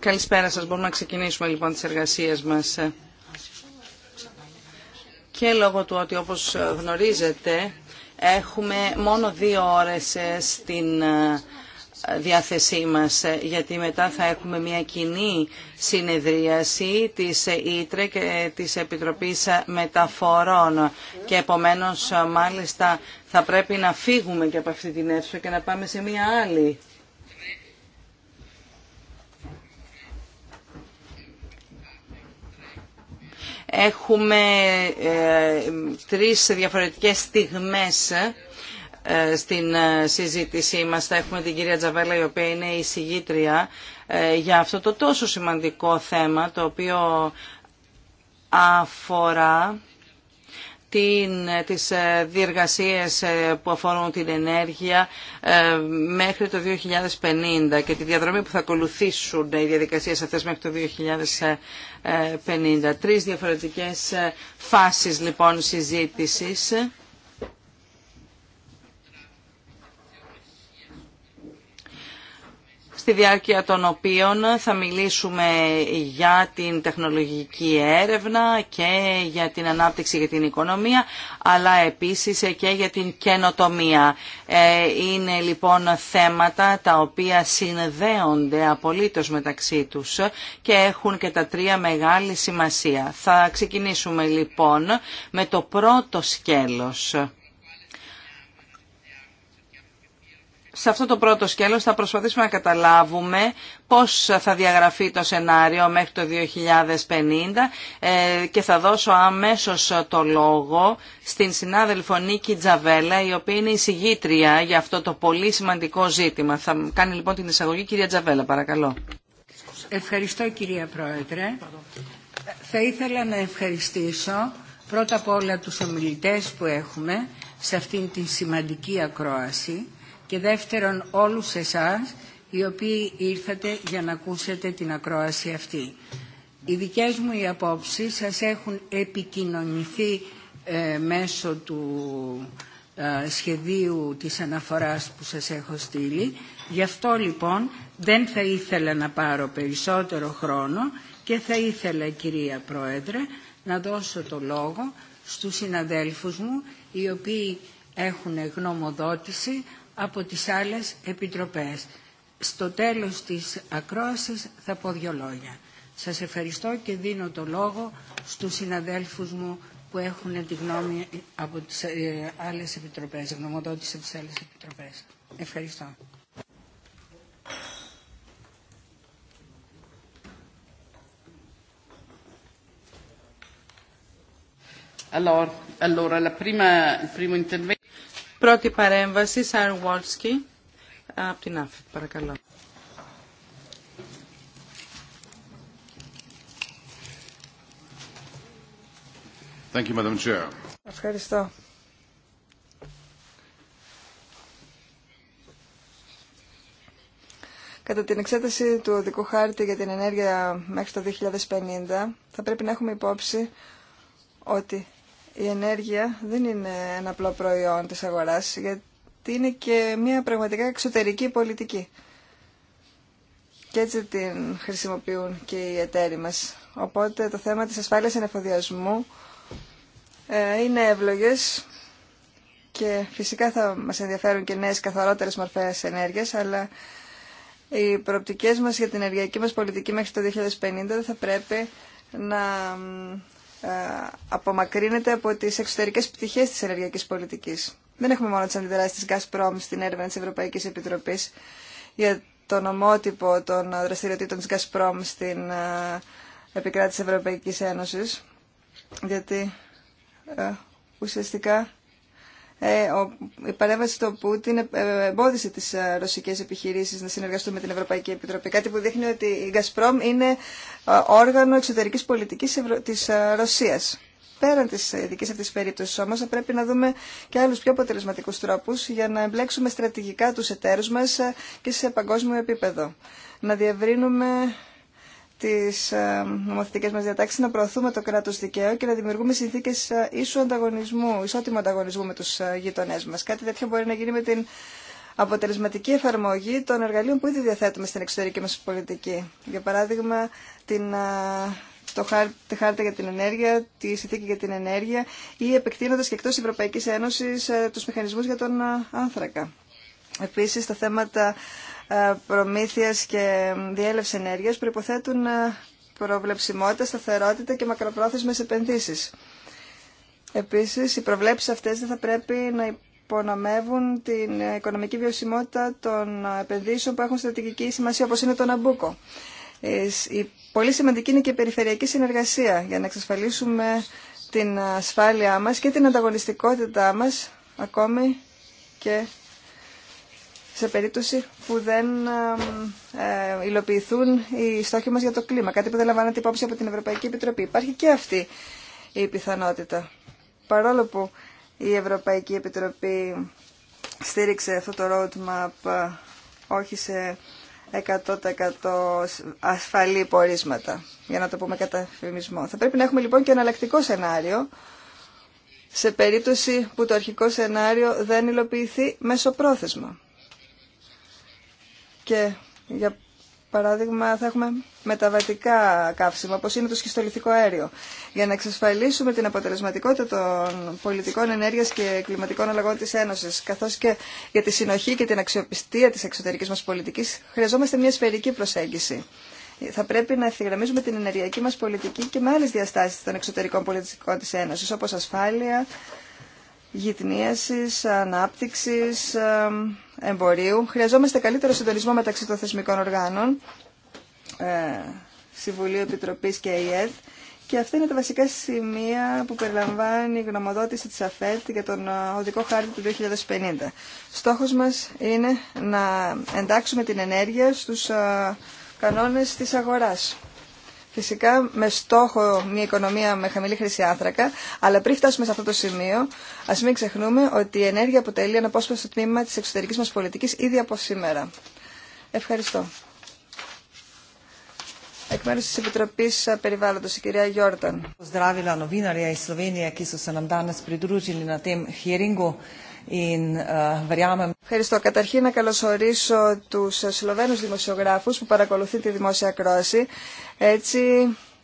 Καλησπέρα σας. Μπορούμε να ξεκινήσουμε λοιπόν τις εργασίες μας. Και λόγω του ότι όπως γνωρίζετε έχουμε μόνο δύο ώρες ε, στην ε, διάθεσή μας, ε, γιατί μετά θα έχουμε μια κοινή συνεδρίαση της ΙΤΡΕ και της Επιτροπής Μεταφορών και επομένως μάλιστα θα πρέπει να φύγουμε και από αυτή την αίθουσα και να πάμε σε μια άλλη. Έχουμε ε, τρεις διαφορετικές στιγμές ε, στην ε, συζήτησή μας. Θα έχουμε την κυρία Τζαβέλα η οποία είναι η συγγήτρια ε, για αυτό το τόσο σημαντικό θέμα το οποίο αφορά την, τις διεργασίες που αφορούν την ενέργεια μέχρι το 2050 και τη διαδρομή που θα ακολουθήσουν οι διαδικασίες αυτές μέχρι το 2050. Τρεις διαφορετικές φάσεις λοιπόν συζήτησης στη διάρκεια των οποίων θα μιλήσουμε για την τεχνολογική έρευνα και για την ανάπτυξη για την οικονομία, αλλά επίσης και για την καινοτομία. Ε, είναι λοιπόν θέματα τα οποία συνδέονται απολύτως μεταξύ τους και έχουν και τα τρία μεγάλη σημασία. Θα ξεκινήσουμε λοιπόν με το πρώτο σκέλος σε αυτό το πρώτο σκέλος θα προσπαθήσουμε να καταλάβουμε πώς θα διαγραφεί το σενάριο μέχρι το 2050 ε, και θα δώσω αμέσως το λόγο στην συνάδελφο Νίκη Τζαβέλα, η οποία είναι η συγγήτρια για αυτό το πολύ σημαντικό ζήτημα. Θα κάνει λοιπόν την εισαγωγή κυρία Τζαβέλα, παρακαλώ. Ευχαριστώ κυρία Πρόεδρε. Θα ήθελα να ευχαριστήσω πρώτα απ' όλα τους ομιλητές που έχουμε σε αυτήν την σημαντική ακρόαση και δεύτερον όλους εσάς οι οποίοι ήρθατε για να ακούσετε την ακρόαση αυτή. Οι δικές μου οι απόψεις σας έχουν επικοινωνηθεί ε, μέσω του ε, σχεδίου της αναφοράς που σας έχω στείλει. Γι' αυτό λοιπόν δεν θα ήθελα να πάρω περισσότερο χρόνο και θα ήθελα κυρία Πρόεδρε να δώσω το λόγο στους συναδέλφους μου οι οποίοι έχουν γνωμοδότηση από τις άλλες επιτροπές. Στο τέλος της ακρόασης θα πω δύο λόγια. Σας ευχαριστώ και δίνω το λόγο στους συναδέλφους μου που έχουν τη γνώμη από τις ε, άλλες επιτροπές, γνωμοδότηση από τις άλλες επιτροπές. Ευχαριστώ. Allora, allora, la prima, il primo intervento... Πρώτη παρέμβαση, Σάρου Βόλσκι, από την ΑΦΕΤ, παρακαλώ. Ευχαριστώ. Κατά την εξέταση του οδικού χάρτη για την ενέργεια μέχρι το 2050 θα πρέπει να έχουμε υπόψη ότι η ενέργεια δεν είναι ένα απλό προϊόν της αγοράς, γιατί είναι και μια πραγματικά εξωτερική πολιτική. Και έτσι την χρησιμοποιούν και οι εταίροι μας. Οπότε το θέμα της ασφάλειας ενεφοδιασμού ε, είναι εύλογες και φυσικά θα μας ενδιαφέρουν και νέες καθαρότερες μορφές ενέργειας, αλλά οι προοπτικές μας για την ενεργειακή μας πολιτική μέχρι το 2050 δεν θα πρέπει να ε, απομακρύνεται από τις εξωτερικές πτυχές της ενεργειακής πολιτικής. Δεν έχουμε μόνο τις αντιδράσεις της Gazprom στην έρευνα της Ευρωπαϊκής Επιτροπής για τον ομότυπο των δραστηριοτήτων της Gazprom στην ε, επικράτηση της Ευρωπαϊκής Ένωσης, γιατί ε, ουσιαστικά ε, η παρέμβαση του Πούτιν ε, ε, εμπόδισε τις ρωσικές επιχειρήσει να συνεργαστούν με την Ευρωπαϊκή Επιτροπή. Κάτι που δείχνει ότι η Γκασπρόμ είναι όργανο εξωτερικής πολιτικής της Ρωσίας. Πέραν τη ειδική αυτή περίπτωση όμω, θα πρέπει να δούμε και άλλου πιο αποτελεσματικού τρόπου για να εμπλέξουμε στρατηγικά του εταίρου μα και σε παγκόσμιο επίπεδο. Να διευρύνουμε τι ε, νομοθετικέ μα διατάξει να προωθούμε το κράτο δικαίου και να δημιουργούμε συνθήκε ε, ίσου ανταγωνισμού, ισότιμου ανταγωνισμού με του ε, γειτονέ μα. Κάτι τέτοιο μπορεί να γίνει με την αποτελεσματική εφαρμογή των εργαλείων που ήδη διαθέτουμε στην εξωτερική μα πολιτική. Για παράδειγμα, την, το χάρτη, τη χάρτα για την ενέργεια, τη συνθήκη για την ενέργεια ή επεκτείνοντα και εκτό Ευρωπαϊκής Ένωσης του μηχανισμούς για τον άνθρακα. Επίσης, τα θέματα ε, προμήθειας και διέλευση ενέργειας προϋποθέτουν ε, προβλεψιμότητα, σταθερότητα και μακροπρόθεσμες επενδύσεις. Επίσης, οι προβλέψεις αυτές δεν θα πρέπει να υπονομεύουν την οικονομική βιωσιμότητα των επενδύσεων που έχουν στρατηγική σημασία όπως είναι το Ναμπούκο. Η πολύ σημαντική είναι και η περιφερειακή συνεργασία για να εξασφαλίσουμε την ασφάλειά μας και την ανταγωνιστικότητά μας ακόμη και σε περίπτωση που δεν ε, υλοποιηθούν οι στόχοι μας για το κλίμα, κάτι που δεν λαμβάνεται υπόψη από την Ευρωπαϊκή Επιτροπή. Υπάρχει και αυτή η πιθανότητα. Παρόλο που η Ευρωπαϊκή Επιτροπή στήριξε αυτό το roadmap ε, όχι σε 100% ασφαλή πορίσματα, για να το πούμε κατά φημισμό. Θα πρέπει να έχουμε λοιπόν και ένα εναλλακτικό σενάριο, σε περίπτωση που το αρχικό σενάριο δεν υλοποιηθεί μέσω πρόθεσμα. Και για παράδειγμα θα έχουμε μεταβατικά καύσιμα, όπως είναι το σχιστολιθικό αέριο. Για να εξασφαλίσουμε την αποτελεσματικότητα των πολιτικών ενέργειας και κλιματικών αλλαγών της Ένωσης, καθώς και για τη συνοχή και την αξιοπιστία της εξωτερικής μας πολιτικής, χρειαζόμαστε μια σφαιρική προσέγγιση. Θα πρέπει να ευθυγραμμίζουμε την ενεργειακή μας πολιτική και με άλλες διαστάσεις των εξωτερικών πολιτικών της Ένωσης, όπως ασφάλεια, γυτνίασης, ανάπτυξης, εμπορίου. Χρειαζόμαστε καλύτερο συντονισμό μεταξύ των θεσμικών οργάνων, ε, Συμβουλίου Επιτροπής και ΕΕΔ. Και αυτά είναι τα βασικά σημεία που περιλαμβάνει η γνωμοδότηση της ΑΦΕΤ για τον ε, οδικό χάρτη του 2050. Στόχος μας είναι να εντάξουμε την ενέργεια στους ε, κανόνες της αγοράς. Φυσικά με στόχο μια οικονομία με χαμηλή χρήση άνθρακα, αλλά πριν φτάσουμε σε αυτό το σημείο, α μην ξεχνούμε ότι η ενέργεια αποτελεί ένα στο τμήμα τη εξωτερική μα πολιτική ήδη από σήμερα. Ευχαριστώ. Εκ μέρου τη Επιτροπή Περιβάλλοντο, η κυρία Γιόρταν. In, uh, Ευχαριστώ. Καταρχήν να καλωσορίσω τους ε, Σλοβαίνους δημοσιογράφους που παρακολουθεί τη δημόσια κρόαση. Έτσι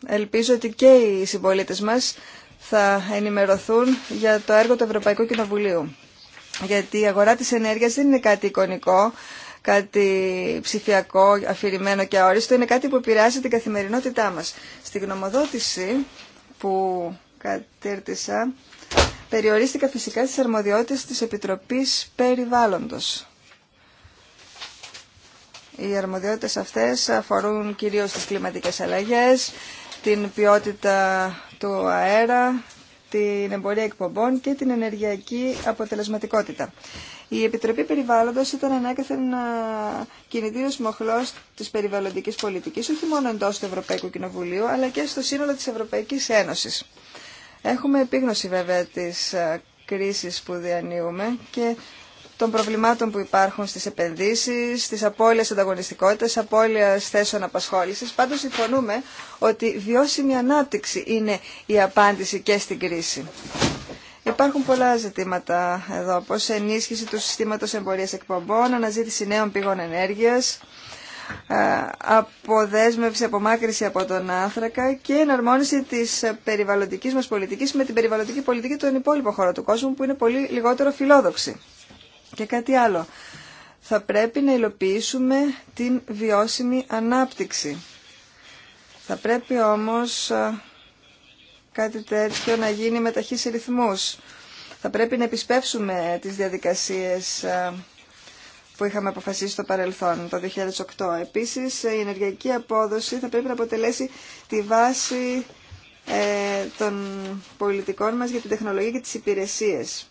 ελπίζω ότι και οι συμπολίτε μας θα ενημερωθούν για το έργο του Ευρωπαϊκού Κοινοβουλίου. Γιατί η αγορά της ενέργειας δεν είναι κάτι εικονικό, κάτι ψηφιακό, αφηρημένο και αόριστο, είναι κάτι που επηρεάζει την καθημερινότητά μας. Στη γνωμοδότηση που κατήρτησα, περιορίστηκα φυσικά στις αρμοδιότητες της Επιτροπής Περιβάλλοντος. Οι αρμοδιότητες αυτές αφορούν κυρίως τις κλιματικές αλλαγές, την ποιότητα του αέρα, την εμπορία εκπομπών και την ενεργειακή αποτελεσματικότητα. Η Επιτροπή Περιβάλλοντος ήταν ανέκαθεν κινητήριο μοχλός της περιβαλλοντικής πολιτικής, όχι μόνο εντός του Ευρωπαϊκού Κοινοβουλίου, αλλά και στο σύνολο της Ευρωπαϊκής Ένωσης. Έχουμε επίγνωση βέβαια της ε, κρίσης που διανύουμε και των προβλημάτων που υπάρχουν στις επενδύσεις, στις απώλειες ανταγωνιστικότητας, απώλειες θέσεων απασχόλησης. Πάντως συμφωνούμε ότι βιώσιμη ανάπτυξη είναι η απάντηση και στην κρίση. Υπάρχουν πολλά ζητήματα εδώ, όπως ενίσχυση του συστήματος εμπορίας εκπομπών, αναζήτηση νέων πηγών ενέργειας, ε, αποδέσμευση, απομάκρυση από τον άνθρακα και εναρμόνιση της περιβαλλοντικής μας πολιτικής με την περιβαλλοντική πολιτική των υπόλοιπων χωρών του κόσμου που είναι πολύ λιγότερο φιλόδοξη. Και κάτι άλλο. Θα πρέπει να υλοποιήσουμε την βιώσιμη ανάπτυξη. Θα πρέπει όμως ε, κάτι τέτοιο να γίνει με ταχύς ρυθμούς. Θα πρέπει να επισπεύσουμε τις διαδικασίες ε, που είχαμε αποφασίσει στο παρελθόν, το 2008. Επίσης, η ενεργειακή απόδοση θα πρέπει να αποτελέσει τη βάση ε, των πολιτικών μας για την τεχνολογία και τις υπηρεσίες.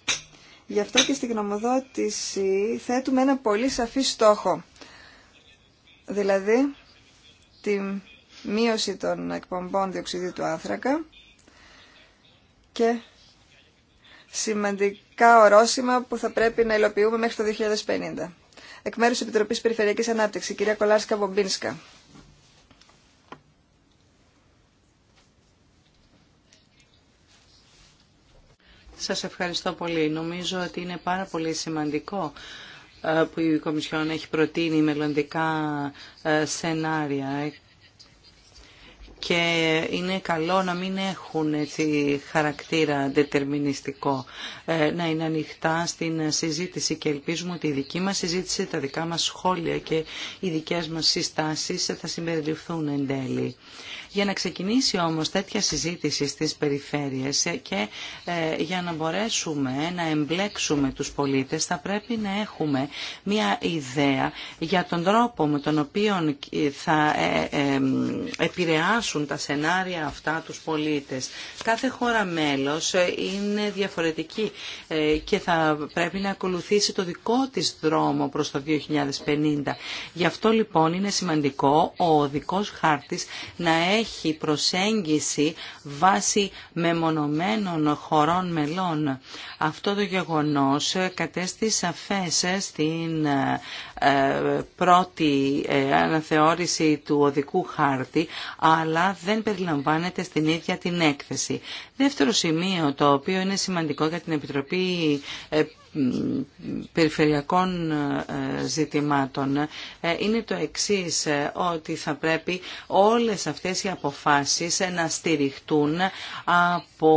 Γι' αυτό και στην γνωμοδότηση θέτουμε ένα πολύ σαφή στόχο. Δηλαδή, τη μείωση των εκπομπών διοξιδίου του άνθρακα και σημαντικά ορόσημα που θα πρέπει να υλοποιούμε μέχρι το 2050 εκ μέρους της Επιτροπής Περιφερειακής Ανάπτυξης, κυρία Κολάρσκα Βομπίνσκα. Σας ευχαριστώ πολύ. Νομίζω ότι είναι πάρα πολύ σημαντικό ε, που η Κομισιόν έχει προτείνει μελλοντικά ε, σενάρια και είναι καλό να μην έχουν έτσι, χαρακτήρα δετερμινιστικό, ε, να είναι ανοιχτά στην συζήτηση και ελπίζουμε ότι η δική μας συζήτηση, τα δικά μας σχόλια και οι δικές μας συστάσεις θα συμπεριληφθούν εν τέλει. Για να ξεκινήσει όμως τέτοια συζήτηση στις περιφέρειες και ε, για να μπορέσουμε να εμπλέξουμε τους πολίτες θα πρέπει να έχουμε μια ιδέα για τον τρόπο με τον οποίο ε, θα ε, επηρεάσουν τα σενάρια αυτά τους πολίτες. Κάθε χώρα μέλος είναι διαφορετική και θα πρέπει να ακολουθήσει το δικό της δρόμο προς το 2050. Γι' αυτό λοιπόν είναι σημαντικό ο οδικός χάρτης να έχει έχει προσέγγιση βάσει μεμονωμένων χωρών μελών. Αυτό το γεγονός κατέστη σαφές στην ε, πρώτη ε, αναθεώρηση του οδικού χάρτη, αλλά δεν περιλαμβάνεται στην ίδια την έκθεση. Δεύτερο σημείο, το οποίο είναι σημαντικό για την Επιτροπή ε, περιφερειακών ε, ζητημάτων ε, είναι το εξής, ε, ότι θα πρέπει όλες αυτές οι αποφάσεις να στηριχτούν από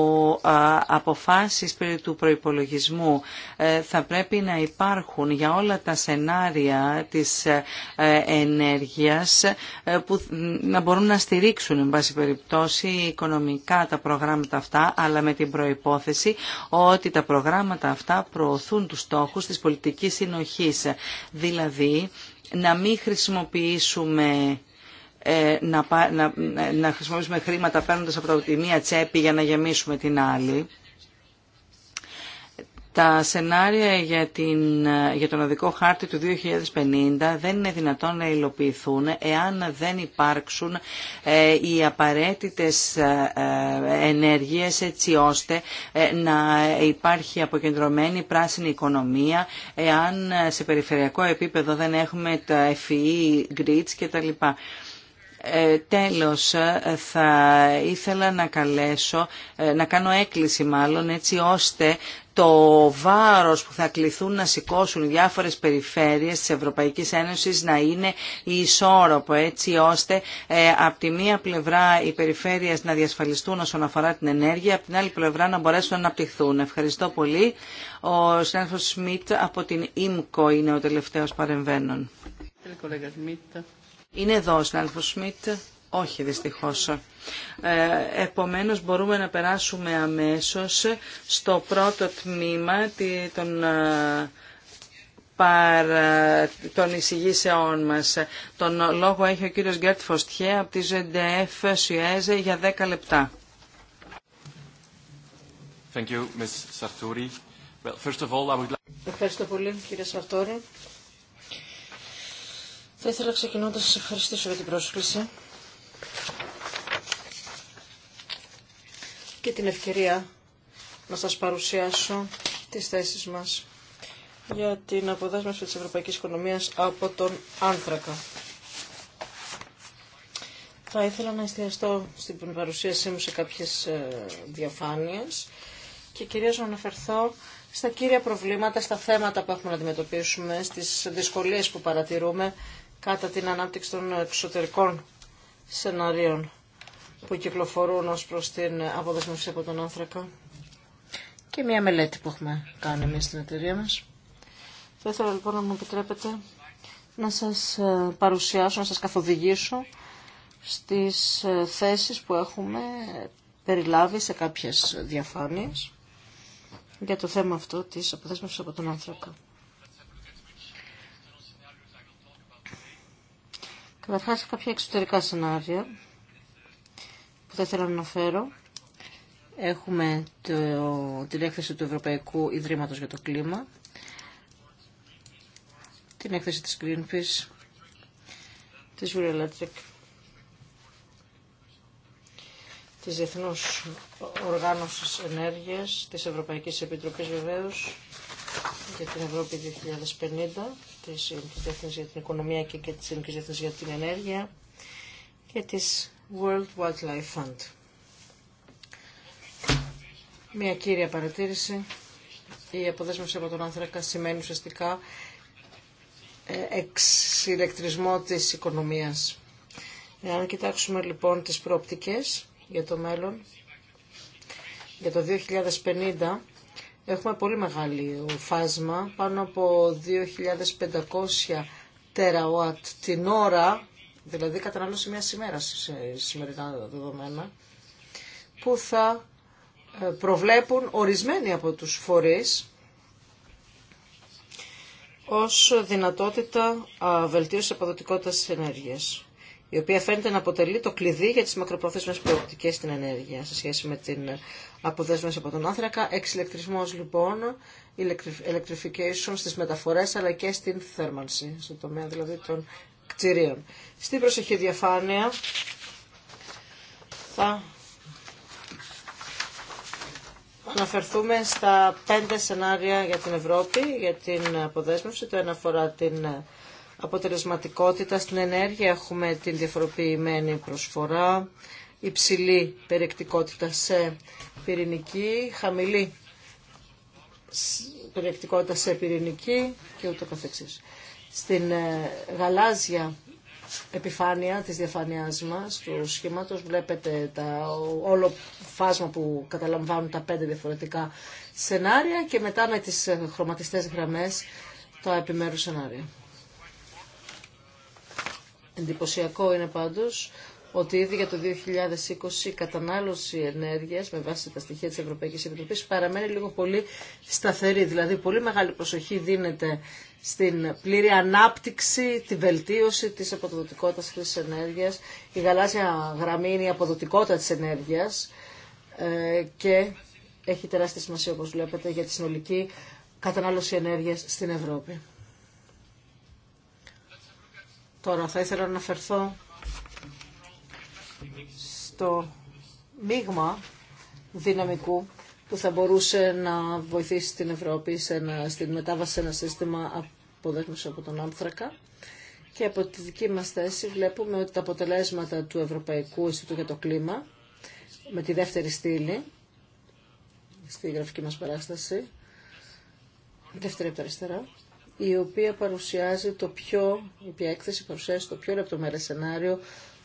αποφάσεις περί του προϋπολογισμού. Θα πρέπει να υπάρχουν για όλα τα σενάρια της ενέργειας που να μπορούν να στηρίξουν, εν πάση περιπτώσει, οικονομικά τα προγράμματα αυτά, αλλά με την προϋπόθεση ότι τα προγράμματα αυτά προωθούν ακολουθούν τους στόχους της πολιτικής συνοχής. Δηλαδή, να μην χρησιμοποιήσουμε ε, να, να, να χρησιμοποιήσουμε χρήματα παίρνοντας από τη μία τσέπη για να γεμίσουμε την άλλη τα σενάρια για, την, για τον οδικό χάρτη του 2050 δεν είναι δυνατόν να υλοποιηθούν εάν δεν υπάρξουν ε, οι απαραίτητες ε, ε, ενέργειες έτσι ώστε να υπάρχει αποκεντρωμένη πράσινη οικονομία εάν σε περιφερειακό επίπεδο δεν έχουμε τα FEE e, grids κτλ. Ε, τέλος, ε, θα ήθελα να καλέσω, ε, να κάνω έκκληση μάλλον, έτσι ώστε το βάρος που θα κληθούν να σηκώσουν οι διάφορες περιφέρειες της Ευρωπαϊκής Ένωσης να είναι ισόρροπο έτσι ώστε από τη μία πλευρά οι περιφέρειες να διασφαλιστούν όσον αφορά την ενέργεια, από την άλλη πλευρά να μπορέσουν να αναπτυχθούν. Ευχαριστώ πολύ. Ο συνάδελφος Σμιτ από την ΙΜΚΟ είναι ο τελευταίος παρεμβαίνων. Είναι εδώ ο συνάδελφος Σμιτ. Όχι δυστυχώς. Ε, επομένως μπορούμε να περάσουμε αμέσως στο πρώτο τμήμα των ε, παρά εισηγήσεών μας. Τον λόγο έχει ο κύριος Γκέρτ Φωστιέ από τη ZDF για 10 λεπτά. Thank you, Well, first of all, I would... Ευχαριστώ πολύ κύριε Σαρτόρη. Θα ήθελα ξεκινώντας να σας ευχαριστήσω για την πρόσκληση και την ευκαιρία να σας παρουσιάσω τις θέσεις μας για την αποδέσμευση της ευρωπαϊκής οικονομίας από τον άνθρακα. Θα ήθελα να εστιαστώ στην παρουσίασή μου σε κάποιες ε, διαφάνειες και κυρίως να αναφερθώ στα κύρια προβλήματα, στα θέματα που έχουμε να αντιμετωπίσουμε, στις δυσκολίες που παρατηρούμε κατά την ανάπτυξη των εξωτερικών σενάριων που κυκλοφορούν ως προς την αποδεσμεύση από τον άνθρακα και μια μελέτη που έχουμε κάνει εμείς στην εταιρεία μας. Θα ήθελα λοιπόν να μου επιτρέπετε να σας ε, παρουσιάσω, να σας καθοδηγήσω στις ε, θέσεις που έχουμε περιλάβει σε κάποιες διαφάνειες για το θέμα αυτό της αποδέσμευσης από τον άνθρακα. Καταρχάς κάποια εξωτερικά σενάρια που θα ήθελα να αναφέρω. Έχουμε το, την έκθεση του Ευρωπαϊκού Ιδρύματος για το Κλίμα, την έκθεση της Greenpeace, της Euro Electric, της Διεθνούς Οργάνωσης Ενέργειας, της Ευρωπαϊκής Επιτροπής βεβαίως για την Ευρώπη 2050, της ΕΕ για την Οικονομία και, και της Γενικής για την Ενέργεια και της World Wildlife Fund. Μια κύρια παρατήρηση. Η αποδέσμευση από τον άνθρακα σημαίνει ουσιαστικά ε, εξηλεκτρισμό της οικονομίας. Αν κοιτάξουμε λοιπόν τις προοπτικές για το μέλλον, για το 2050 Έχουμε πολύ μεγάλη φάσμα, πάνω από 2.500 τεραουάτ την ώρα, δηλαδή κατανάλωση μια ημέρας σε σημερινά δεδομένα, που θα ε, προβλέπουν ορισμένοι από τους φορείς ως δυνατότητα βελτίωσης αποδοτικότητας της ενέργειας η οποία φαίνεται να αποτελεί το κλειδί για τις μακροπροθέσμες προοπτικές στην ενέργεια σε σχέση με την αποδέσμευση από τον άνθρακα. Εξηλεκτρισμός λοιπόν, electrification στις μεταφορές αλλά και στην θέρμανση, στο τομέα δηλαδή των κτηρίων. Στην προσεχή διαφάνεια θα αναφερθούμε στα πέντε σενάρια για την Ευρώπη, για την αποδέσμευση. Το ένα αφορά την αποτελεσματικότητα στην ενέργεια, έχουμε την διαφοροποιημένη προσφορά, υψηλή περιεκτικότητα σε πυρηνική, χαμηλή περιεκτικότητα σε πυρηνική και ούτω καθεξής. Στην ε, γαλάζια επιφάνεια της διαφάνειάς μας, του σχήματος, βλέπετε τα, όλο φάσμα που καταλαμβάνουν τα πέντε διαφορετικά σενάρια και μετά με τις ε, χρωματιστές γραμμές τα επιμέρους σενάρια. Εντυπωσιακό είναι πάντως ότι ήδη για το 2020 η κατανάλωση ενέργειας με βάση τα στοιχεία της Ευρωπαϊκής Επιτροπής παραμένει λίγο πολύ σταθερή. Δηλαδή πολύ μεγάλη προσοχή δίνεται στην πλήρη ανάπτυξη, τη βελτίωση της αποδοτικότητας της ενέργειας. Η γαλάζια γραμμή είναι η αποδοτικότητα της ενέργειας ε, και έχει τεράστια σημασία όπως βλέπετε για τη συνολική κατανάλωση ενέργειας στην Ευρώπη. Τώρα θα ήθελα να αναφερθώ στο μείγμα δυναμικού που θα μπορούσε να βοηθήσει την Ευρώπη σε στην μετάβαση σε ένα σύστημα αποδέχνωση από τον άνθρακα. Και από τη δική μας θέση βλέπουμε ότι τα αποτελέσματα του Ευρωπαϊκού Ινστιτούτου για το Κλίμα με τη δεύτερη στήλη στη γραφική μας παράσταση, δεύτερη από τα αριστερά, η οποία παρουσιάζει το πιο, η οποία έκθεση το πιο λεπτομέρες σενάριο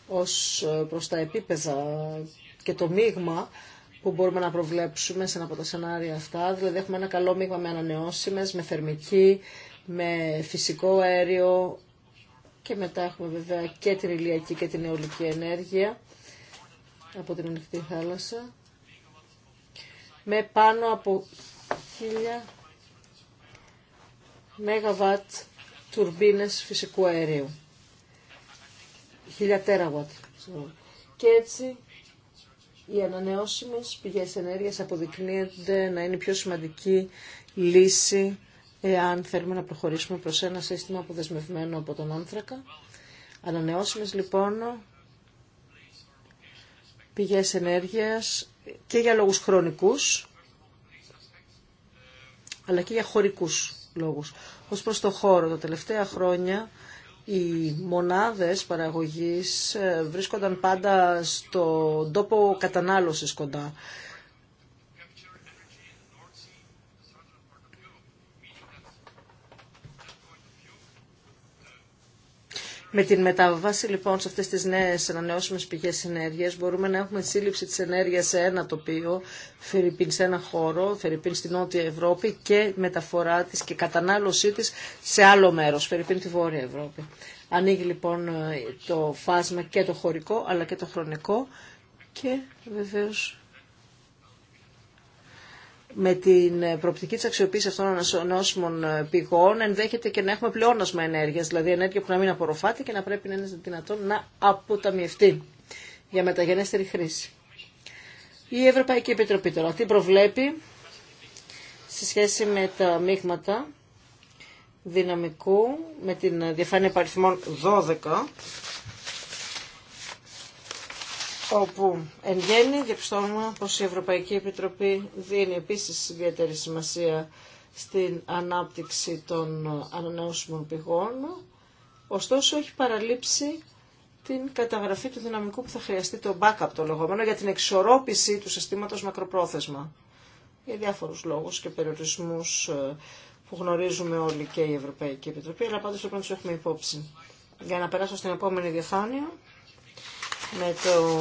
ως ε, προς τα επίπεδα και το μείγμα που μπορούμε να προβλέψουμε σε ένα από τα σενάρια αυτά. Δηλαδή έχουμε ένα καλό μείγμα με ανανεώσιμες, με θερμική, με φυσικό αέριο και μετά έχουμε βέβαια και την ηλιακή και την αιωλική ενέργεια από την ανοιχτή θάλασσα με πάνω από χίλια Μεγαβάτ τουρμπίνες φυσικού αερίου. 1000 τεραβάτ. Και έτσι οι ανανεώσιμες πηγές ενέργειας αποδεικνύονται να είναι η πιο σημαντική λύση εάν θέλουμε να προχωρήσουμε προς ένα σύστημα αποδεσμευμένο από τον άνθρακα. Ανανεώσιμες λοιπόν πηγές ενέργειας και για λόγους χρονικούς αλλά και για χωρικούς λόγους. Ως προς το χώρο, τα τελευταία χρόνια οι μονάδες παραγωγής ε, βρίσκονταν πάντα στο τόπο κατανάλωσης κοντά. Με την μετάβαση λοιπόν σε αυτές τις νέες ανανεώσιμες πηγές ενέργειας μπορούμε να έχουμε σύλληψη της ενέργειας σε ένα τοπίο, Φερρυπίν σε ένα χώρο, Φερρυπίν στη Νότια Ευρώπη και μεταφορά της και κατανάλωσή της σε άλλο μέρος, Φερρυπίν τη Βόρεια Ευρώπη. Ανοίγει λοιπόν ε, το φάσμα και το χωρικό αλλά και το χρονικό και βεβαίως με την ε, προοπτική της αξιοποίησης αυτών των ανασωνώσιμων ε, πηγών ενδέχεται και να έχουμε πλεόνασμα ενέργειας, δηλαδή ενέργεια που να μην απορροφάται και να πρέπει να είναι δυνατόν να αποταμιευτεί για μεταγενέστερη χρήση. Η Ευρωπαϊκή Επιτροπή τώρα τι προβλέπει σε σχέση με τα μείγματα δυναμικού με την διαφάνεια παριθμών 12 όπου εν γέννη διαπιστώνουμε πως η Ευρωπαϊκή Επιτροπή δίνει επίσης ιδιαίτερη σημασία στην ανάπτυξη των ανανεώσιμων πηγών, ωστόσο έχει παραλείψει την καταγραφή του δυναμικού που θα χρειαστεί το backup το λεγόμενο για την εξορόπιση του συστήματος μακροπρόθεσμα. Για διάφορους λόγους και περιορισμούς ε, που γνωρίζουμε όλοι και η Ευρωπαϊκή Επιτροπή, αλλά πάντως πρέπει να τους έχουμε υπόψη. Για να περάσω στην επόμενη διαφάνεια με το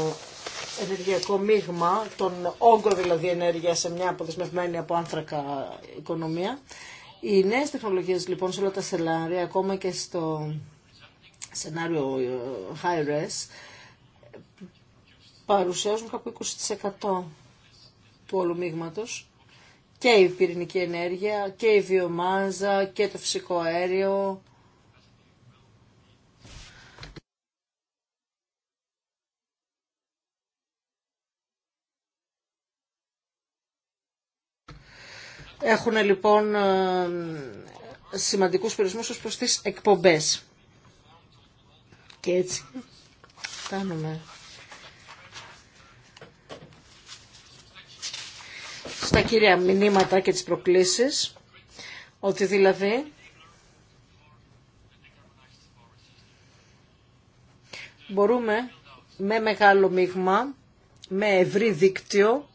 ενεργειακό μείγμα, τον όγκο δηλαδή ενέργεια σε μια αποδεσμευμένη από άνθρακα οικονομία. Οι νέε τεχνολογίε λοιπόν σε όλα τα σενάρια, ακόμα και στο σενάριο ε, high res, παρουσιάζουν κάπου 20% του όλου μείγματο και η πυρηνική ενέργεια και η βιομάζα και το φυσικό αέριο Έχουν λοιπόν ε, σημαντικούς περιορισμούς ως προς τις εκπομπές. Και έτσι φτάνουμε στα κύρια μηνύματα και τις προκλήσεις, ότι δηλαδή μπορούμε με μεγάλο μείγμα, με ευρύ δίκτυο,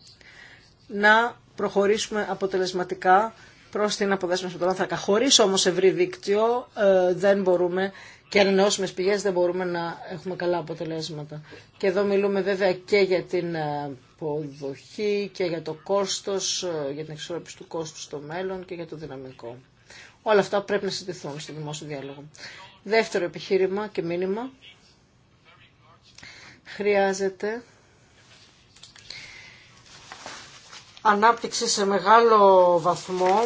να προχωρήσουμε αποτελεσματικά προς την αποδέσμευση των άνθρακα. Χωρίς όμως ευρύ δίκτυο ε, δεν μπορούμε και ανανεώσιμες πηγές δεν μπορούμε να έχουμε καλά αποτελέσματα. Και εδώ μιλούμε βέβαια και για την ε, αποδοχή και για το κόστος, ε, για την εξορροπήση του κόστου στο μέλλον και για το δυναμικό. Όλα αυτά πρέπει να συντηθούν στο δημόσιο διάλογο. Δεύτερο επιχείρημα και μήνυμα. Χρειάζεται ανάπτυξη σε μεγάλο βαθμό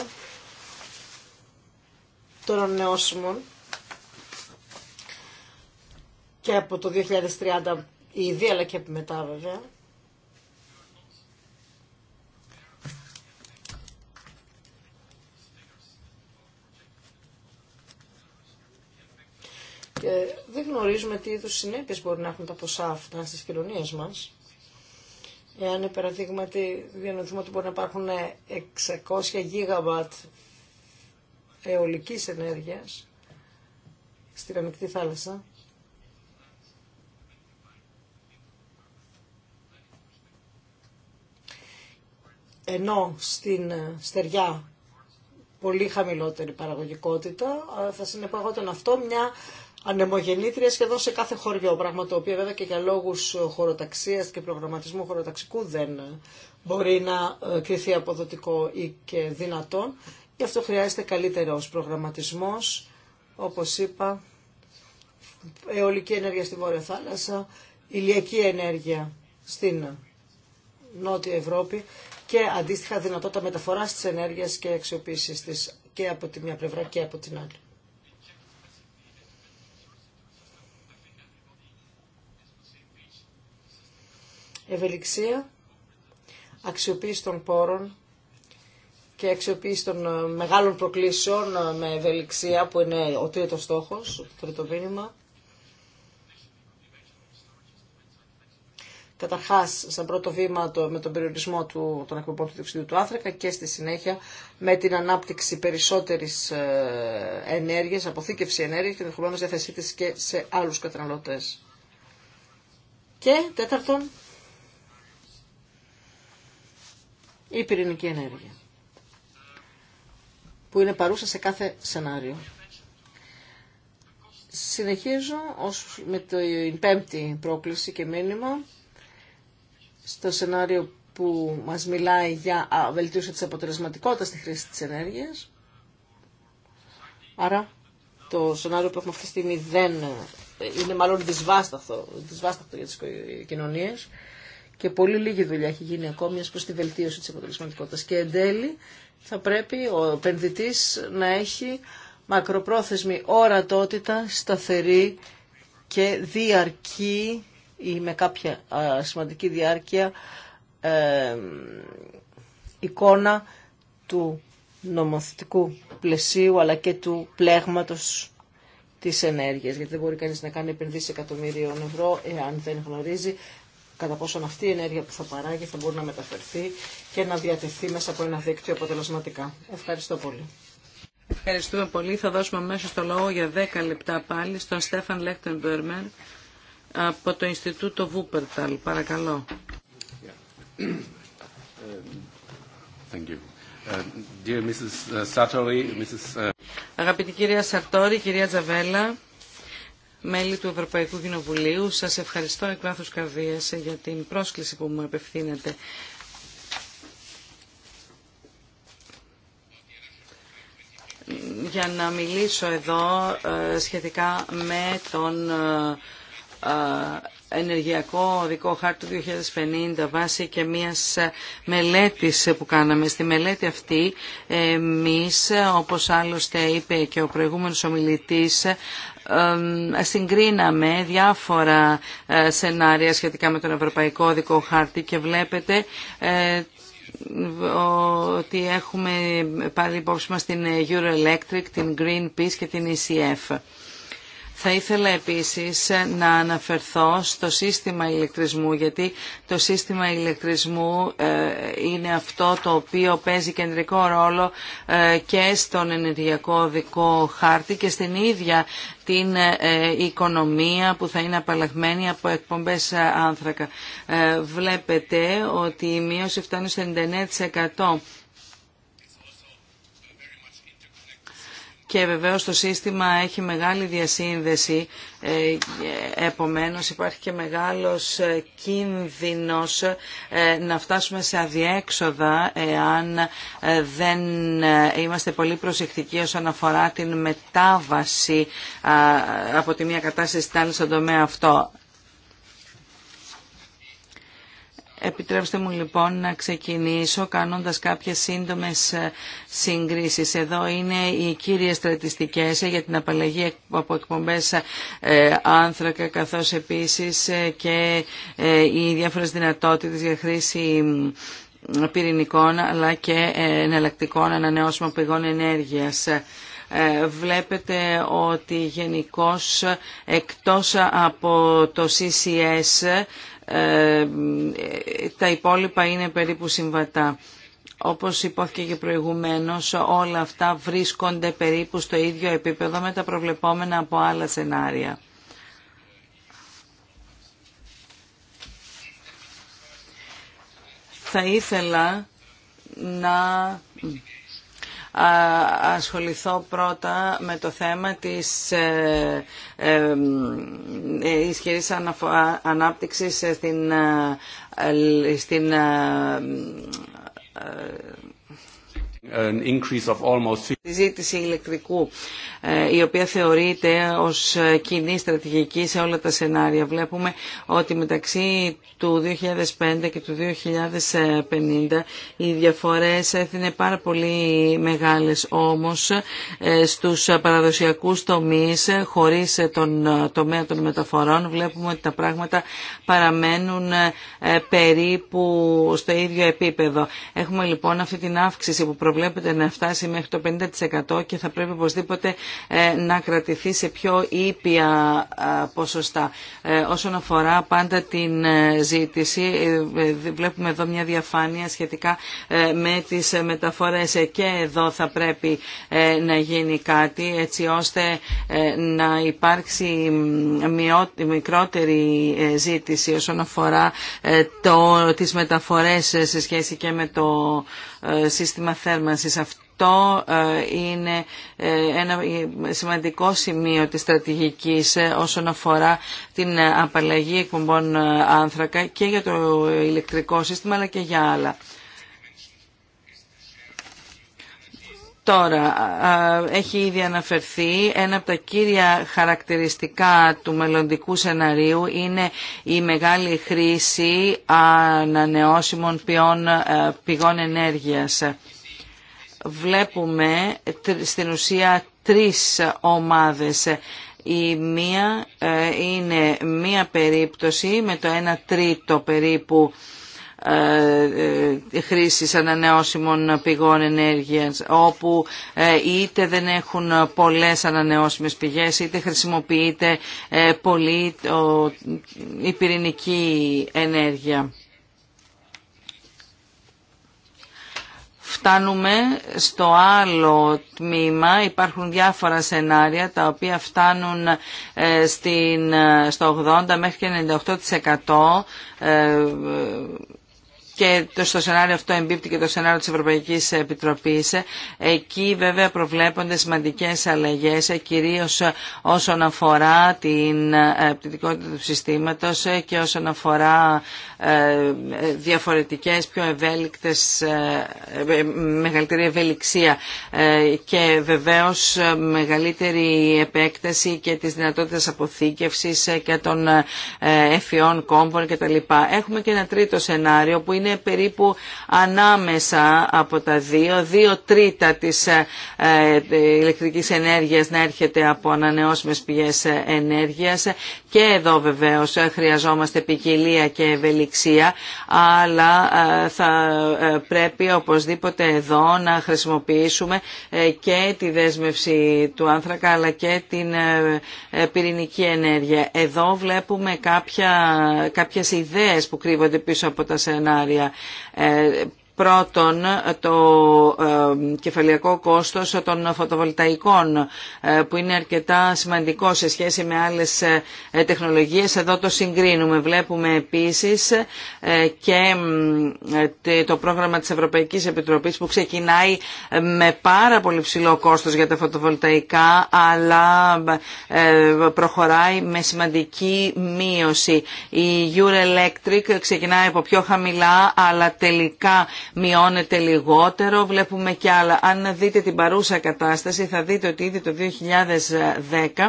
των ανανεώσιμων και από το 2030 ήδη αλλά και μετά βέβαια. δεν γνωρίζουμε τι είδους συνέπειες μπορεί να έχουν τα ποσά αυτά στις κοινωνίες μας. Εάν παραδείγματι διανοηθούμε ότι μπορεί να υπάρχουν 600 γιγαβάτ αιωλικής ενέργειας στην ανοιχτή θάλασσα, ενώ στην ε, στεριά πολύ χαμηλότερη παραγωγικότητα, ε, θα συνεπαγόταν αυτό μια ανεμογεννήτρια σχεδόν σε κάθε χωριό, πράγμα το οποίο βέβαια και για λόγου χωροταξίας και προγραμματισμού χωροταξικού δεν μπορεί να ε, κρυθεί αποδοτικό ή και δυνατόν. Γι' αυτό χρειάζεται καλύτερο προγραμματισμό, όπω είπα, αιωλική ενέργεια στη Βόρεια Θάλασσα, ηλιακή ενέργεια στην Νότια Ευρώπη και αντίστοιχα δυνατότητα μεταφοράς της ενέργειας και αξιοποίησης της και από τη μια πλευρά και από την άλλη. ευελιξία, αξιοποίηση των πόρων και αξιοποίηση των ε, μεγάλων προκλήσεων ε, με ευελιξία που είναι ο τρίτος στόχος, το τρίτο μήνυμα. Καταρχά, σαν πρώτο βήμα με τον περιορισμό του, των εκπομπών του διοξιδίου του άνθρακα και στη συνέχεια με την ανάπτυξη περισσότερη ε, ενέργεια, αποθήκευση ενέργεια και ενδεχομένω διαθεσή και σε άλλου καταναλωτέ. Και τέταρτον, η πυρηνική ενέργεια, που είναι παρούσα σε κάθε σενάριο. Συνεχίζω ως με την πέμπτη πρόκληση και μήνυμα στο σενάριο που μας μιλάει για βελτίωση της αποτελεσματικότητας στη χρήση της ενέργειας. Άρα το σενάριο που έχουμε αυτή τη στιγμή ε, είναι μάλλον δυσβάστατο, δυσβάστατο για τις ε, κοινωνίες και πολύ λίγη δουλειά έχει γίνει ακόμη ως προς τη βελτίωση της αποτελεσματικότητας. Και εν τέλει θα πρέπει ο επενδυτή να έχει μακροπρόθεσμη ορατότητα, σταθερή και διαρκή ή με κάποια σημαντική διάρκεια ε, εικόνα του νομοθετικού πλαισίου αλλά και του πλέγματος της ενέργειας. Γιατί δεν μπορεί κανείς να κάνει επενδύσεις εκατομμύριων ευρώ εάν δεν γνωρίζει κατά πόσο αυτή η ενέργεια που θα παράγει θα μπορεί να μεταφερθεί και να διατεθεί μέσα από ένα δίκτυο αποτελεσματικά. Ευχαριστώ πολύ. Ευχαριστούμε πολύ. Θα δώσουμε μέσα στο λόγο για 10 λεπτά πάλι στον Στέφαν Λέχτενμπερμερ από το Ινστιτούτο Βούπερταλ. Παρακαλώ. Thank you. Uh, dear Mrs. Uh, Sartori, Mrs. Uh, Αγαπητή κυρία Σαρτόρη, κυρία Τζαβέλα, μέλη του Ευρωπαϊκού Κοινοβουλίου. Σας ευχαριστώ εκ βάθους καρδίας για την πρόσκληση που μου απευθύνετε. Για να μιλήσω εδώ ε, σχετικά με τον ε, ε, ενεργειακό οδικό χάρτη του 2050 βάσει και μιας μελέτης που κάναμε. Στη μελέτη αυτή εμείς, όπως άλλωστε είπε και ο προηγούμενος ομιλητής, συγκρίναμε διάφορα ε, σενάρια σχετικά με τον Ευρωπαϊκό Δικό Χάρτη και βλέπετε ε, ότι έχουμε πάλι υπόψη μας την Euroelectric, την Greenpeace και την ECF. Θα ήθελα επίσης να αναφερθώ στο σύστημα ηλεκτρισμού, γιατί το σύστημα ηλεκτρισμού ε, είναι αυτό το οποίο παίζει κεντρικό ρόλο ε, και στον ενεργειακό δικό χάρτη και στην ίδια την ε, οικονομία που θα είναι απαλλαγμένη από εκπομπές άνθρακα. Βλέπετε ότι η μείωση φτάνει στο 99% και βεβαίως το σύστημα έχει μεγάλη διασύνδεση, ε, επομένως υπάρχει και μεγάλος ε, κίνδυνος ε, να φτάσουμε σε αδιέξοδα εάν δεν είμαστε πολύ προσεκτικοί όσον αφορά την μετάβαση από τη μία κατάσταση στην άλλη στον τομέα αυτό. Επιτρέψτε μου λοιπόν να ξεκινήσω κάνοντας κάποιες σύντομες ε, συγκρίσεις. Εδώ είναι οι κύριες στρατιστικές για την απαλλαγή από εκπομπές ε, άνθρακα καθώς επίσης ε, και οι διάφορες δυνατότητες για χρήση πυρηνικών αλλά και εναλλακτικών ανανεώσιμων πηγών ενέργειας βλέπετε ότι γενικώ εκτός από το CCS ε, τα υπόλοιπα είναι περίπου συμβατά. Όπως υπόθηκε και προηγουμένως, όλα αυτά βρίσκονται περίπου στο ίδιο επίπεδο με τα προβλεπόμενα από άλλα σενάρια. Θα ήθελα να ασχοληθώ πρώτα με το θέμα της ε, ε, ε, ισχυρής ανάπτυξης στην στην an Η ζήτηση ηλεκτρικού, ε, η οποία θεωρείται ως ε, κοινή στρατηγική σε όλα τα σενάρια. Βλέπουμε ότι μεταξύ του 2005 και του 2050 οι διαφορές έθινε πάρα πολύ μεγάλες όμως ε, στους παραδοσιακούς τομείς χωρίς τον τομέα των μεταφορών. Βλέπουμε ότι τα πράγματα παραμένουν περίπου στο ίδιο επίπεδο. Έχουμε λοιπόν αυτή την αύξηση που προβλέπουμε Βλέπετε να φτάσει μέχρι το 50% και θα πρέπει οπωσδήποτε ε, να κρατηθεί σε πιο ήπια ε, ποσοστά. Ε, όσον αφορά πάντα την ζήτηση, βλέπουμε εδώ μια διαφάνεια σχετικά με τις μεταφορές και εδώ θα πρέπει να γίνει κάτι έτσι ώστε να υπάρξει μικρότερη ζήτηση όσον αφορά το, τις μεταφορές σε σχέση και με το σύστημα θέρμανσης αυτό ε, είναι ε, ένα ε, σημαντικό σημείο της στρατηγικής όσον αφορά την απαλλαγή εκπομπών άνθρακα και για το ηλεκτρικό σύστημα αλλά και για άλλα. Τώρα, έχει ήδη αναφερθεί, ένα από τα κύρια χαρακτηριστικά του μελλοντικού σενάριου είναι η μεγάλη χρήση ανανεώσιμων πηγών ενέργειας βλέπουμε στην ουσία τρεις ομάδες. Η μία ε, είναι μία περίπτωση με το 1 τρίτο περίπου ε, ε, χρήσης ανανεώσιμων πηγών ενέργειας όπου είτε δεν έχουν πολλές ανανεώσιμες πηγές είτε χρησιμοποιείται πολύ η πυρηνική ενέργεια. Φτάνουμε στο άλλο τμήμα, υπάρχουν διάφορα σενάρια τα οποία φτάνουν ε, στην, ε, στο 80 μέχρι και 98% και στο σενάριο αυτό εμπίπτει και το σενάριο της Ευρωπαϊκής Επιτροπής. Εκεί βέβαια προβλέπονται σημαντικές αλλαγές, κυρίως όσον αφορά την ε, πτυτικότητα του συστήματος και όσον αφορά ε, διαφορετικές, πιο ευέλικτες, ε, μεγαλύτερη ευελιξία και βεβαίως μεγαλύτερη επέκταση και τις δυνατότητες αποθήκευσης και των εφιών κόμπων κτλ. Έχουμε και ένα τρίτο σενάριο που είναι είναι περίπου ανάμεσα από τα δύο. Δύο τρίτα της ε, ε, ηλεκτρικής ενέργειας να έρχεται από ανανεώσιμες πηγές ε, ενέργειας και εδώ βεβαίως χρειαζόμαστε ποικιλία και ευελιξία αλλά θα πρέπει οπωσδήποτε εδώ να χρησιμοποιήσουμε και τη δέσμευση του άνθρακα αλλά και την πυρηνική ενέργεια. Εδώ βλέπουμε κάποια, κάποιες ιδέες που κρύβονται πίσω από τα σενάρια ε, πρώτον το ε, κεφαλαιακό κόστος των φωτοβολταϊκών ε, που είναι αρκετά σημαντικό σε σχέση με άλλες ε, τεχνολογίες. Εδώ το συγκρίνουμε. Βλέπουμε επίσης και το πρόγραμμα της Ευρωπαϊκής Επιτροπής που ξεκινάει με πάρα πολύ ψηλό κόστος για τα φωτοβολταϊκά αλλά προχωράει με σημαντική μείωση. Η Euroelectric ξεκινάει από πιο χαμηλά αλλά τελικά μειώνεται λιγότερο. Βλέπουμε κι άλλα. Αν δείτε την παρούσα κατάσταση θα δείτε ότι ήδη το 2010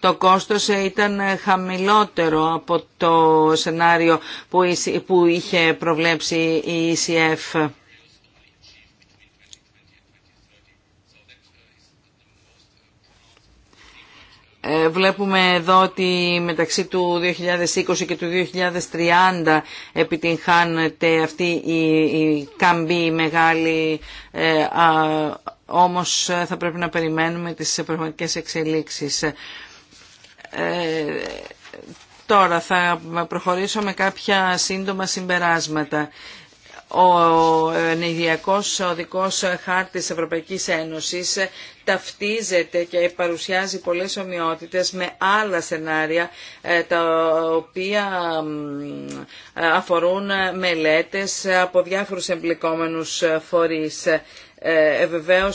το κόστος ήταν χαμηλότερο από το σενάριο που είχε προβλέψει η ECF. Ε, βλέπουμε εδώ ότι μεταξύ του 2020 και του 2030 επιτυγχάνεται αυτή η καμπή μεγάλη, ε, όμως θα πρέπει να περιμένουμε τις πραγματικές εξελίξεις. Ε, τώρα θα προχωρήσω με κάποια σύντομα συμπεράσματα. Ο ενεργειακός οδικός χάρτης Ευρωπαϊκής Ένωσης ταυτίζεται και παρουσιάζει πολλές ομοιότητες με άλλα σενάρια ε, τα οποία ε, αφορούν μελέτες από διάφορους εμπλεκόμενους φορείς. Ε, ε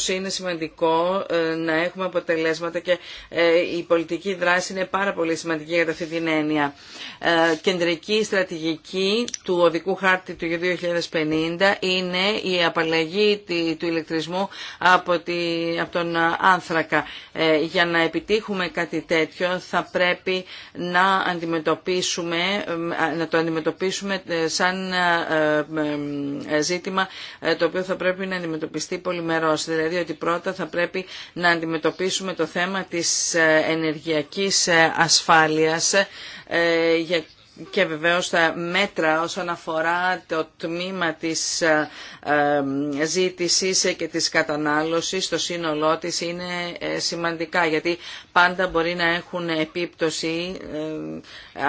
είναι σημαντικό ε, να έχουμε αποτελέσματα και ε, η πολιτική δράση είναι πάρα πολύ σημαντική για αυτή την έννοια. κεντρική στρατηγική του οδικού χάρτη του 2050 είναι η απαλλαγή του ηλεκτρισμού από, από τον άνθρακα. για να επιτύχουμε κάτι τέτοιο θα πρέπει να, αντιμετωπίσουμε, να το αντιμετωπίσουμε σαν ζήτημα το οποίο θα πρέπει να αντιμετωπιστεί πολυμερώς. Δηλαδή ότι πρώτα θα πρέπει να αντιμετωπίσουμε το θέμα της ε, ενεργειακής ε, ασφάλειας ε, και βεβαίως τα μέτρα όσον αφορά το τμήμα της ε, ε, ζήτησης και της κατανάλωσης στο σύνολό της είναι ε, σημαντικά γιατί πάντα μπορεί να έχουν επίπτωση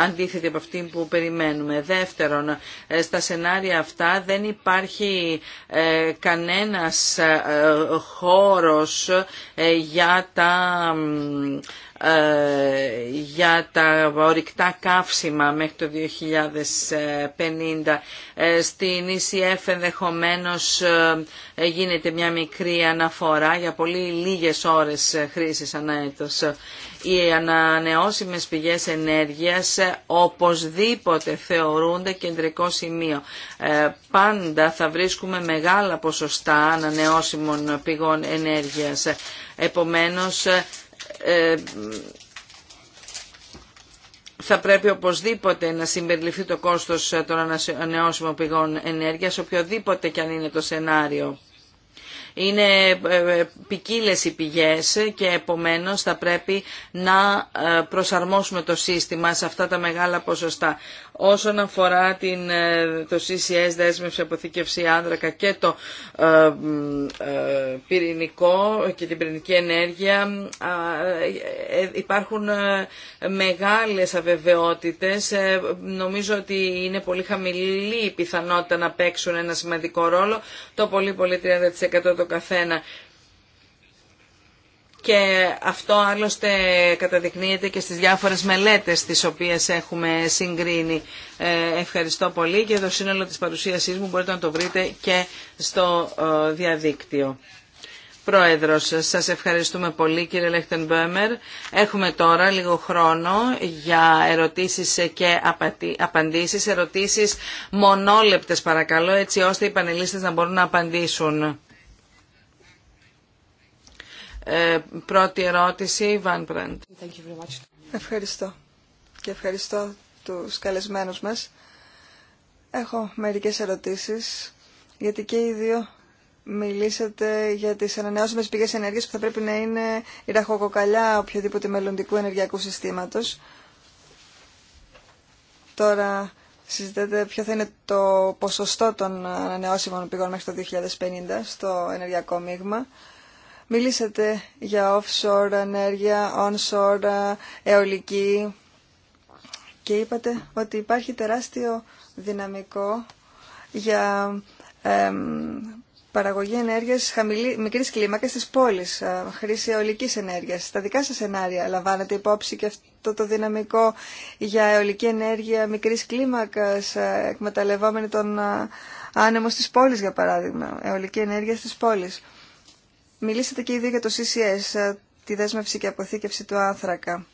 αντίθετη από αυτή που περιμένουμε. Δεύτερον, στα σενάρια αυτά δεν υπάρχει κανένας χώρος για τα ε, για τα ορυκτά καύσιμα μέχρι το 2050. Ε, στην ECF ενδεχομένω ε, γίνεται μια μικρή αναφορά για πολύ λίγες ώρες χρήσης ανά Οι ανανεώσιμες πηγές ενέργειας οπωσδήποτε θεωρούνται κεντρικό σημείο. Πάντα θα βρίσκουμε μεγάλα ποσοστά ανανεώσιμων πηγών ενέργειας. Επομένως ε, θα πρέπει οπωσδήποτε να συμπεριληφθεί το κόστος των ανανεώσιμων πηγών ενέργειας, οποιοδήποτε κι αν είναι το σενάριο. Είναι ε, ε, ποικίλε οι και επομένως θα πρέπει να ε, προσαρμόσουμε το σύστημα σε αυτά τα μεγάλα ποσοστά. Όσον αφορά την, το CCS, δέσμευση, αποθήκευση άνδρακα και το πυρηνικό και την πυρηνική ενέργεια, υπάρχουν μεγάλες αβεβαιότητες. Νομίζω ότι είναι πολύ χαμηλή η πιθανότητα να παίξουν ένα σημαντικό ρόλο. Το πολύ πολύ 30% καθένα. Και αυτό άλλωστε καταδεικνύεται και στις διάφορες μελέτες τις οποίες έχουμε συγκρίνει. Ε, ευχαριστώ πολύ και το σύνολο της παρουσίασής μου μπορείτε να το βρείτε και στο ε, διαδίκτυο. Πρόεδρος, σας ευχαριστούμε πολύ κύριε Λέχτεν Μπέμερ. Έχουμε τώρα λίγο χρόνο για ερωτήσεις και απαντήσεις. Ερωτήσεις μονόλεπτες παρακαλώ έτσι ώστε οι πανελίστες να μπορούν να απαντήσουν. Ε, πρώτη ερώτηση, Βαν Μπρέντ. Ευχαριστώ. Και ευχαριστώ τους καλεσμένους μας. Έχω μερικές ερωτήσεις, γιατί και οι δύο μιλήσατε για τις ανανεώσιμες πηγές ενέργειας που θα πρέπει να είναι η ραχοκοκαλιά οποιοδήποτε μελλοντικού ενεργειακού συστήματος. Τώρα συζητάτε ποιο θα είναι το ποσοστό των ανανεώσιμων πηγών μέχρι το 2050 στο ενεργειακό μείγμα. Μιλήσατε για offshore ενέργεια, onshore, αιωλική και είπατε ότι υπάρχει τεράστιο δυναμικό για παραγωγή ενέργειας χαμηλή, μικρής κλίμακας στις πόλεις, ε, χρήση αιωλικής ενέργειας. Στα δικά σας σενάρια λαμβάνετε υπόψη και αυτό το δυναμικό για αιωλική ενέργεια μικρής κλίμακας, ε, εκμεταλλευόμενη τον ε, άνεμο στις πόλεις για παράδειγμα, αιωλική ενέργεια στις πόλεις. Μιλήσατε και ήδη για το CCS, ε, τη δέσμευση και αποθήκευση του άνθρακα.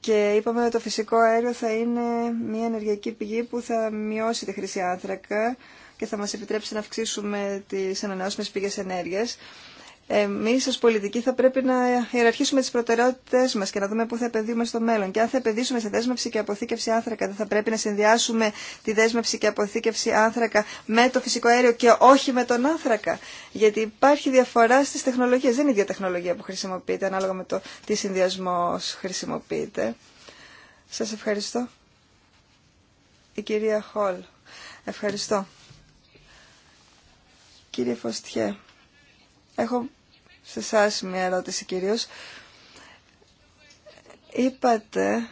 Και είπαμε ότι το φυσικό αέριο θα είναι μια ενεργειακή πηγή που θα μειώσει τη χρήση άνθρακα και θα μας επιτρέψει να αυξήσουμε τις ανανεώσιμες πηγές ενέργειας. Εμεί ω πολιτικοί θα πρέπει να ιεραρχήσουμε τι προτεραιότητε μα και να δούμε πού θα επενδύουμε στο μέλλον. Και αν θα επενδύσουμε σε δέσμευση και αποθήκευση άνθρακα, δεν θα πρέπει να συνδυάσουμε τη δέσμευση και αποθήκευση άνθρακα με το φυσικό αέριο και όχι με τον άνθρακα. Γιατί υπάρχει διαφορά στι τεχνολογίε, Δεν είναι η ίδια τεχνολογία που χρησιμοποιείται ανάλογα με το τι συνδυασμό χρησιμοποιείται. Σα ευχαριστώ. Η κυρία Χολ. Ευχαριστώ. Κύριε Φωστιέ. Έχω σε εσά μια ερώτηση κυρίως. Είπατε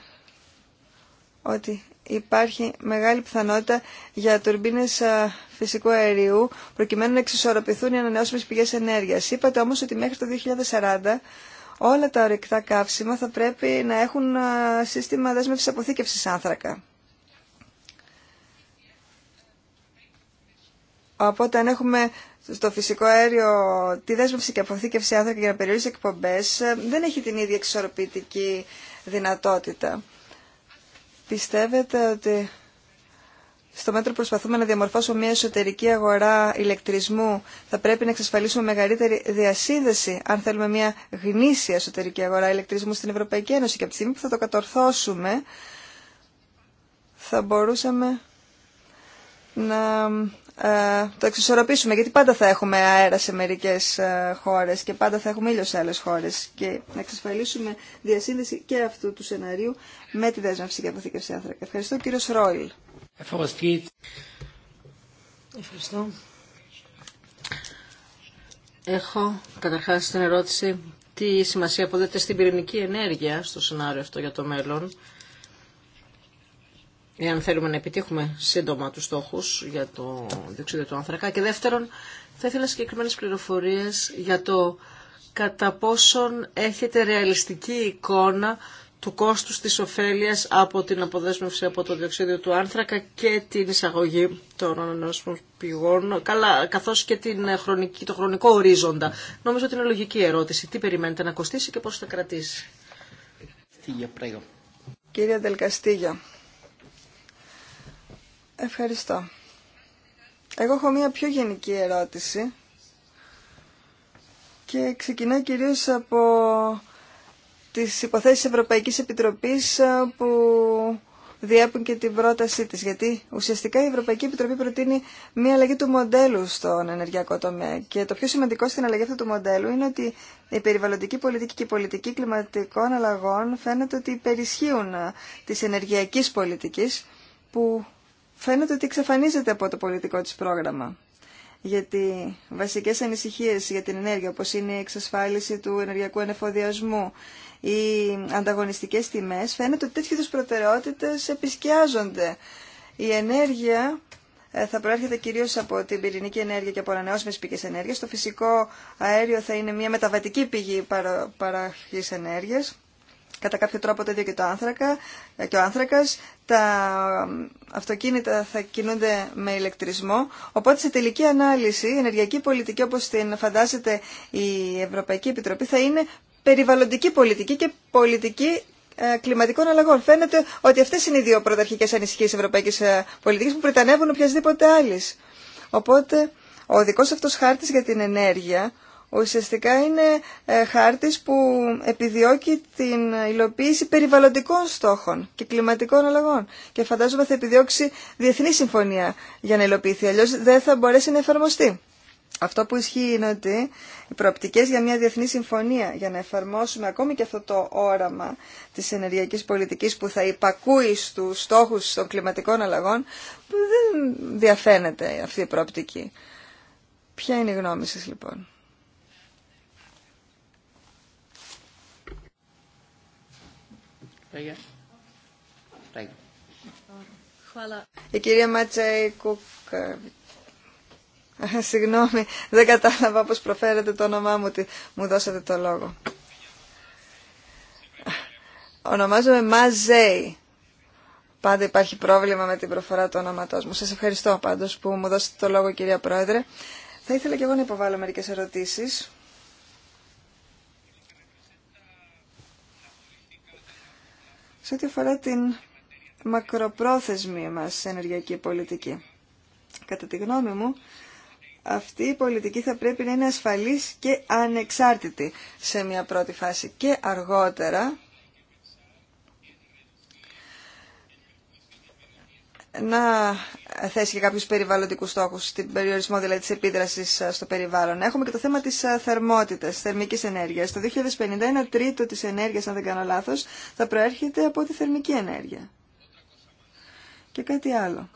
ότι υπάρχει μεγάλη πιθανότητα για τουρμπίνες φυσικού αερίου προκειμένου να εξισορροπηθούν οι ανανεώσιμες πηγές ενέργειας. Είπατε όμως ότι μέχρι το 2040 όλα τα ορυκτά καύσιμα θα πρέπει να έχουν σύστημα δέσμευσης αποθήκευσης άνθρακα. Οπότε αν έχουμε στο φυσικό αέριο τη δέσμευση και αποθήκευση άνθρακα για να περιορίσει εκπομπέ, ε, δεν έχει την ίδια εξορροπητική δυνατότητα. Πιστεύετε ότι στο μέτρο που προσπαθούμε να διαμορφώσουμε μια εσωτερική αγορά ηλεκτρισμού, θα πρέπει να εξασφαλίσουμε μεγαλύτερη διασύνδεση, αν θέλουμε μια γνήσια εσωτερική αγορά ηλεκτρισμού στην Ευρωπαϊκή Ένωση. Και από τη στιγμή που θα το κατορθώσουμε, θα μπορούσαμε να ε, το εξισορροπήσουμε, γιατί πάντα θα έχουμε αέρα σε μερικές ε, χώρες και πάντα θα έχουμε ήλιο σε άλλες χώρες και να εξασφαλίσουμε διασύνδεση και αυτού του σενάριου με τη δέσμευση και αποθήκευση άνθρακα. Ευχαριστώ κύριο Ρόιλ. Ευχαριστώ. Έχω καταρχάς την ερώτηση τι σημασία αποδέτε στην πυρηνική ενέργεια στο σενάριο αυτό για το μέλλον εάν θέλουμε να επιτύχουμε σύντομα τους στόχους για το διοξείδιο του άνθρακα. Και δεύτερον, θα ήθελα συγκεκριμένε πληροφορίες για το κατά πόσον έχετε ρεαλιστική εικόνα του κόστους της ωφέλειας από την αποδέσμευση από το διοξείδιο του άνθρακα και την εισαγωγή των ανανεώσιμων πηγών, καλά, καθώς και την χρονική, το χρονικό ορίζοντα. Νομίζω ότι είναι λογική ερώτηση. Τι περιμένετε να κοστίσει και πώς θα κρατήσει. Κύριε Δελκαστήγια. Ευχαριστώ. Εγώ έχω μία πιο γενική ερώτηση και ξεκινάει κυρίως από τις υποθέσεις Ευρωπαϊκής Επιτροπής ε, που διέπουν και την πρότασή της. Γιατί ουσιαστικά η Ευρωπαϊκή Επιτροπή προτείνει μία αλλαγή του μοντέλου στον ενεργειακό τομέα. Και το πιο σημαντικό στην αλλαγή αυτού του μοντέλου είναι ότι η περιβαλλοντική πολιτική και η πολιτική κλιματικών αλλαγών φαίνεται ότι υπερισχύουν ε, της ενεργειακής πολιτικής που φαίνεται ότι εξαφανίζεται από το πολιτικό της πρόγραμμα. Γιατί βασικές ανησυχίες για την ενέργεια, όπως είναι η εξασφάλιση του ενεργειακού ενεφοδιασμού, Η ανταγωνιστικές τιμές, φαίνεται ότι τέτοιου προτεραιότητες επισκιάζονται. Η ενέργεια ε, θα προέρχεται κυρίως από την πυρηνική ενέργεια και από ανανεώσιμες πηγές ενέργειας. Το φυσικό αέριο θα είναι μια μεταβατική πηγή παραχής ενέργειας. Κατά κάποιο τρόπο το ίδιο και, το άνθρακα, ε, και ο άνθρακας τα αυτοκίνητα θα κινούνται με ηλεκτρισμό. Οπότε σε τελική ανάλυση η ενεργειακή πολιτική όπως την φαντάζεται η Ευρωπαϊκή Επιτροπή θα είναι περιβαλλοντική πολιτική και πολιτική ε, κλιματικών αλλαγών. Φαίνεται ότι αυτές είναι οι δύο πρωταρχικές ανησυχίες ευρωπαϊκής ε, πολιτικής που πρετανεύουν οποιασδήποτε άλλης. Οπότε ο δικός αυτός χάρτης για την ενέργεια ουσιαστικά είναι ε, χάρτης που επιδιώκει την υλοποίηση περιβαλλοντικών στόχων και κλιματικών αλλαγών. Και φαντάζομαι θα επιδιώξει διεθνή συμφωνία για να υλοποιηθεί, αλλιώς δεν θα μπορέσει να εφαρμοστεί. Αυτό που ισχύει είναι ότι οι προοπτικές για μια διεθνή συμφωνία για να εφαρμόσουμε ακόμη και αυτό το όραμα της ενεργειακής πολιτικής που θα υπακούει στους στόχους των κλιματικών αλλαγών δεν διαφαίνεται αυτή η προοπτική. Ποια είναι η γνώμη σας λοιπόν. Η κυρία Ματσέη Κουκ. Ε, συγγνώμη, δεν κατάλαβα πώς προφέρετε το όνομά μου ότι μου δώσατε το λόγο. Ονομάζομαι Μαζέη. Πάντα υπάρχει πρόβλημα με την προφορά του ονόματός μου. Σας ευχαριστώ πάντως που μου δώσατε το λόγο κυρία Πρόεδρε. Θα ήθελα και εγώ να υποβάλω μερικές ερωτήσεις. σε ό,τι αφορά την μακροπρόθεσμη μας ενεργειακή πολιτική. Κατά τη γνώμη μου, αυτή η πολιτική θα πρέπει να είναι ασφαλής και ανεξάρτητη σε μια πρώτη φάση και αργότερα να θέσει και κάποιους περιβαλλοντικούς στόχους, στην περιορισμό δηλαδή της επίδρασης ε, στο περιβάλλον. Έχουμε και το θέμα της ε, θερμότητας, θερμικής ενέργειας. Το 2050 ένα τρίτο της ενέργειας, αν δεν κάνω λάθος, θα προέρχεται από τη θερμική ενέργεια. Και κάτι άλλο.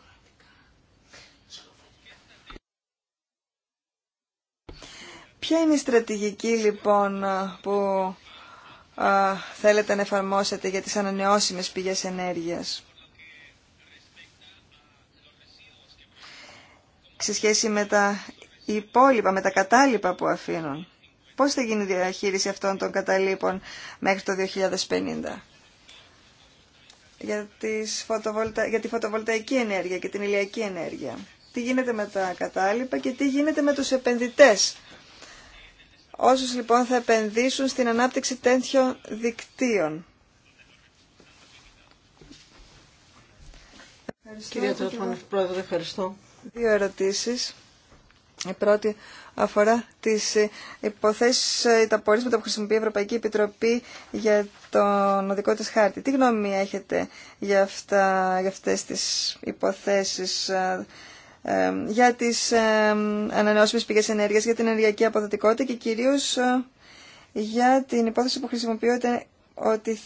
Ποια είναι η στρατηγική λοιπόν ε, που θέλετε να εφαρμόσετε για τις ανανεώσιμες πηγές ενέργειας. σε σχέση με τα υπόλοιπα, με τα κατάλοιπα που αφήνουν. Πώς θα γίνει η διαχείριση αυτών των καταλήπων μέχρι το 2050. Για, τις φωτοβολτα... για τη φωτοβολταϊκή ενέργεια και την ηλιακή ενέργεια. Τι γίνεται με τα κατάλοιπα και τι γίνεται με τους επενδυτές. Όσους λοιπόν θα επενδύσουν στην ανάπτυξη τέτοιων δικτύων. Κυρία Πρόεδρε, ευχαριστώ δύο ερωτήσεις. Η πρώτη αφορά τις υποθέσεις, τα πορίσματα που χρησιμοποιεί η Ευρωπαϊκή Επιτροπή για τον οδικό της χάρτη. Τι γνώμη έχετε για, αυτά, για αυτές τις υποθέσεις, ε, ε, για τις ε, ανανεώσιμες πηγές ενέργειας, για την ενεργειακή αποδοτικότητα και κυρίως για την υπόθεση που χρησιμοποιείται ότι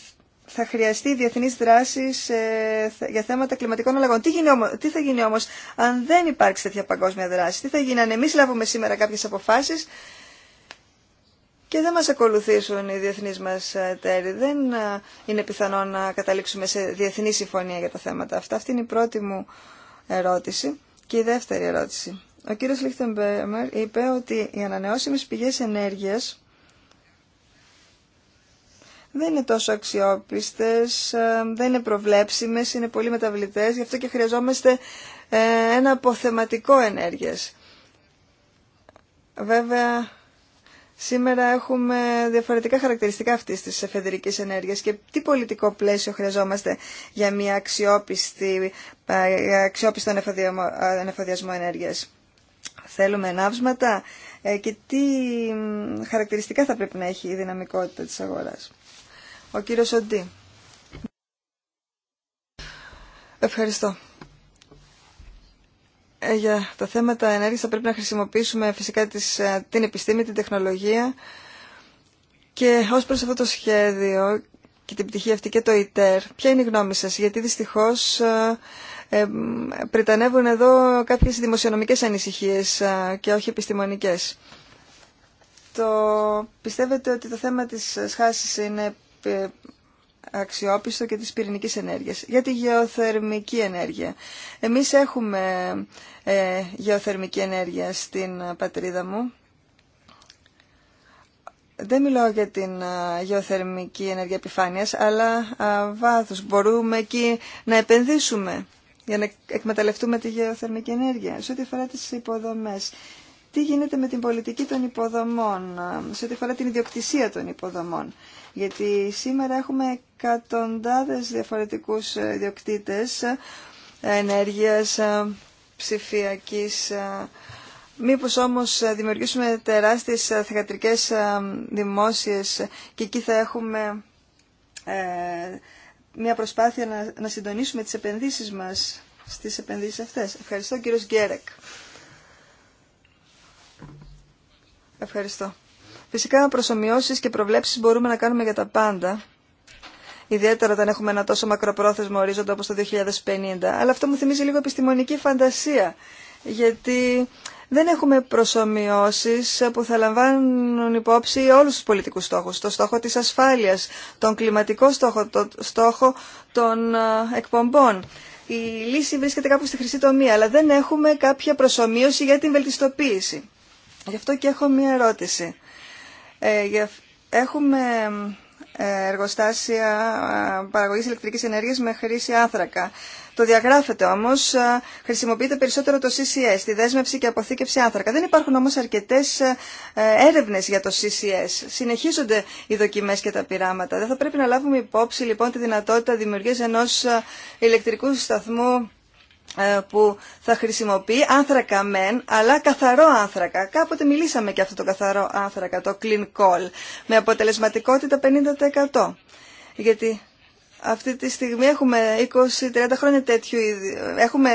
θα χρειαστεί διεθνή δράση ε, για θέματα κλιματικών αλλαγών. Τι, γίνει όμως, τι θα γίνει όμω αν δεν υπάρξει τέτοια παγκόσμια δράση, τι θα γίνει αν εμεί λάβουμε σήμερα κάποιε αποφάσει και δεν μα ακολουθήσουν οι διεθνεί μα εταίροι. Δεν ε, είναι πιθανό να καταλήξουμε σε διεθνή συμφωνία για τα θέματα αυτά. Αυτή είναι η πρώτη μου ερώτηση. Και η δεύτερη ερώτηση. Ο κύριος Λίχτεμπερμερ είπε ότι οι ανανεώσιμες πηγές ενέργειας δεν είναι τόσο αξιόπιστες, ε, δεν είναι προβλέψιμες, είναι πολύ μεταβλητές, γι' αυτό και χρειαζόμαστε ε, ένα αποθεματικό ενέργειας. Βέβαια, σήμερα έχουμε διαφορετικά χαρακτηριστικά αυτής της εφεδρικής ενέργειας και τι πολιτικό πλαίσιο χρειαζόμαστε για μια αξιόπιστη, ε, αξιόπιστο ανεφοδιασμό ενέργειας. Θέλουμε ναύσματα και τι χαρακτηριστικά θα πρέπει να έχει η δυναμικότητα της αγοράς. Ο κύριος Οντί. Ευχαριστώ. Ε, για τα θέματα ενέργειας θα πρέπει να χρησιμοποιήσουμε φυσικά ε, την επιστήμη, την τεχνολογία και ως προς αυτό το σχέδιο και την πτυχή αυτή και το ΙΤΕΡ, ποια είναι η γνώμη σας, γιατί δυστυχώς ε, ε πριτανεύουν εδώ κάποιες δημοσιονομικές ανησυχίες και όχι επιστημονικές. Το, πιστεύετε ότι το θέμα της σχάσης είναι ε, αξιόπιστο και της πυρηνικής ενέργειας. Για τη γεωθερμική ενέργεια. Εμείς έχουμε ε, γεωθερμική ενέργεια στην πατρίδα μου. Δεν μιλάω για την ε, γεωθερμική ενέργεια επιφάνειας, αλλά βάθους. Μπορούμε εκεί να επενδύσουμε για να εκμεταλλευτούμε τη γεωθερμική ενέργεια. Σε ό,τι αφορά τις υποδομές, τι γίνεται με την πολιτική των υποδομών, σε ό,τι αφορά την ιδιοκτησία των υποδομών. Γιατί σήμερα έχουμε εκατοντάδες διαφορετικούς ιδιοκτήτες ε, ενέργειας ε, ψηφιακής. Ε, μήπως όμως δημιουργήσουμε τεράστιες θεατρικές δημόσιες και εκεί θα έχουμε μια προσπάθεια να συντονίσουμε τις επενδύσεις μας στις επενδύσεις αυτές. Ευχαριστώ κύριος Γκέρεκ. Ευχαριστώ. Φυσικά προσωμιώσεις και προβλέψεις μπορούμε να κάνουμε για τα πάντα. Ιδιαίτερα όταν έχουμε ένα τόσο μακροπρόθεσμο ορίζοντα όπως το 2050. Αλλά αυτό μου θυμίζει λίγο επιστημονική φαντασία. Γιατί δεν έχουμε προσωμιώσεις που θα λαμβάνουν υπόψη όλους τους πολιτικούς στόχους. Το στόχο της ασφάλειας, τον κλιματικό στόχο, το στόχο των εκπομπών. Η λύση βρίσκεται κάπου στη χρυσή τομή, αλλά δεν έχουμε κάποια προσωμείωση για την βελτιστοποίηση. Γι' αυτό και έχω μία ερώτηση. Ε, έχουμε ε, εργοστάσια ε, παραγωγής ηλεκτρικής ενέργειας με χρήση άνθρακα. Το διαγράφεται όμως, χρησιμοποιείται περισσότερο το CCS, τη δέσμευση και αποθήκευση άνθρακα. Δεν υπάρχουν όμως αρκετές έρευνες για το CCS. Συνεχίζονται οι δοκιμές και τα πειράματα. Δεν θα πρέπει να λάβουμε υπόψη λοιπόν τη δυνατότητα δημιουργίας ενός ηλεκτρικού σταθμού ε, που θα χρησιμοποιεί άνθρακα μεν, αλλά καθαρό άνθρακα. Κάποτε μιλήσαμε και αυτό το καθαρό άνθρακα, το clean coal, με αποτελεσματικότητα 50%. Γιατί αυτή τη στιγμή έχουμε 20-30 χρόνια τέτοιου, έχουμε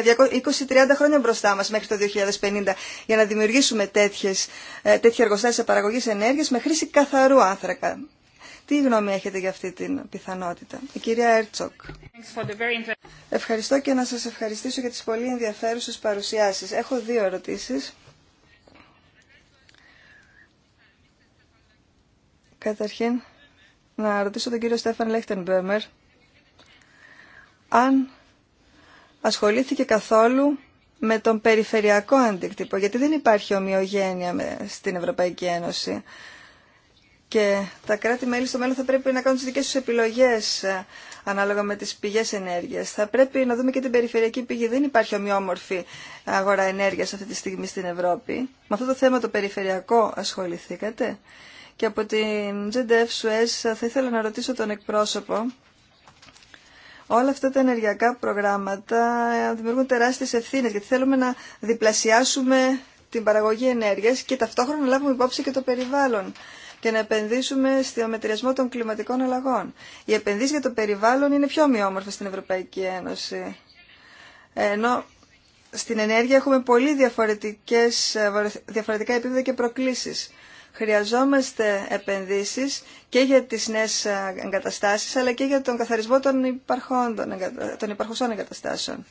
20-30 χρόνια μπροστά μας μέχρι το 2050 για να δημιουργήσουμε τέτοιες, ε, τέτοια εργοστάσια παραγωγής ενέργειας με χρήση καθαρού άνθρακα. Τι γνώμη έχετε για αυτή την πιθανότητα. Η κυρία Έρτσοκ. Ευχαριστώ και να σας ευχαριστήσω για τις πολύ ενδιαφέρουσες παρουσιάσεις. Έχω δύο ερωτήσεις. Καταρχήν, να ρωτήσω τον κύριο Στέφαν Λέχτενμπέμερ αν ασχολήθηκε καθόλου με τον περιφερειακό αντίκτυπο, γιατί δεν υπάρχει ομοιογένεια στην Ευρωπαϊκή Ένωση. Και τα κράτη-μέλη στο μέλλον θα πρέπει να κάνουν τις δικές τους επιλογές ε, ανάλογα με τις πηγές ενέργειας. Θα πρέπει να δούμε και την περιφερειακή πηγή. Δεν υπάρχει ομοιόμορφη αγορά ενέργειας αυτή τη στιγμή στην Ευρώπη. Με αυτό το θέμα το περιφερειακό ασχοληθήκατε. Και από την GDF Suez ε, θα ήθελα να ρωτήσω τον εκπρόσωπο. Όλα αυτά τα ενεργειακά προγράμματα ε, δημιουργούν τεράστιες ευθύνες γιατί θέλουμε να διπλασιάσουμε την παραγωγή ενέργειας και ταυτόχρονα λάβουμε υπόψη και το περιβάλλον και να επενδύσουμε στο μετριασμό των κλιματικών αλλαγών. Οι επενδύσει για το περιβάλλον είναι πιο ομοιόμορφε στην Ευρωπαϊκή Ένωση. Ενώ στην ενέργεια έχουμε πολύ διαφορετικές, ε, διαφορετικά επίπεδα και προκλήσει. Χρειαζόμαστε επενδύσεις και για τις νέες ε, εγκαταστάσεις, αλλά και για τον καθαρισμό των, των υπαρχουσών εγκαταστάσεων.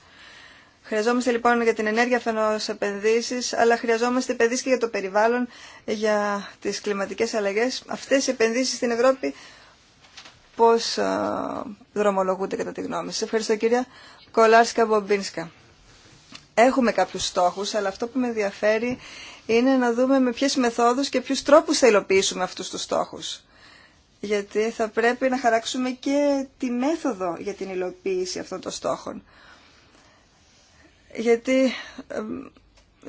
Χρειαζόμαστε λοιπόν για την ενέργεια φαινό επενδύσει, αλλά χρειαζόμαστε επενδύσεις και για το περιβάλλον, για τις κλιματικές αλλαγές. Αυτές οι επενδύσει στην Ευρώπη πώ ε, δρομολογούνται κατά τη γνώμη σας. Ευχαριστώ κυρία Κολάρσκα Μπομπίνσκα. Έχουμε κάποιους στόχους, αλλά αυτό που με ενδιαφέρει είναι να δούμε με ποιε μεθόδους και ποιου τρόπους θα υλοποιήσουμε αυτού του στόχου. Γιατί θα πρέπει να χαράξουμε και τη μέθοδο για την υλοποίηση αυτών των στόχων γιατί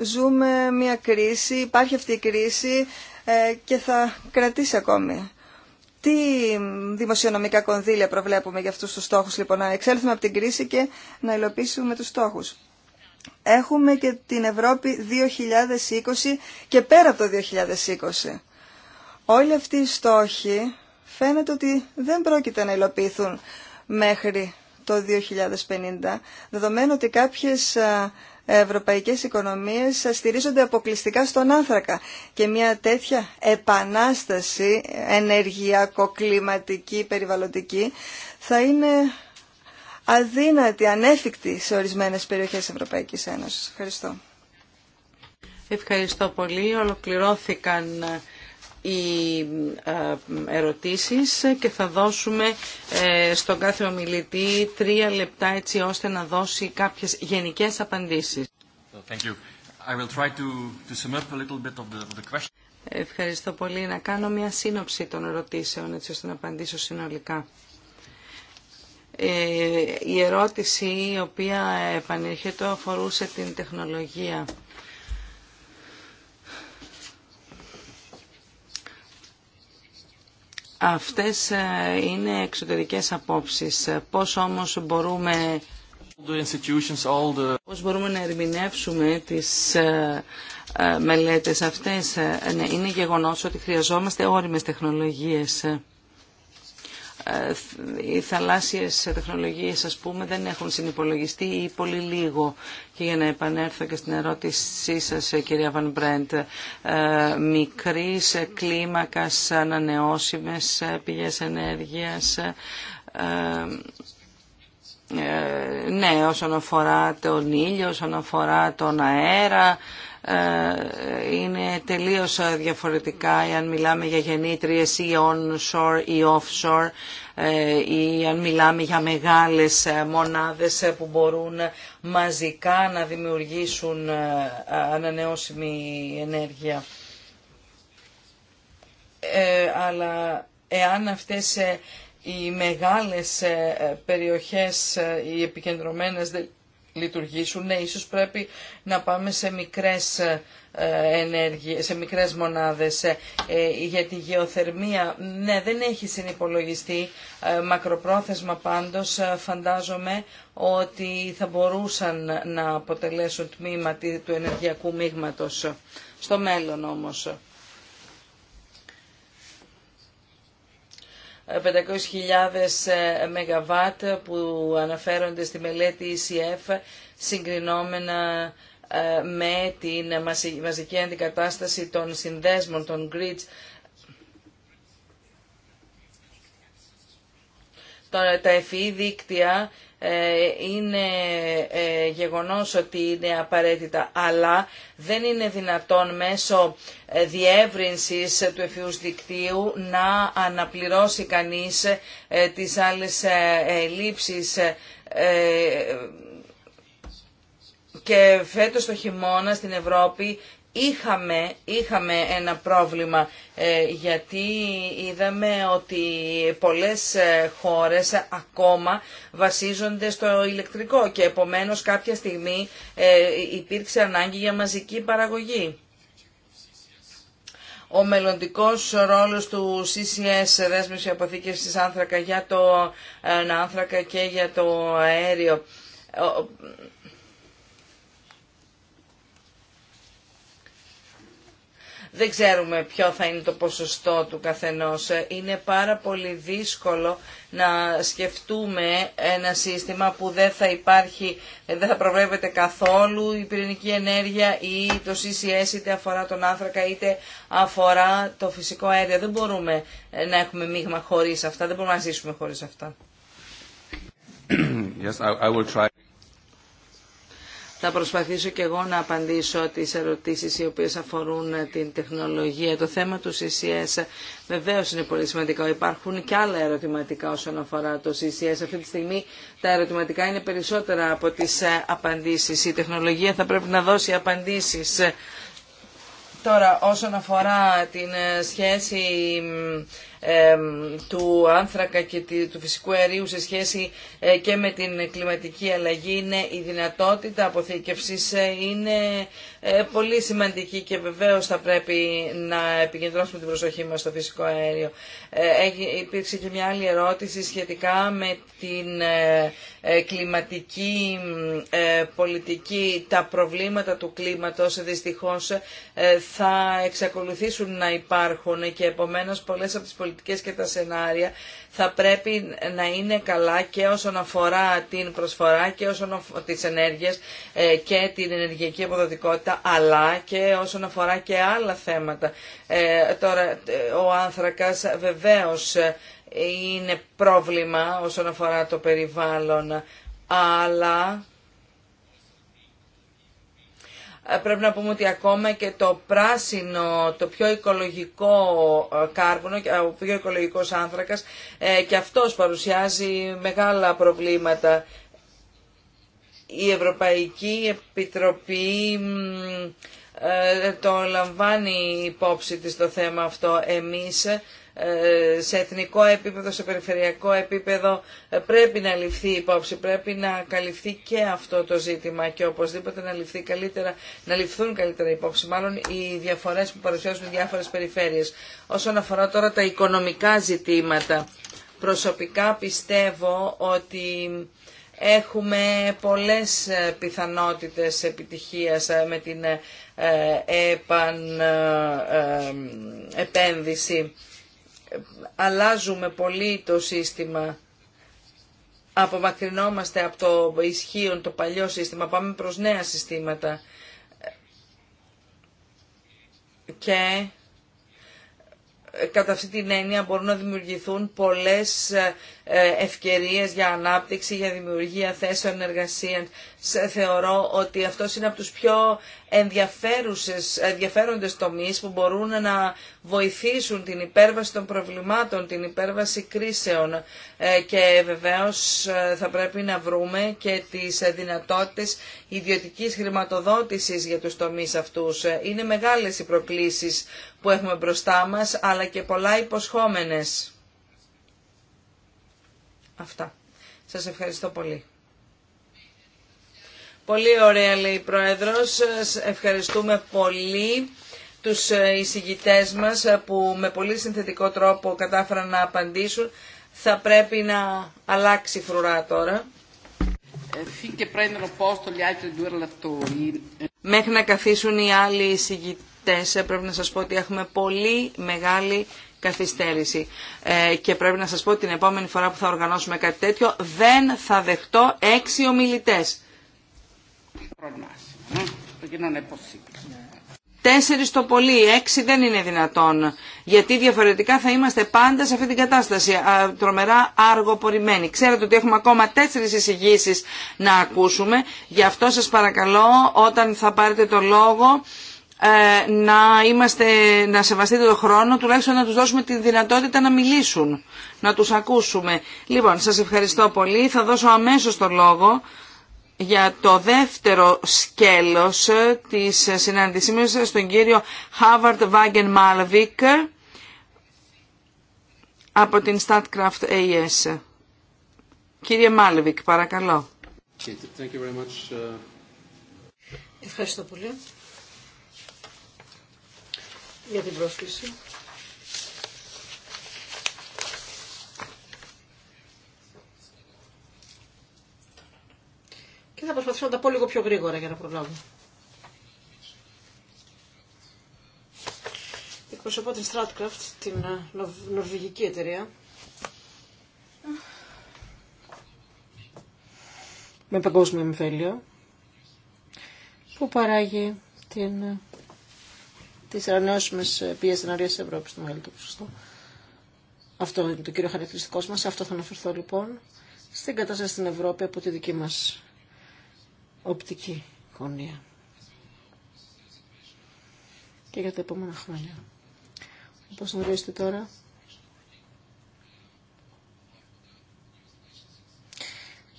ζούμε μια κρίση, υπάρχει αυτή η κρίση ε, και θα κρατήσει ακόμη. Τι δημοσιονομικά κονδύλια προβλέπουμε για αυτούς τους στόχους, λοιπόν, να εξέλθουμε από την κρίση και να υλοποιήσουμε τους στόχους. Έχουμε και την Ευρώπη 2020 και πέρα από το 2020. Όλοι αυτοί οι στόχοι φαίνεται ότι δεν πρόκειται να υλοποιηθούν μέχρι το 2050, δεδομένου ότι κάποιες ευρωπαϊκές οικονομίες στηρίζονται αποκλειστικά στον άνθρακα και μια τέτοια επανάσταση ενεργειακοκλιματική, περιβαλλοντική θα είναι αδύνατη, ανέφικτη σε ορισμένες περιοχές Ευρωπαϊκής Ένωσης. Ευχαριστώ. Ευχαριστώ πολύ. Ολοκληρώθηκαν οι ε, ερωτήσεις και θα δώσουμε ε, στον κάθε ομιλητή τρία λεπτά έτσι ώστε να δώσει κάποιες γενικές απαντήσεις. Ευχαριστώ πολύ. Να κάνω μια σύνοψη των ερωτήσεων έτσι ώστε να απαντήσω συνολικά. Ε, η ερώτηση η οποία επανέρχεται αφορούσε την τεχνολογία. Αυτές ε, είναι εξωτερικές απόψεις. Πώς όμως μπορούμε, πώς μπορούμε να ερμηνεύσουμε τις ε, ε, μελέτες αυτές. Ναι, είναι γεγονός ότι χρειαζόμαστε όριμες τεχνολογίες. Ε, οι θαλάσσιες τεχνολογίες ας πούμε δεν έχουν συνυπολογιστεί ή πολύ λίγο. Και για να επανέλθω και στην ερώτησή σας ε, κυρία Βαν Μπρέντ, ε, μικρής κλίμακας ανανεώσιμες πηγές ενέργειας, ναι όσον αφορά τον ήλιο, όσον αφορά τον αέρα, ε, είναι τελείως διαφορετικά αν μιλάμε για γεννήτριες ή onshore ή offshore ε, ή αν μιλάμε για μεγάλες ε, μονάδες που μπορούν μαζικά να δημιουργήσουν ανανεώσιμη ενέργεια. αλλά εάν αυτές οι μεγάλες περιοχές, οι επικεντρωμένες λειτουργήσουν. Ναι, ίσως πρέπει να πάμε σε μικρές, ε, ενέργειες, σε μικρές μονάδες ε, για τη γεωθερμία. Ναι, δεν έχει συνυπολογιστεί. Ε, μακροπρόθεσμα πάντως φαντάζομαι ότι θα μπορούσαν να αποτελέσουν τμήμα του ενεργειακού μείγματος. Στο μέλλον όμως. 500.000 ε, ΜΒ που αναφέρονται στη μελέτη ECF συγκρινόμενα ε, με την μαζική αντικατάσταση των συνδέσμων, των grids, τα εφηή δίκτυα ε, είναι ε, γεγονός ότι είναι απαραίτητα, αλλά δεν είναι δυνατόν μέσω ε, διεύρυνσης του εφιούς δικτύου να αναπληρώσει κανείς τις άλλες λήψεις και φέτος το χειμώνα στην Ευρώπη Είχαμε, είχαμε ένα πρόβλημα ε, γιατί είδαμε ότι πολλές ε, χώρες ακόμα βασίζονται στο ηλεκτρικό και επομένως κάποια στιγμή ε, υπήρξε ανάγκη για μαζική παραγωγή. Ο μελλοντικός ρόλος του CCS, δέσμευση αποθήκευσης άνθρακα για το άνθρακα και για το αέριο δεν ξέρουμε ποιο θα είναι το ποσοστό του καθενός. Είναι πάρα πολύ δύσκολο να σκεφτούμε ένα σύστημα που δεν θα υπάρχει, δεν θα προβλέπεται καθόλου η πυρηνική ενέργεια ή το CCS είτε αφορά τον άνθρακα είτε αφορά το φυσικό αέριο. Δεν μπορούμε να έχουμε μείγμα χωρίς αυτά, δεν μπορούμε να ζήσουμε χωρίς αυτά. Yes, I will try. Θα προσπαθήσω και εγώ να απαντήσω τις ερωτήσεις οι οποίες αφορούν την τεχνολογία. Το θέμα του CCS βεβαίως είναι πολύ σημαντικό. Υπάρχουν και άλλα ερωτηματικά όσον αφορά το CCS. Αυτή τη στιγμή τα ερωτηματικά είναι περισσότερα από τις ε, απαντήσεις. Η τεχνολογία θα πρέπει να δώσει απαντήσεις. Τώρα όσον αφορά την ε, σχέση του άνθρακα και του φυσικού αερίου σε σχέση ε, και με την κλιματική αλλαγή είναι η δυνατότητα αποθήκευσης ε, είναι ε, πολύ σημαντική και βεβαίως θα πρέπει να επικεντρώσουμε την προσοχή μας στο φυσικό αέριο. Υπήρξε και μια άλλη ερώτηση σχετικά με την κλιματική πολιτική. Τα προβλήματα του κλίματος δυστυχώς θα εξακολουθήσουν να υπάρχουν και επομένως πολλές από τις πολιτικές πολιτικές και τα σενάρια θα πρέπει να είναι καλά και όσον αφορά την προσφορά και όσον αφορά τις ενέργειες ε, και την ενεργειακή αποδοτικότητα αλλά και όσον αφορά και άλλα θέματα. Ε, τώρα ε, ο άνθρακας βεβαίως είναι πρόβλημα όσον αφορά το περιβάλλον αλλά ε, πρέπει να πούμε ότι ακόμα και το πράσινο, το πιο οικολογικό ε, κάρβουνο, ε, ο πιο οικολογικός άνθρακας, και αυτός παρουσιάζει μεγάλα προβλήματα. Η Ευρωπαϊκή Επιτροπή το λαμβάνει υπόψη της το θέμα αυτό εμείς ε, σε εθνικό επίπεδο, σε περιφερειακό επίπεδο ε, πρέπει να ληφθεί υπόψη, πρέπει να καλυφθεί και αυτό το ζήτημα και οπωσδήποτε να, ληφθεί καλύτερα, να ληφθούν καλύτερα υπόψη, μάλλον οι διαφορές που παρουσιάζουν διάφορες περιφέρειες. Όσον αφορά τώρα τα οικονομικά ζητήματα, προσωπικά πιστεύω ότι έχουμε πολλές ε, πιθανότητες επιτυχίας με την επένδυση αλλάζουμε πολύ το σύστημα. Απομακρυνόμαστε από το ισχύον, το παλιό σύστημα, πάμε προς νέα συστήματα. Και ε, κατά αυτή την έννοια μπορούν να δημιουργηθούν πολλές ε, ε, ευκαιρίες για ανάπτυξη, για δημιουργία θέσεων εργασίας θεωρώ ότι αυτό είναι από τους πιο ενδιαφέρουσες, ενδιαφέροντες τομείς που μπορούν να βοηθήσουν την υπέρβαση των προβλημάτων, την υπέρβαση κρίσεων ε, και βεβαίως ε, θα πρέπει να βρούμε και τις δυνατότητες ιδιωτικής χρηματοδότησης για τους τομείς αυτούς. Ε, είναι μεγάλες οι προκλήσεις που έχουμε μπροστά μας αλλά και πολλά υποσχόμενες. Αυτά. Σας ευχαριστώ πολύ. Πολύ ωραία λέει η Πρόεδρος. Ευχαριστούμε πολύ τους ε, εισηγητές μας ε, που με πολύ συνθετικό τρόπο κατάφεραν να απαντήσουν. Θα πρέπει να αλλάξει φρουρά τώρα. Μέχρι να καθίσουν οι άλλοι εισηγητές ε, πρέπει να σας πω ότι έχουμε πολύ μεγάλη καθυστέρηση. και πρέπει να σας πω ότι την επόμενη φορά που θα οργανώσουμε κάτι τέτοιο δεν θα δεχτώ έξι ομιλητές. Ναι, τέσσερι το πολύ, έξι δεν είναι δυνατόν, γιατί διαφορετικά θα είμαστε πάντα σε αυτή την κατάσταση, τρομερά αργοπορημένοι. Ξέρετε ότι έχουμε ακόμα τέσσερι εισηγήσει να ακούσουμε, γι' αυτό σα παρακαλώ όταν θα πάρετε το λόγο ε, να, είμαστε, να σεβαστείτε το χρόνο, τουλάχιστον να τους δώσουμε τη δυνατότητα να μιλήσουν, να τους ακούσουμε. Λοιπόν, σας ευχαριστώ πολύ. Θα δώσω αμέσως το λόγο για το δεύτερο σκέλος της συνάντησής στον κύριο Χάβαρτ Βάγγεν Μάλβικ από την Statcraft AS. Κύριε Μάλβικ, παρακαλώ. Uh, Ευχαριστώ πολύ για την πρόσκληση. θα προσπαθήσω να τα πω λίγο πιο γρήγορα για να προλάβω. Εκπροσωπώ την Stratcraft, την ε, νορβηγική εταιρεία. Με παγκόσμιο εμφέλιο που παράγει την, ε, τις ανανεώσιμες ποιες ενέργειας της Ευρώπης στο ποσοστό. Αυτό είναι το κύριο χαρακτηριστικό μας. Αυτό θα αναφερθώ λοιπόν στην κατάσταση στην Ευρώπη από τη δική μας οπτική γωνία και για τα επόμενα χρόνια. Όπως γνωρίζετε τώρα,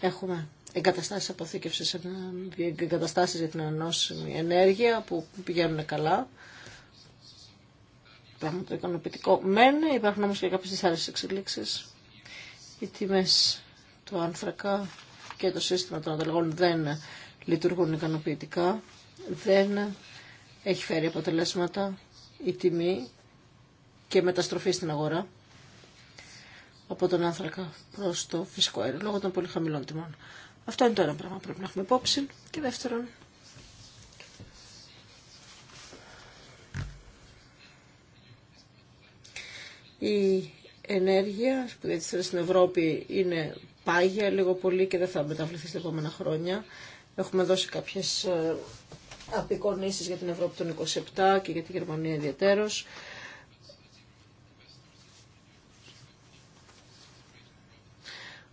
έχουμε εγκαταστάσεις αποθήκευσης, εγκαταστάσεις για την ανανόσιμη ενέργεια που πηγαίνουν καλά. Πράγμα το ικανοποιητικό μεν, υπάρχουν όμως και κάποιες άλλε εξελίξεις. Οι τιμέ του άνθρακα και το σύστημα των ανταλλαγών δεν λειτουργούν ικανοποιητικά. Δεν έχει φέρει αποτελέσματα η τιμή και μεταστροφή στην αγορά από τον άνθρακα προς το φυσικό αέριο λόγω των πολύ χαμηλών τιμών. Αυτό είναι το ένα πράγμα που πρέπει να έχουμε υπόψη. Και δεύτερον, η ενέργεια που διατηρείται στην Ευρώπη είναι πάγια λίγο πολύ και δεν θα μεταβληθεί στα επόμενα χρόνια. Έχουμε δώσει κάποιες ε, απεικονίσεις για την Ευρώπη των 27 και για τη Γερμανία ιδιαίτερως.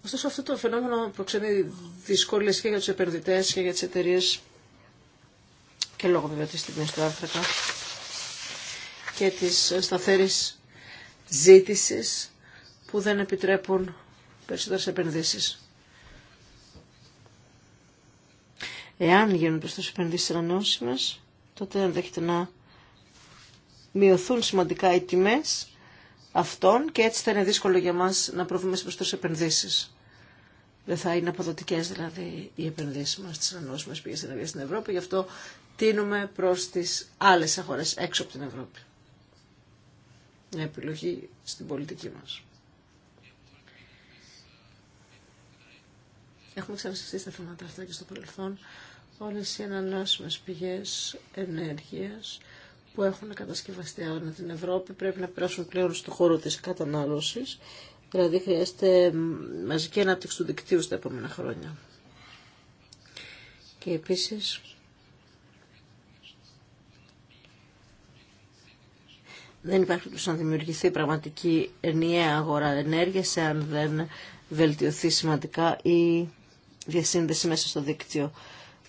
Ωστόσο αυτό το φαινόμενο προξενεί δυσκολίες και για τους επενδυτές και για τις εταιρείε και λόγω βέβαια της τιμής του άνθρακα και της σταθερής ζήτησης που δεν επιτρέπουν περισσότερες επενδύσεις. Εάν γίνουν προς επενδύσει ανανεώσιμε, τότε ενδέχεται να μειωθούν σημαντικά οι τιμέ αυτών και έτσι θα είναι δύσκολο για μας να προβούμε τι επενδύσει. Δεν θα είναι αποδοτικέ δηλαδή οι επενδύσει μα στι ανανεώσιμε πηγέ ενέργεια στην Ευρώπη. Γι' αυτό τίνουμε προ τι άλλε αγορέ έξω από την Ευρώπη. Μια επιλογή στην πολιτική μας. Έχουμε ξανασυστήσει τα θέματα αυτά και στο παρελθόν. Όλες οι ανανεώσιμε πηγές ενέργειας που έχουν κατασκευαστεί άνω την Ευρώπη πρέπει να περάσουν πλέον στον χώρο τη κατανάλωση, Δηλαδή χρειάζεται μαζική ανάπτυξη του δικτύου στα επόμενα χρόνια. Και επίσης δεν υπάρχει να δημιουργηθεί πραγματική ενιαία αγορά ενέργειας εάν δεν βελτιωθεί σημαντικά η διασύνδεση μέσα στο δίκτυο.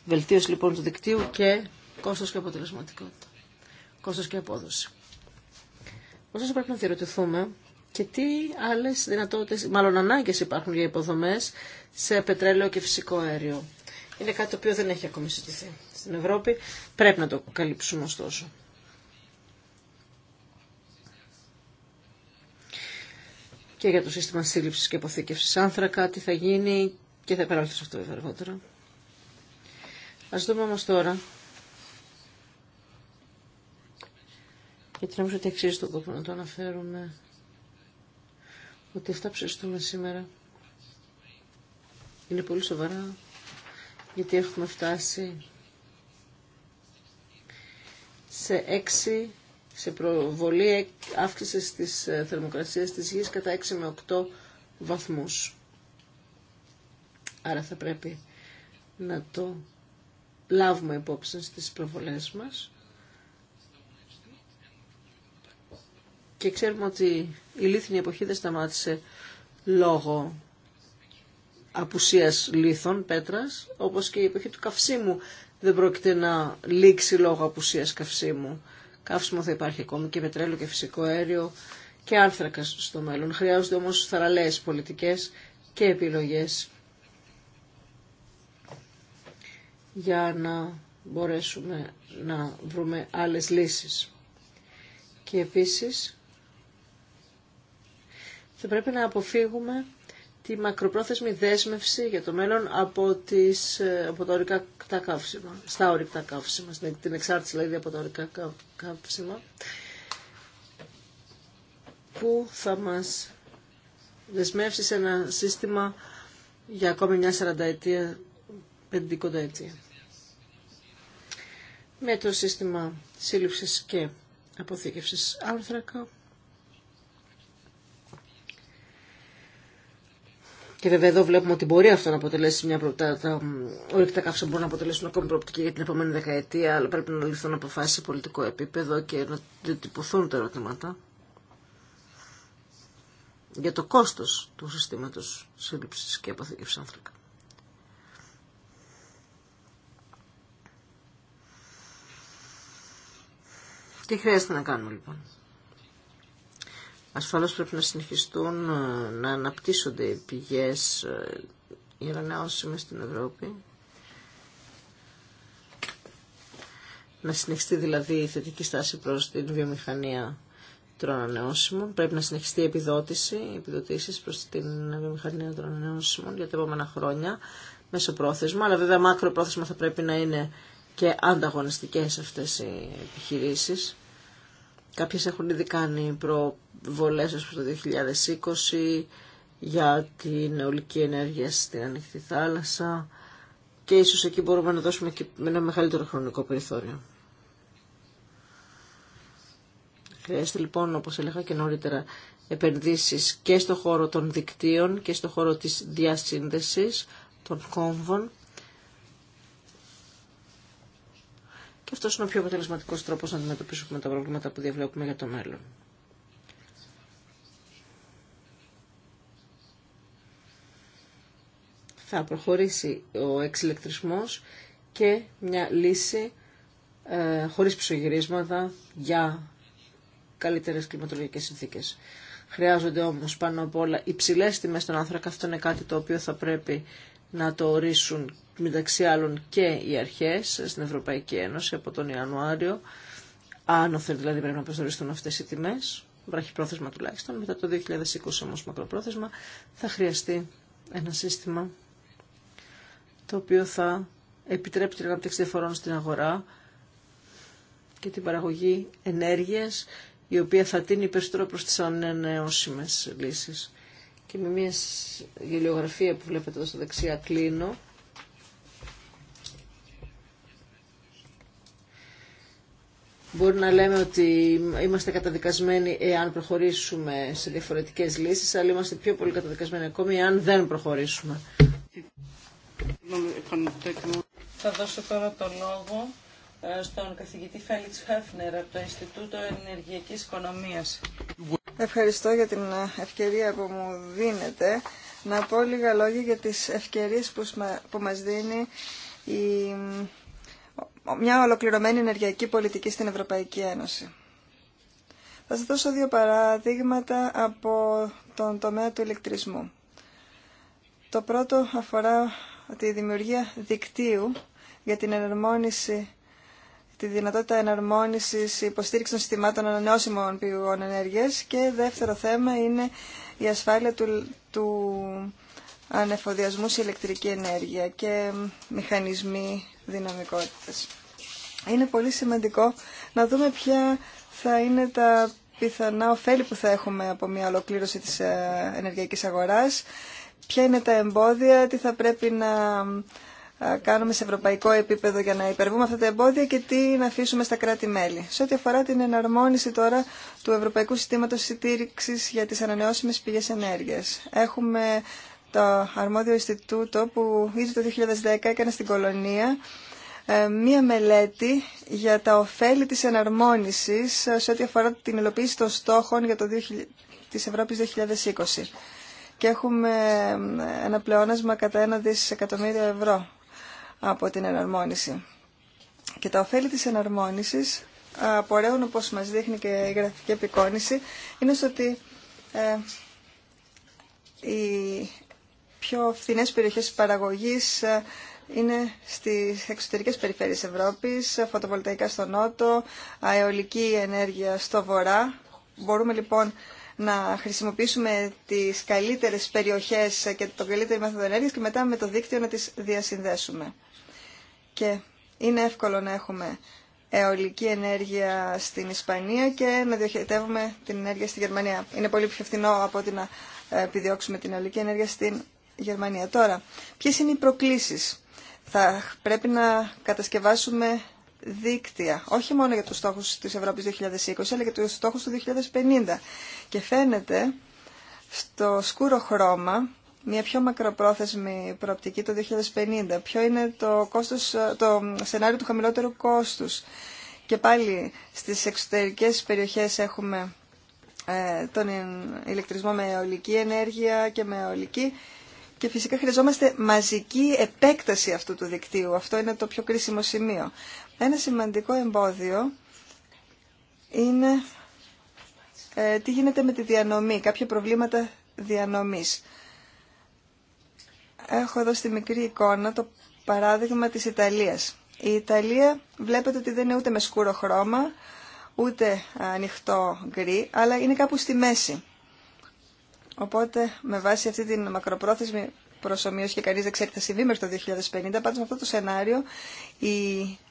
Βελτίωση λοιπόν του δικτύου και κόστος και αποτελεσματικότητα. Κόστος και απόδοση. Ωστόσο πρέπει να διερωτηθούμε και τι άλλες δυνατότητες, μάλλον ανάγκες υπάρχουν για υποδομές σε πετρέλαιο και φυσικό αέριο. Είναι κάτι το οποίο δεν έχει ακόμη συζητηθεί στην Ευρώπη. Πρέπει να το καλύψουμε ωστόσο. Και για το σύστημα σύλληψης και αποθήκευσης άνθρακα, τι θα γίνει και θα επαναληφθώ σε αυτό αργότερα. Ας δούμε όμως τώρα. Γιατί νομίζω ότι αξίζει τον κόπο να το αναφέρουμε. Ότι αυτά που συζητούμε σήμερα είναι πολύ σοβαρά. Γιατί έχουμε φτάσει σε έξι σε προβολή αύξησης της θερμοκρασίας της γης κατά 6 με 8 βαθμούς. Άρα θα πρέπει να το λάβουμε υπόψη στις προβολές μας. Και ξέρουμε ότι η λίθινη εποχή δεν σταμάτησε λόγω απουσίας λίθων πέτρας, όπως και η εποχή του καυσίμου δεν πρόκειται να λήξει λόγω απουσίας καυσίμου. Καύσιμο θα υπάρχει ακόμη και πετρέλαιο και φυσικό αέριο και άνθρακα στο μέλλον. Χρειάζονται όμως θαραλέες πολιτικές και επιλογές για να μπορέσουμε να βρούμε άλλες λύσεις. Και επίσης θα πρέπει να αποφύγουμε τη μακροπρόθεσμη δέσμευση για το μέλλον από, τις, από τα ορικά τα καύσιμα, στα ορυκτά καύσιμα, την εξάρτηση δηλαδή από τα ορικά καύσιμα, που θα μας δεσμεύσει σε ένα σύστημα για ακόμη μια 40 ετία, 50 με το σύστημα σύλληψης και αποθήκευσης άνθρακα. Και βέβαια εδώ βλέπουμε ότι μπορεί αυτό να αποτελέσει μια προοπτική. Τα ορυκτά μπορούν να αποτελέσουν ακόμη προοπτική για την επόμενη δεκαετία, αλλά πρέπει να ληφθούν αποφάσεις σε πολιτικό επίπεδο και να τυπωθούν τα ερωτήματα για το κόστος του συστήματος σύλληψης και αποθήκευσης άνθρακα. Τι χρειάζεται να κάνουμε λοιπόν. Ασφαλώς πρέπει να συνεχιστούν ε, να αναπτύσσονται οι πηγές για ε, να στην Ευρώπη. Να συνεχιστεί δηλαδή η θετική στάση προς την βιομηχανία των ανανεώσιμων. Πρέπει να συνεχιστεί η επιδότηση, οι επιδοτήσεις προς την βιομηχανία των ανανεώσιμων για τα επόμενα χρόνια μέσω πρόθεσμα. Αλλά βέβαια μάκρο πρόθεσμα θα πρέπει να είναι και ανταγωνιστικές αυτές οι επιχειρήσεις. Κάποιες έχουν ήδη κάνει προβολές ως το 2020 για την ολική ενέργεια στην ανοιχτή θάλασσα και ίσως εκεί μπορούμε να δώσουμε και με ένα μεγαλύτερο χρονικό περιθώριο. Χρειάζεται λοιπόν, όπως έλεγα και νωρίτερα, επενδύσεις και στο χώρο των δικτύων και στο χώρο της διασύνδεσης των κόμβων Και αυτός είναι ο πιο αποτελεσματικό τρόπο να αντιμετωπίσουμε τα προβλήματα που διαβλέπουμε για το μέλλον. Θα προχωρήσει ο εξηλεκτρισμός και μια λύση ε, χωρίς ψωγυρίσματα για καλύτερες κλιματολογικές συνθήκες. Χρειάζονται όμως πάνω απ' όλα υψηλές τιμές στον άνθρακα. Αυτό είναι κάτι το οποίο θα πρέπει να το ορίσουν μεταξύ άλλων και οι αρχές στην Ευρωπαϊκή Ένωση από τον Ιανουάριο, άνωθεν δηλαδή πρέπει να προσδοριστούν αυτές οι τιμές, πρόθεσμα τουλάχιστον, μετά το 2020 όμως μακροπρόθεσμα, θα χρειαστεί ένα σύστημα το οποίο θα επιτρέπει την ανάπτυξη διαφορών στην αγορά και την παραγωγή ενέργειας η οποία θα τίνει περισσότερο προς τις ανανεώσιμες λύσεις. Και με μια γελιογραφία που βλέπετε εδώ στα δεξιά κλείνω Μπορεί να λέμε ότι είμαστε καταδικασμένοι εάν προχωρήσουμε σε διαφορετικές λύσεις, αλλά είμαστε πιο πολύ καταδικασμένοι ακόμη εάν δεν προχωρήσουμε. Θα δώσω τώρα το λόγο ε, στον καθηγητή Φέλιξ Χέφνερ από το Ινστιτούτο Ενεργειακής Οικονομίας. Ευχαριστώ για την ε, ευκαιρία που μου δίνετε να πω λίγα λόγια για τις ευκαιρίες που μας δίνει η μια ολοκληρωμένη ενεργειακή πολιτική στην Ευρωπαϊκή Ένωση. Θα σας δώσω δύο παραδείγματα από τον τομέα του ηλεκτρισμού. Το πρώτο αφορά τη δημιουργία δικτύου για την εναρμόνιση τη δυνατότητα εναρμόνισης υποστήριξης των συστημάτων ανανεώσιμων πηγών ενέργειας και δεύτερο θέμα είναι η ασφάλεια του, του ανεφοδιασμού σε ηλεκτρική ενέργεια και μηχανισμοί δυναμικότητες. Είναι πολύ σημαντικό να δούμε ποια θα είναι τα πιθανά ωφέλη που θα έχουμε από μια ολοκλήρωση της ε, ενεργειακής αγοράς, ποια είναι τα εμπόδια, τι θα πρέπει να ε, κάνουμε σε ευρωπαϊκό επίπεδο για να υπερβούμε αυτά τα εμπόδια και τι να αφήσουμε στα κράτη-μέλη. Σε ό,τι αφορά την εναρμόνιση τώρα του Ευρωπαϊκού Συστήματος Συντήρηξης για τις Ανανεώσιμες Πηγές Ενέργειας. Έχουμε το αρμόδιο Ινστιτούτο που ήδη το 2010 έκανε στην Κολονία ε, μία μελέτη για τα ωφέλη της εναρμόνισης ε, σε ό,τι αφορά την υλοποίηση των στόχων για το 2000, της Ευρώπης 2020. Και έχουμε ε, ένα πλεόνασμα κατά ένα δισεκατομμύριο ευρώ από την εναρμόνιση. Και τα ωφέλη της εναρμόνισης απορρέουν, όπως μας δείχνει και η γραφική επικόνηση είναι στο ότι ε, η πιο φθηνέ περιοχές παραγωγή ε, είναι στι εξωτερικέ περιφέρειες Ευρώπη, ε, φωτοβολταϊκά στο νότο, αεολική ενέργεια στο βορρά. Μπορούμε λοιπόν να χρησιμοποιήσουμε τι καλύτερε περιοχέ ε, και τον καλύτερο μέθοδο ενέργεια και μετά με το δίκτυο να τι διασυνδέσουμε. Και είναι εύκολο να έχουμε αιωλική ενέργεια στην Ισπανία και να διοχετεύουμε την ενέργεια στη Γερμανία. Είναι πολύ πιο φθηνό από ότι να επιδιώξουμε την αιωλική ενέργεια στην Γερμανία. Τώρα, ποιε είναι οι προκλήσεις. Θα πρέπει να κατασκευάσουμε δίκτυα, όχι μόνο για τους στόχους της Ευρώπης 2020, αλλά και τους στόχους του 2050. Και φαίνεται στο σκούρο χρώμα μια πιο μακροπρόθεσμη προοπτική το 2050. Ποιο είναι το, κόστος, το σενάριο του χαμηλότερου κόστους. Και πάλι στις εξωτερικές περιοχές έχουμε ε, τον ηλεκτρισμό με αιωλική ενέργεια και με αιωλική και φυσικά χρειαζόμαστε μαζική επέκταση αυτού του δικτύου. Αυτό είναι το πιο κρίσιμο σημείο. Ένα σημαντικό εμπόδιο είναι ε, τι γίνεται με τη διανομή, κάποια προβλήματα διανομής. Έχω εδώ στη μικρή εικόνα το παράδειγμα της Ιταλίας. Η Ιταλία βλέπετε ότι δεν είναι ούτε με σκούρο χρώμα, ούτε ανοιχτό γκρι, αλλά είναι κάπου στη μέση. Οπότε με βάση αυτή την μακροπρόθεσμη προσωμείωση και κανείς δεν ξέρει τι θα συμβεί μέχρι το 2050, πάντως με αυτό το σενάριο η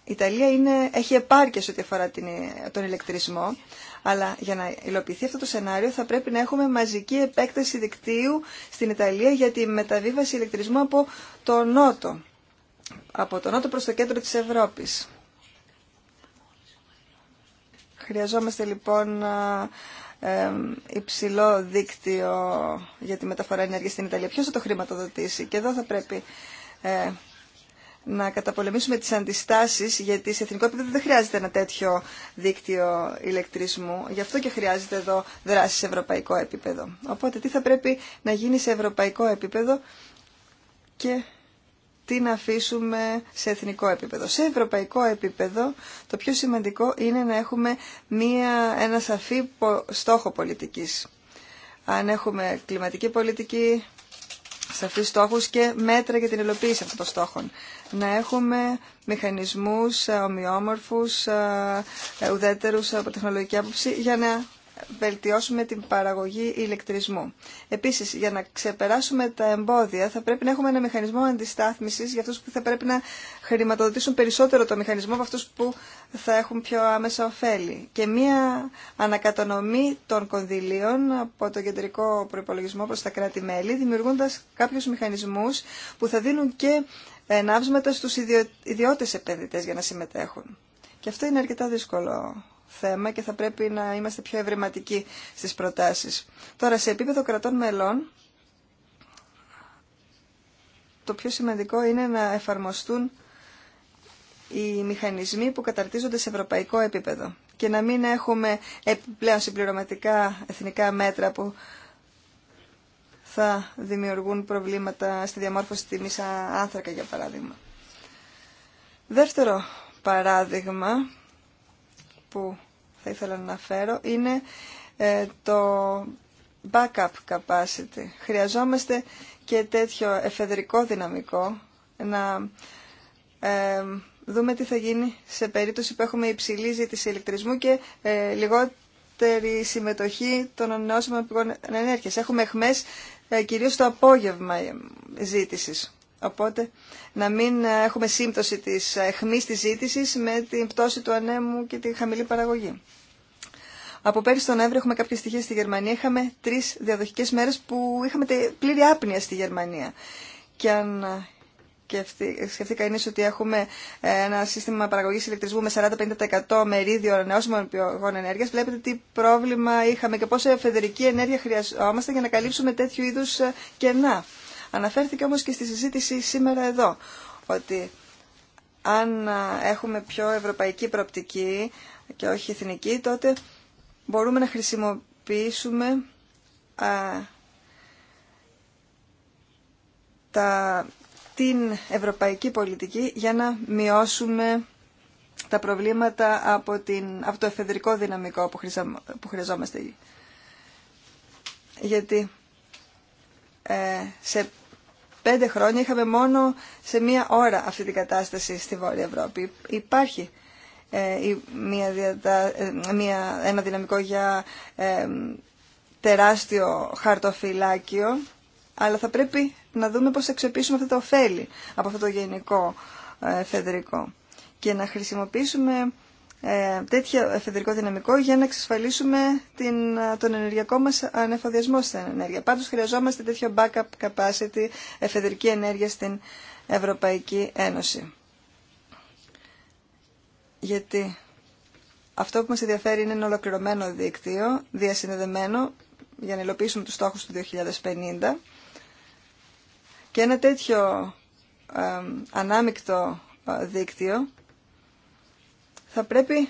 Ιταλία είναι, έχει σε ό,τι αφορά την, τον ηλεκτρισμό, αλλά για να υλοποιηθεί αυτό το σενάριο θα πρέπει να έχουμε μαζική επέκταση δικτύου στην Ιταλία για τη μεταβίβαση ηλεκτρισμού από το νότο, από το νότο προς το κέντρο της Ευρώπης. Χρειαζόμαστε λοιπόν υψηλό δίκτυο για τη μεταφορά ενέργειας στην Ιταλία. Ποιος θα το χρηματοδοτήσει. Και εδώ θα πρέπει ε, να καταπολεμήσουμε τις αντιστάσεις, γιατί σε εθνικό επίπεδο δεν χρειάζεται ένα τέτοιο δίκτυο ηλεκτρισμού. Γι' αυτό και χρειάζεται εδώ δράση σε ευρωπαϊκό επίπεδο. Οπότε τι θα πρέπει να γίνει σε ευρωπαϊκό επίπεδο και την αφήσουμε σε εθνικό επίπεδο. Σε ευρωπαϊκό επίπεδο το πιο σημαντικό είναι να έχουμε μία, ένα σαφή στόχο πολιτικής. Αν έχουμε κλιματική πολιτική, σαφείς στόχους και μέτρα για την υλοποίηση αυτών των στόχων. Να έχουμε μηχανισμούς ε, ομοιόμορφους, ε, ε, ουδέτερους από τεχνολογική άποψη για να βελτιώσουμε την παραγωγή ηλεκτρισμού. Επίση, για να ξεπεράσουμε τα εμπόδια, θα πρέπει να έχουμε ένα μηχανισμό αντισταθμίση, για αυτού που θα πρέπει να χρηματοδοτήσουν περισσότερο το μηχανισμό από αυτού που θα έχουν πιο άμεσα ωφέλη. Και μία ανακατανομή των κονδυλίων από το κεντρικό προπολογισμό προ τα κράτη-μέλη, δημιουργώντα κάποιου μηχανισμού που θα δίνουν και ενάψματα στους ιδιώτε επενδυτέ για να συμμετέχουν. Και αυτό είναι αρκετά δύσκολο θέμα και θα πρέπει να είμαστε πιο ευρηματικοί στις προτάσεις. Τώρα, σε επίπεδο κρατών μελών, το πιο σημαντικό είναι να εφαρμοστούν οι μηχανισμοί που καταρτίζονται σε ευρωπαϊκό επίπεδο και να μην έχουμε επιπλέον συμπληρωματικά εθνικά μέτρα που θα δημιουργούν προβλήματα στη διαμόρφωση τιμής άνθρακα, για παράδειγμα. Δεύτερο παράδειγμα που θα ήθελα να αναφέρω είναι ε, το backup capacity. Χρειαζόμαστε και τέτοιο εφεδρικό δυναμικό να ε, δούμε τι θα γίνει σε περίπτωση που έχουμε υψηλή ζήτηση ηλεκτρισμού και ε, λιγότερη συμμετοχή των ανανεώσιμων πηγών ενέργειας. Έχουμε εχμές κυρίως το απόγευμα ζήτησης. Οπότε να μην ε, έχουμε σύμπτωση της ε, αιχμής της ζήτησης με την πτώση του ανέμου και τη χαμηλή παραγωγή. Από πέρυσι τον Νοέμβριο έχουμε κάποια στοιχεία στη Γερμανία. Είχαμε τρει διαδοχικέ μέρε που είχαμε πλήρη άπνοια στη Γερμανία. Και αν ε, σκεφτεί κανεί ότι έχουμε ένα σύστημα παραγωγή ηλεκτρισμού με 40-50% μερίδιο ανανεώσιμων πηγών ενέργειας, βλέπετε τι πρόβλημα είχαμε και πόσα εφεδρική ενέργεια χρειαζόμαστε για να καλύψουμε τέτοιου είδου κενά. Αναφέρθηκε όμως και στη συζήτηση σήμερα εδώ, ότι αν έχουμε πιο ευρωπαϊκή προοπτική και όχι εθνική, τότε μπορούμε να χρησιμοποιήσουμε τα, την ευρωπαϊκή πολιτική για να μειώσουμε τα προβλήματα από, την, από το εφεδρικό δυναμικό που, που χρειαζόμαστε. Γιατί ε, σε πέντε χρόνια είχαμε μόνο σε μία ώρα αυτή την κατάσταση στη Βόρεια Ευρώπη. Υπάρχει ε, μία διατα... Ε, μία... ένα δυναμικό για ε, τεράστιο χαρτοφυλάκιο, αλλά θα πρέπει να δούμε πώς θα αυτό το τα ωφέλη από αυτό το γενικό φεδρικό και να χρησιμοποιήσουμε ε, τέτοιο εφεδρικό δυναμικό για να εξασφαλίσουμε ε, τον ενεργειακό μας ανεφοδιασμό στην ενέργεια. Πάντως χρειαζόμαστε τέτοιο backup capacity εφεδρική ενέργεια στην Ευρωπαϊκή Ένωση. Γιατί αυτό που μας ενδιαφέρει είναι ένα ολοκληρωμένο δίκτυο, διασυνδεδεμένο, για να υλοποιήσουμε τους στόχους του 2050. Και ένα τέτοιο ε, ανάμεικτο δίκτυο θα πρέπει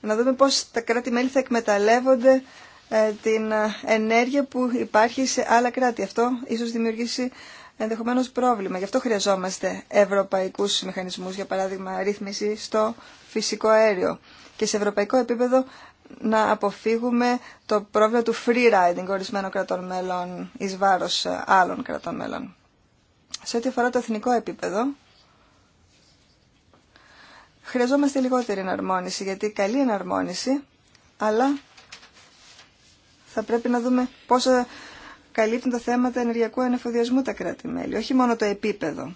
να δούμε πώς τα κράτη-μέλη θα εκμεταλλεύονται ε, την ε, ενέργεια που υπάρχει σε άλλα κράτη. Αυτό ίσως δημιουργήσει ενδεχομένως πρόβλημα. Γι' αυτό χρειαζόμαστε ευρωπαϊκούς μηχανισμούς, για παράδειγμα ρύθμιση στο φυσικό αέριο. Και σε ευρωπαϊκό επίπεδο να αποφύγουμε το πρόβλημα του free riding ορισμένων κρατών μέλων εις βάρος ε, άλλων κρατών μέλων. Σε ό,τι αφορά το εθνικό επίπεδο, χρειαζόμαστε λιγότερη εναρμόνιση, γιατί καλή εναρμόνιση, αλλά θα πρέπει να δούμε πόσο καλύπτουν τα θέματα ενεργειακού ανεφοδιασμού τα κράτη-μέλη, όχι μόνο το επίπεδο.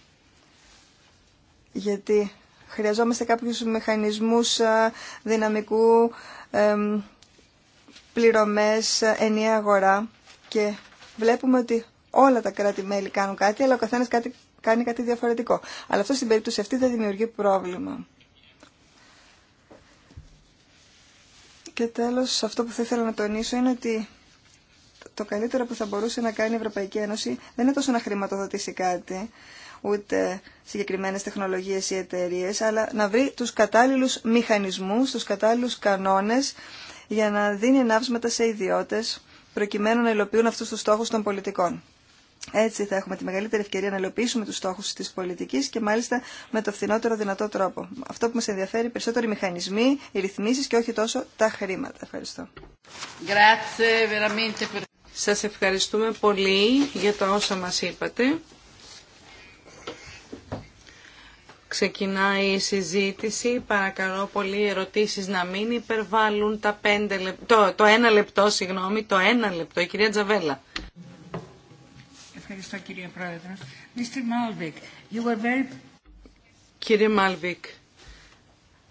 Γιατί χρειαζόμαστε κάποιους μηχανισμούς δυναμικού, εμ, πληρωμές, ενιαία αγορά και βλέπουμε ότι όλα τα κράτη-μέλη κάνουν κάτι, αλλά ο καθένας κάτι, κάνει κάτι διαφορετικό. Αλλά αυτό στην περίπτωση αυτή δεν δημιουργεί πρόβλημα. Και τέλος, αυτό που θα ήθελα να τονίσω είναι ότι το καλύτερο που θα μπορούσε να κάνει η Ευρωπαϊκή Ένωση δεν είναι τόσο να χρηματοδοτήσει κάτι, ούτε συγκεκριμένες τεχνολογίες ή εταιρείε, αλλά να βρει τους κατάλληλους μηχανισμούς, τους κατάλληλους κανόνες για να δίνει ενάψματα σε ιδιώτες προκειμένου να υλοποιούν αυτούς τους στόχους των πολιτικών. Έτσι θα έχουμε τη μεγαλύτερη ευκαιρία να υλοποιήσουμε τους στόχου της πολιτικής και μάλιστα με το φθηνότερο δυνατό τρόπο. Αυτό που μας ενδιαφέρει περισσότερο οι μηχανισμοί, οι ρυθμίσει και όχι τόσο τα χρήματα. Ευχαριστώ. Σας ευχαριστούμε πολύ για το όσα μας είπατε. Ξεκινάει η συζήτηση. Παρακαλώ πολύ ερωτήσεις να μην υπερβάλλουν τα το ένα λεπτό, συγγνώμη, το ένα λεπτό. Η κυρία Τζαβέλα. Ευχαριστώ κύριε Πρόεδρε. Mr. Malvik, you were very... Κύριε Μάλβικ,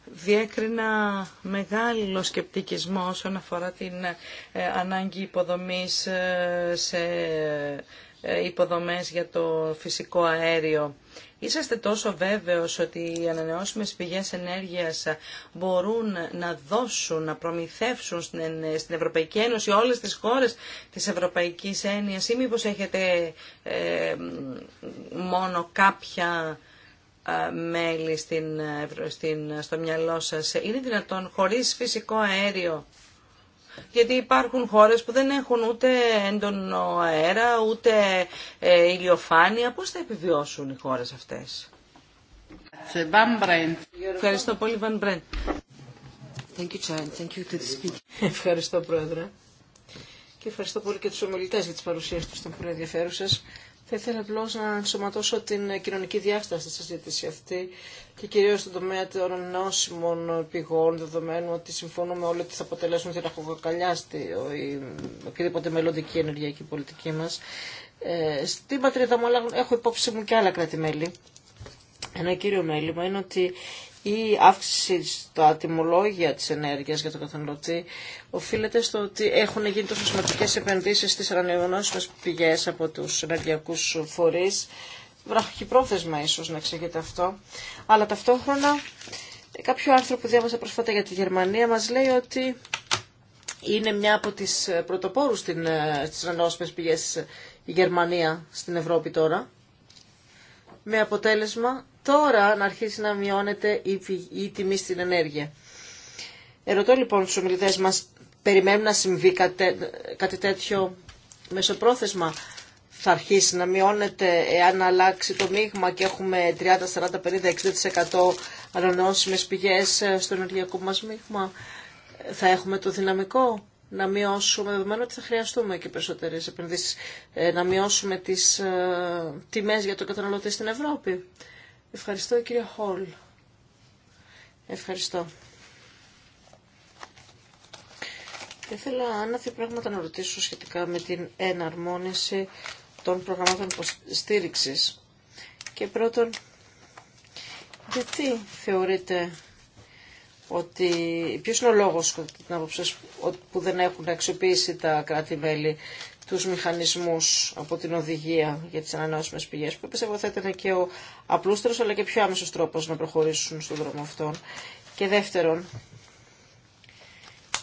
διέκρινα μεγάλο σκεπτικισμό όσον αφορά την ε, ανάγκη υποδομής ε, σε ε, υποδομές για το φυσικό αέριο. Είσαστε τόσο βέβαιος ότι οι ανανεώσιμες πηγές ενέργειας μπορούν να δώσουν, να προμηθεύσουν στην Ευρωπαϊκή Ένωση όλες τις χώρες της Ευρωπαϊκής Ένωσης ή μήπως έχετε ε, μόνο κάποια ε, μέλη στην, στο μυαλό σας. Είναι δυνατόν χωρίς φυσικό αέριο γιατί υπάρχουν χώρες που δεν έχουν ούτε έντονο αέρα, ούτε ε, ηλιοφάνεια. Πώς θα επιβιώσουν οι χώρες αυτές. Ευχαριστώ πολύ, Βαν Μπρέν. Ευχαριστώ, Πρόεδρε. Και ευχαριστώ πολύ και τους ομιλητές για τις παρουσίες τους, ήταν πολύ ενδιαφέρουσες. Θα ήθελα απλώ να ενσωματώσω την κοινωνική διάσταση στη συζήτηση αυτή και κυρίω στον τομέα των νόσιμων πηγών, δεδομένου ότι συμφωνούμε όλοι ότι θα αποτελέσουν την ραχοκοκαλιά στη οποιαδήποτε μελλοντική ενεργειακή πολιτική μα. Ε, στην πατρίδα μου, αλλά έχω υπόψη μου και άλλα κράτη-μέλη. Ένα κύριο μέλημα είναι ότι η αύξηση στα τιμολόγια της ενέργειας για τον καταναλωτή οφείλεται στο ότι έχουν γίνει τόσο σημαντικές επενδύσεις στις ανανεωνόσιμες πηγές από τους ενεργειακούς φορείς. Βραχυπρόθεσμα ίσως να εξηγείται αυτό. Αλλά ταυτόχρονα κάποιο άρθρο που διάβασα προσφάτα για τη Γερμανία μας λέει ότι είναι μια από τις πρωτοπόρους στην, ε, στις πηγέ πηγές η Γερμανία στην Ευρώπη τώρα. Με αποτέλεσμα τώρα να αρχίσει να μειώνεται η, η τιμή στην ενέργεια. Ερωτώ λοιπόν στους ομιλητές μας, περιμένουν να συμβεί κάτι, κάτι τέτοιο μεσοπρόθεσμα. Θα αρχίσει να μειώνεται εάν αλλάξει το μείγμα και έχουμε 30, 40, 50, 60% ανανεώσιμες πηγές στο ενεργειακό μας μείγμα. Θα έχουμε το δυναμικό να μειώσουμε, δεδομένου ότι θα χρειαστούμε και περισσότερες επενδύσεις, ε, να μειώσουμε τις ε, τιμές για τον καταναλωτή στην Ευρώπη. Ευχαριστώ κύριε Χολ. Ευχαριστώ. Θα ήθελα δύο πράγματα να ρωτήσω σχετικά με την εναρμόνιση των προγραμμάτων υποστήριξη. Και πρώτον, γιατί θεωρείτε ότι ποιος είναι ο λόγος την άποψη που δεν έχουν αξιοποιήσει τα κράτη-μέλη τους μηχανισμούς από την οδηγία για τις ανανεώσιμες πηγές που πιστεύω θα ήταν και ο απλούστερος αλλά και πιο άμεσος τρόπος να προχωρήσουν στον δρόμο αυτόν. Και δεύτερον,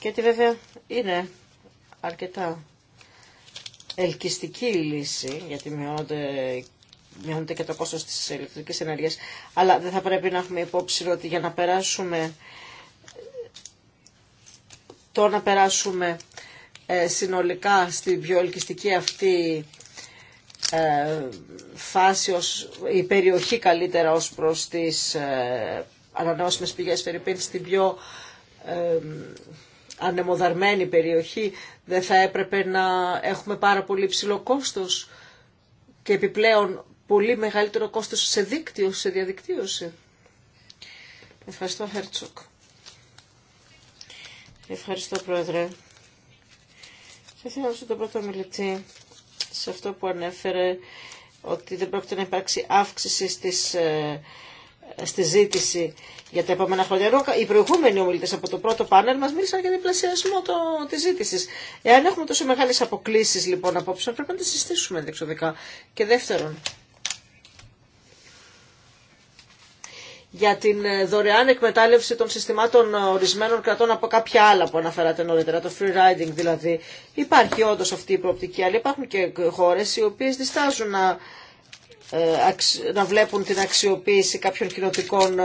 γιατί βέβαια είναι αρκετά ελκυστική η λύση γιατί μειώνονται μειώνεται και το κόστος της ηλεκτρικής ενέργειας, αλλά δεν θα πρέπει να έχουμε υπόψη ότι για να περάσουμε το να περάσουμε ε, συνολικά στην πιο ελκυστική αυτή ε, φάση, ως, η περιοχή καλύτερα ως προς τις ε, ανανεώσιμες πηγές στην πιο ανεμοδαρμένη περιοχή δεν θα έπρεπε να έχουμε πάρα πολύ ψηλό κόστος και επιπλέον πολύ μεγαλύτερο κόστος σε δίκτυο, σε διαδικτύωση. Ευχαριστώ Χέρτσοκ. Ευχαριστώ Πρόεδρε. Θα ήθελα να τον πρώτο μιλητή σε αυτό που ανέφερε ότι δεν πρόκειται να υπάρξει αύξηση στις, ε, στη ζήτηση για τα επόμενα χρόνια. οι προηγούμενοι ομιλητέ από το πρώτο πάνελ μα μίλησαν για διπλασιασμό τη ζήτηση. Εάν έχουμε τόσο μεγάλε αποκλήσει λοιπόν απόψε, πρέπει να τι συστήσουμε διεξοδικά. Και δεύτερον, για την ε, δωρεάν εκμετάλλευση των συστημάτων ε, ορισμένων κρατών από κάποια άλλα που αναφέρατε νωρίτερα, το free riding δηλαδή. Υπάρχει όντω αυτή η προοπτική, αλλά υπάρχουν και χώρε οι οποίε διστάζουν να, ε, να βλέπουν την αξιοποίηση κάποιων κοινοτικών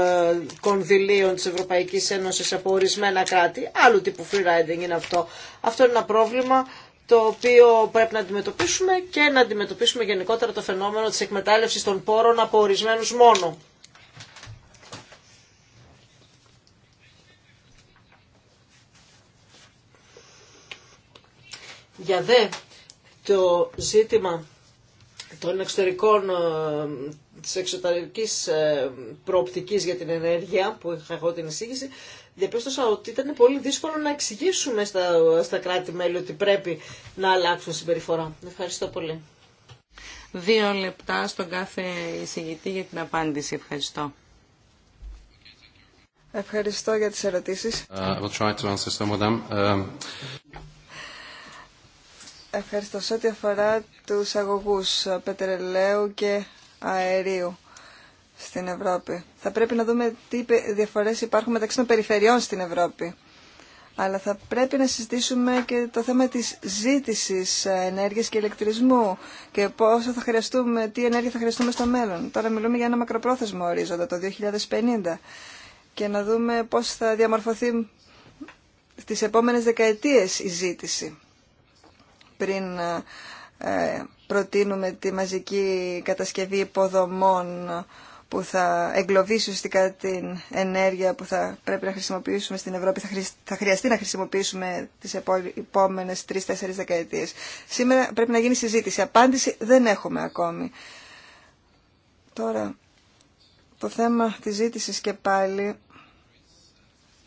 κονδυλίων τη Ευρωπαϊκή Ένωση από ορισμένα κράτη. Άλλου τύπου free riding είναι αυτό. Αυτό είναι ένα πρόβλημα το οποίο πρέπει να αντιμετωπίσουμε και να αντιμετωπίσουμε γενικότερα το φαινόμενο της εκμετάλλευσης των πόρων από ορισμένου μόνο. Για δε το ζήτημα των εξωτερικών, ε, της εξωτερικής ε, προοπτικής για την ενέργεια που είχα εγώ την εισήγηση, διαπίστωσα ότι ήταν πολύ δύσκολο να εξηγήσουμε στα, στα κράτη-μέλη ότι πρέπει να αλλάξουν συμπεριφορά. Ευχαριστώ πολύ. Δύο λεπτά στον κάθε εισηγητή για την απάντηση. Ευχαριστώ. Ευχαριστώ για τις ερωτήσεις. Uh, um, Ευχαριστώ. Σε ό,τι αφορά τους αγωγούς πετρελαίου και αερίου στην Ευρώπη. Θα πρέπει να δούμε τι διαφορές υπάρχουν μεταξύ των περιφερειών στην Ευρώπη. Αλλά θα πρέπει να συζητήσουμε και το θέμα της ζήτησης ε, ενέργειας και ηλεκτρισμού και πόσο θα χρειαστούμε, τι ενέργεια θα χρειαστούμε στο μέλλον. Τώρα μιλούμε για ένα μακροπρόθεσμο ορίζοντα το 2050 και να δούμε πώς θα διαμορφωθεί τις επόμενες δεκαετίες η ζήτηση πριν ε, ε, προτείνουμε τη μαζική κατασκευή υποδομών που θα εγκλωβίσει ουσιαστικά την ενέργεια που θα πρέπει να χρησιμοποιήσουμε στην Ευρώπη, θα, χρειαστεί να χρησιμοποιήσουμε τις επόμενες τρεις-τέσσερις δεκαετίες. Σήμερα πρέπει να γίνει συζήτηση. Απάντηση δεν έχουμε ακόμη. Τώρα, το θέμα της ζήτησης και πάλι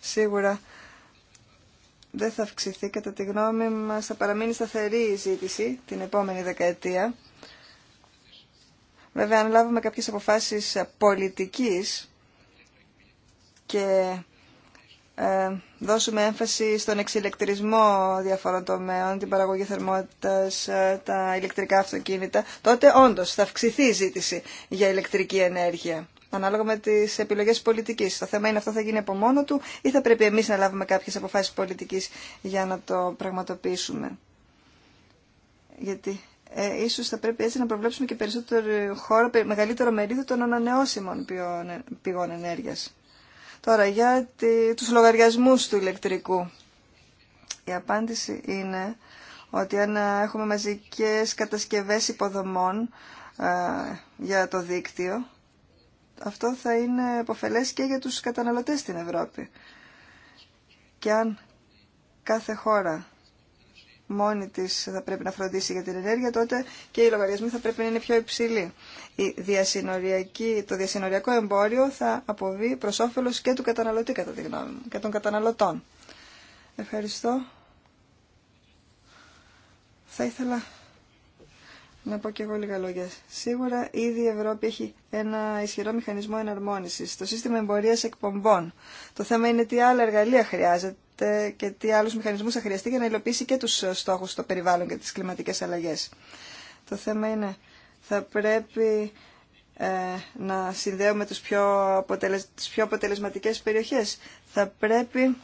σίγουρα δεν θα αυξηθεί. Κατά τη γνώμη μας θα παραμείνει σταθερή η ζήτηση την επόμενη δεκαετία. Βέβαια, αν λάβουμε κάποιες αποφάσεις πολιτικής και ε, δώσουμε έμφαση στον εξηλεκτρισμό διαφορών τομέων, την παραγωγή θερμότητας, ε, τα ηλεκτρικά αυτοκίνητα, τότε όντως θα αυξηθεί η ζήτηση για ηλεκτρική ενέργεια ανάλογα με τις επιλογές πολιτική. Το θέμα είναι αυτό θα γίνει από μόνο του ή θα πρέπει εμείς να λάβουμε κάποιες αποφάσεις πολιτική για να το πραγματοποιήσουμε. Γιατί ε, ίσως θα πρέπει έτσι να προβλέψουμε και περισσότερο χώρο, μεγαλύτερο μερίδιο των ανανεώσιμων πηγών ενέργεια. Τώρα, για του τους του ηλεκτρικού. Η απάντηση είναι ότι αν έχουμε μαζικές κατασκευές υποδομών ε, για το δίκτυο, αυτό θα είναι επωφελές και για τους καταναλωτές στην Ευρώπη. Και αν κάθε χώρα μόνη της θα πρέπει να φροντίσει για την ενέργεια, τότε και οι λογαριασμοί θα πρέπει να είναι πιο υψηλοί. Η διασυνοριακή, το διασυνοριακό εμπόριο θα αποβεί προς όφελος και του καταναλωτή, κατά τη γνώμη μου, και των καταναλωτών. Ευχαριστώ. Θα ήθελα να πω και εγώ λίγα λόγια. Σίγουρα ήδη η Ευρώπη έχει ένα ισχυρό μηχανισμό εναρμόνισης, το σύστημα εμπορίας εκπομπών. Το θέμα είναι τι άλλα εργαλεία χρειάζεται και τι άλλους μηχανισμούς θα χρειαστεί για να υλοποιήσει και τους στόχους στο περιβάλλον και τις κλιματικές αλλαγές. Το θέμα είναι θα πρέπει ε, να συνδέουμε τι πιο, αποτελεσ... τις πιο αποτελεσματικές περιοχές. Θα πρέπει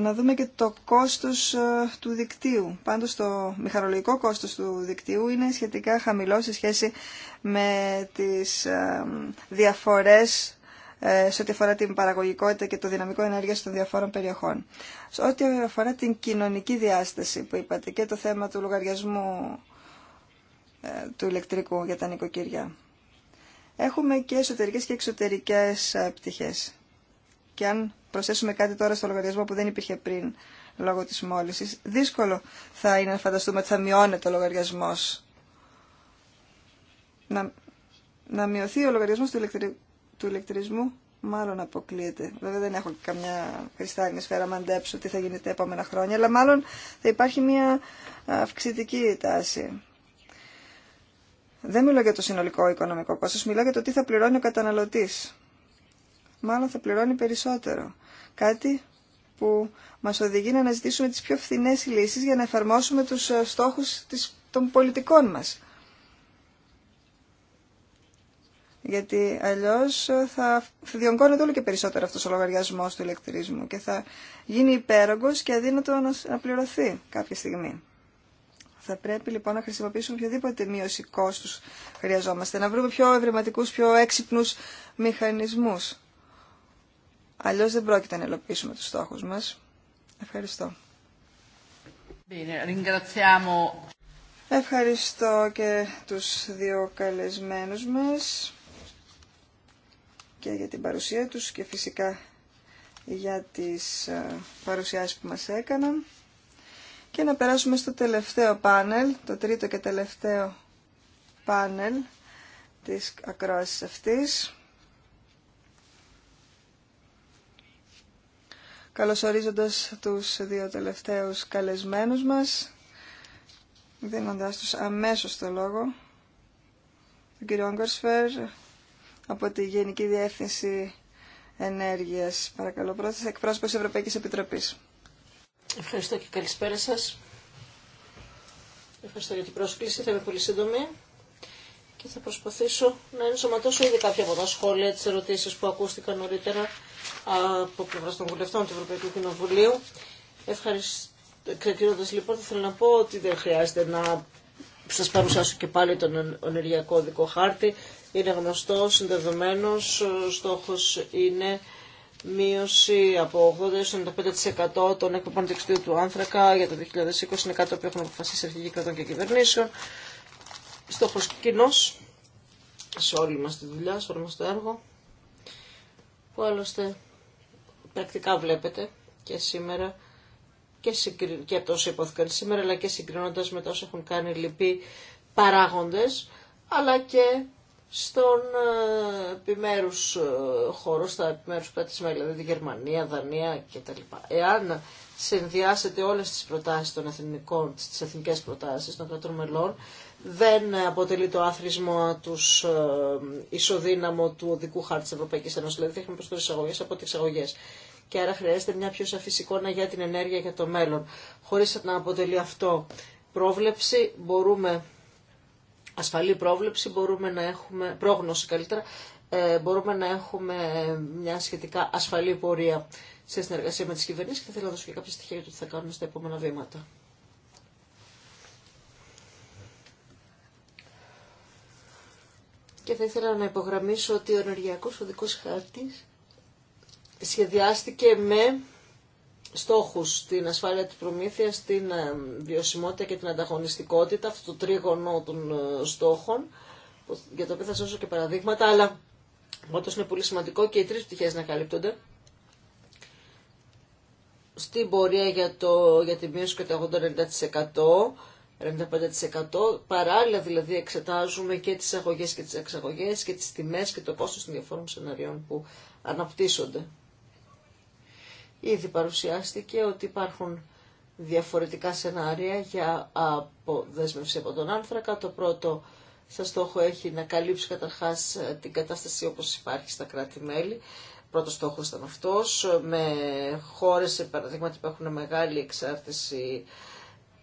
να δούμε και το κόστος ε, του δικτύου. Πάντως το μηχανολογικό κόστος του δικτύου είναι σχετικά χαμηλό σε σχέση με τις ε, διαφορές ε, σε ό,τι αφορά την παραγωγικότητα και το δυναμικό ενέργεια των διαφόρων περιοχών. Σε ό,τι αφορά την κοινωνική διάσταση που είπατε και το θέμα του λογαριασμού του ηλεκτρικού για τα νοικοκυριά. Έχουμε και εσωτερικές και εξωτερικές πτυχές. Και αν προσθέσουμε κάτι τώρα στο λογαριασμό που δεν υπήρχε πριν λόγω της μόλυσης, δύσκολο θα είναι να φανταστούμε ότι θα μειώνεται ο λογαριασμός. Να, μειωθεί ο λογαριασμός του, ηλεκτρισμού μάλλον αποκλείεται. Βέβαια δεν έχω καμιά κρυστάλλινη σφαίρα να μαντέψω τι θα γίνει τα επόμενα χρόνια, αλλά μάλλον θα υπάρχει μια αυξητική τάση. Δεν μιλώ για το συνολικό οικονομικό κόστος, μιλώ για το τι θα πληρώνει ο καταναλωτής μάλλον θα πληρώνει περισσότερο. Κάτι που μας οδηγεί να αναζητήσουμε τις πιο φθηνές λύσεις για να εφαρμόσουμε τους ε, στόχους των πολιτικών μας. Γιατί αλλιώς ε, θα διονκώνεται όλο και περισσότερο αυτός ο λογαριασμός του ηλεκτρισμού και θα γίνει υπέρογκος και αδύνατο να πληρωθεί κάποια στιγμή. Θα πρέπει λοιπόν να χρησιμοποιήσουμε οποιαδήποτε μείωση κόστους χρειαζόμαστε, να βρούμε πιο ευρηματικούς, πιο έξυπνους μηχανισμούς. Αλλιώς δεν πρόκειται να ελοπίσουμε τους στόχους μας. Ευχαριστώ. Ευχαριστώ και τους δύο καλεσμένους μας και για την παρουσία τους και φυσικά για τις ε, παρουσιάσεις που μας έκαναν. Και να περάσουμε στο τελευταίο πάνελ, το τρίτο και τελευταίο πάνελ της ακρόασης αυτής. καλωσορίζοντας τους δύο τελευταίους καλεσμένους μας, δίνοντας τους αμέσως το λόγο, τον κύριο Όγκορσφερ από τη Γενική Διεύθυνση Ενέργειας. Παρακαλώ πρώτα, εκπρόσωπος Ευρωπαϊκής Επιτροπής. Ευχαριστώ και καλησπέρα σας. Ευχαριστώ για την πρόσκληση, θα είμαι πολύ σύντομη και θα προσπαθήσω να ενσωματώσω ήδη κάποια από τα σχόλια, τις ερωτήσεις που ακούστηκαν νωρίτερα από πλευρά των βουλευτών του Ευρωπαϊκού Κοινοβουλίου. Ευχαριστώ. Ξεκινώντας λοιπόν, θα θέλω να πω ότι δεν χρειάζεται να σα παρουσιάσω και πάλι τον ενεργειακό δικό χάρτη. Είναι γνωστό, συνδεδομένο. ο στόχος είναι μείωση από 80-95% των εκπομπών δεξιού του άνθρακα για το 2020 είναι κάτι που έχουν αποφασίσει αρχηγοί κρατών και κυβερνήσεων. Στόχος κοινό σε όλη μας τη δουλειά, σε όλο το έργο που άλλωστε πρακτικά βλέπετε και σήμερα και, συγκρι... και από τόσο υπόθηκαν σήμερα, αλλά και συγκρινώντας με τόσο έχουν κάνει λοιποί παράγοντες, αλλά και στον ε, επιμέρου ε, χώρο, στα επιμέρου δηλαδή τη Γερμανία, Δανία κτλ. Εάν συνδυάσετε όλε τι προτάσει των εθνικών, τι εθνικέ προτάσει των κρατών μελών, δεν αποτελεί το άθροισμα του ε, ισοδύναμο του οδικού χάρτη τη Ευρωπαϊκή Ένωση, Δηλαδή θα έχουμε τι εισαγωγέ από τι εξαγωγές. Και άρα χρειάζεται μια πιο σαφή εικόνα για την ενέργεια για το μέλλον. Χωρί να αποτελεί αυτό πρόβλεψη, μπορούμε, ασφαλή πρόβλεψη, μπορούμε να έχουμε, πρόγνωση καλύτερα, ε, μπορούμε να έχουμε μια σχετικά ασφαλή πορεία σε συνεργασία με τις κυβερνήσεις και θέλω να δώσω και κάποια στοιχεία για το τι θα κάνουμε στα επόμενα βήματα. Και θα ήθελα να υπογραμμίσω ότι ο ενεργειακός οδικός χάρτης σχεδιάστηκε με στόχους την ασφάλεια της προμήθειας, την ε, βιωσιμότητα και την ανταγωνιστικότητα, αυτό το τρίγωνο των ε, στόχων, για το οποίο θα σας και παραδείγματα, αλλά όντως είναι πολύ σημαντικό και οι τρεις πτυχές να καλύπτονται στην πορεία για, το, για τη μείωση 95% Παράλληλα δηλαδή εξετάζουμε και τις αγωγές και τις εξαγωγές και τις τιμές και το κόστος των διαφόρων σενάριων που αναπτύσσονται. Ήδη παρουσιάστηκε ότι υπάρχουν διαφορετικά σενάρια για αποδέσμευση από τον άνθρακα. Το πρώτο σας στόχο έχει να καλύψει καταρχάς την κατάσταση όπως υπάρχει στα κράτη-μέλη. Πρώτος στόχος ήταν αυτός, με χώρες, παραδείγματι, που έχουν μεγάλη εξάρτηση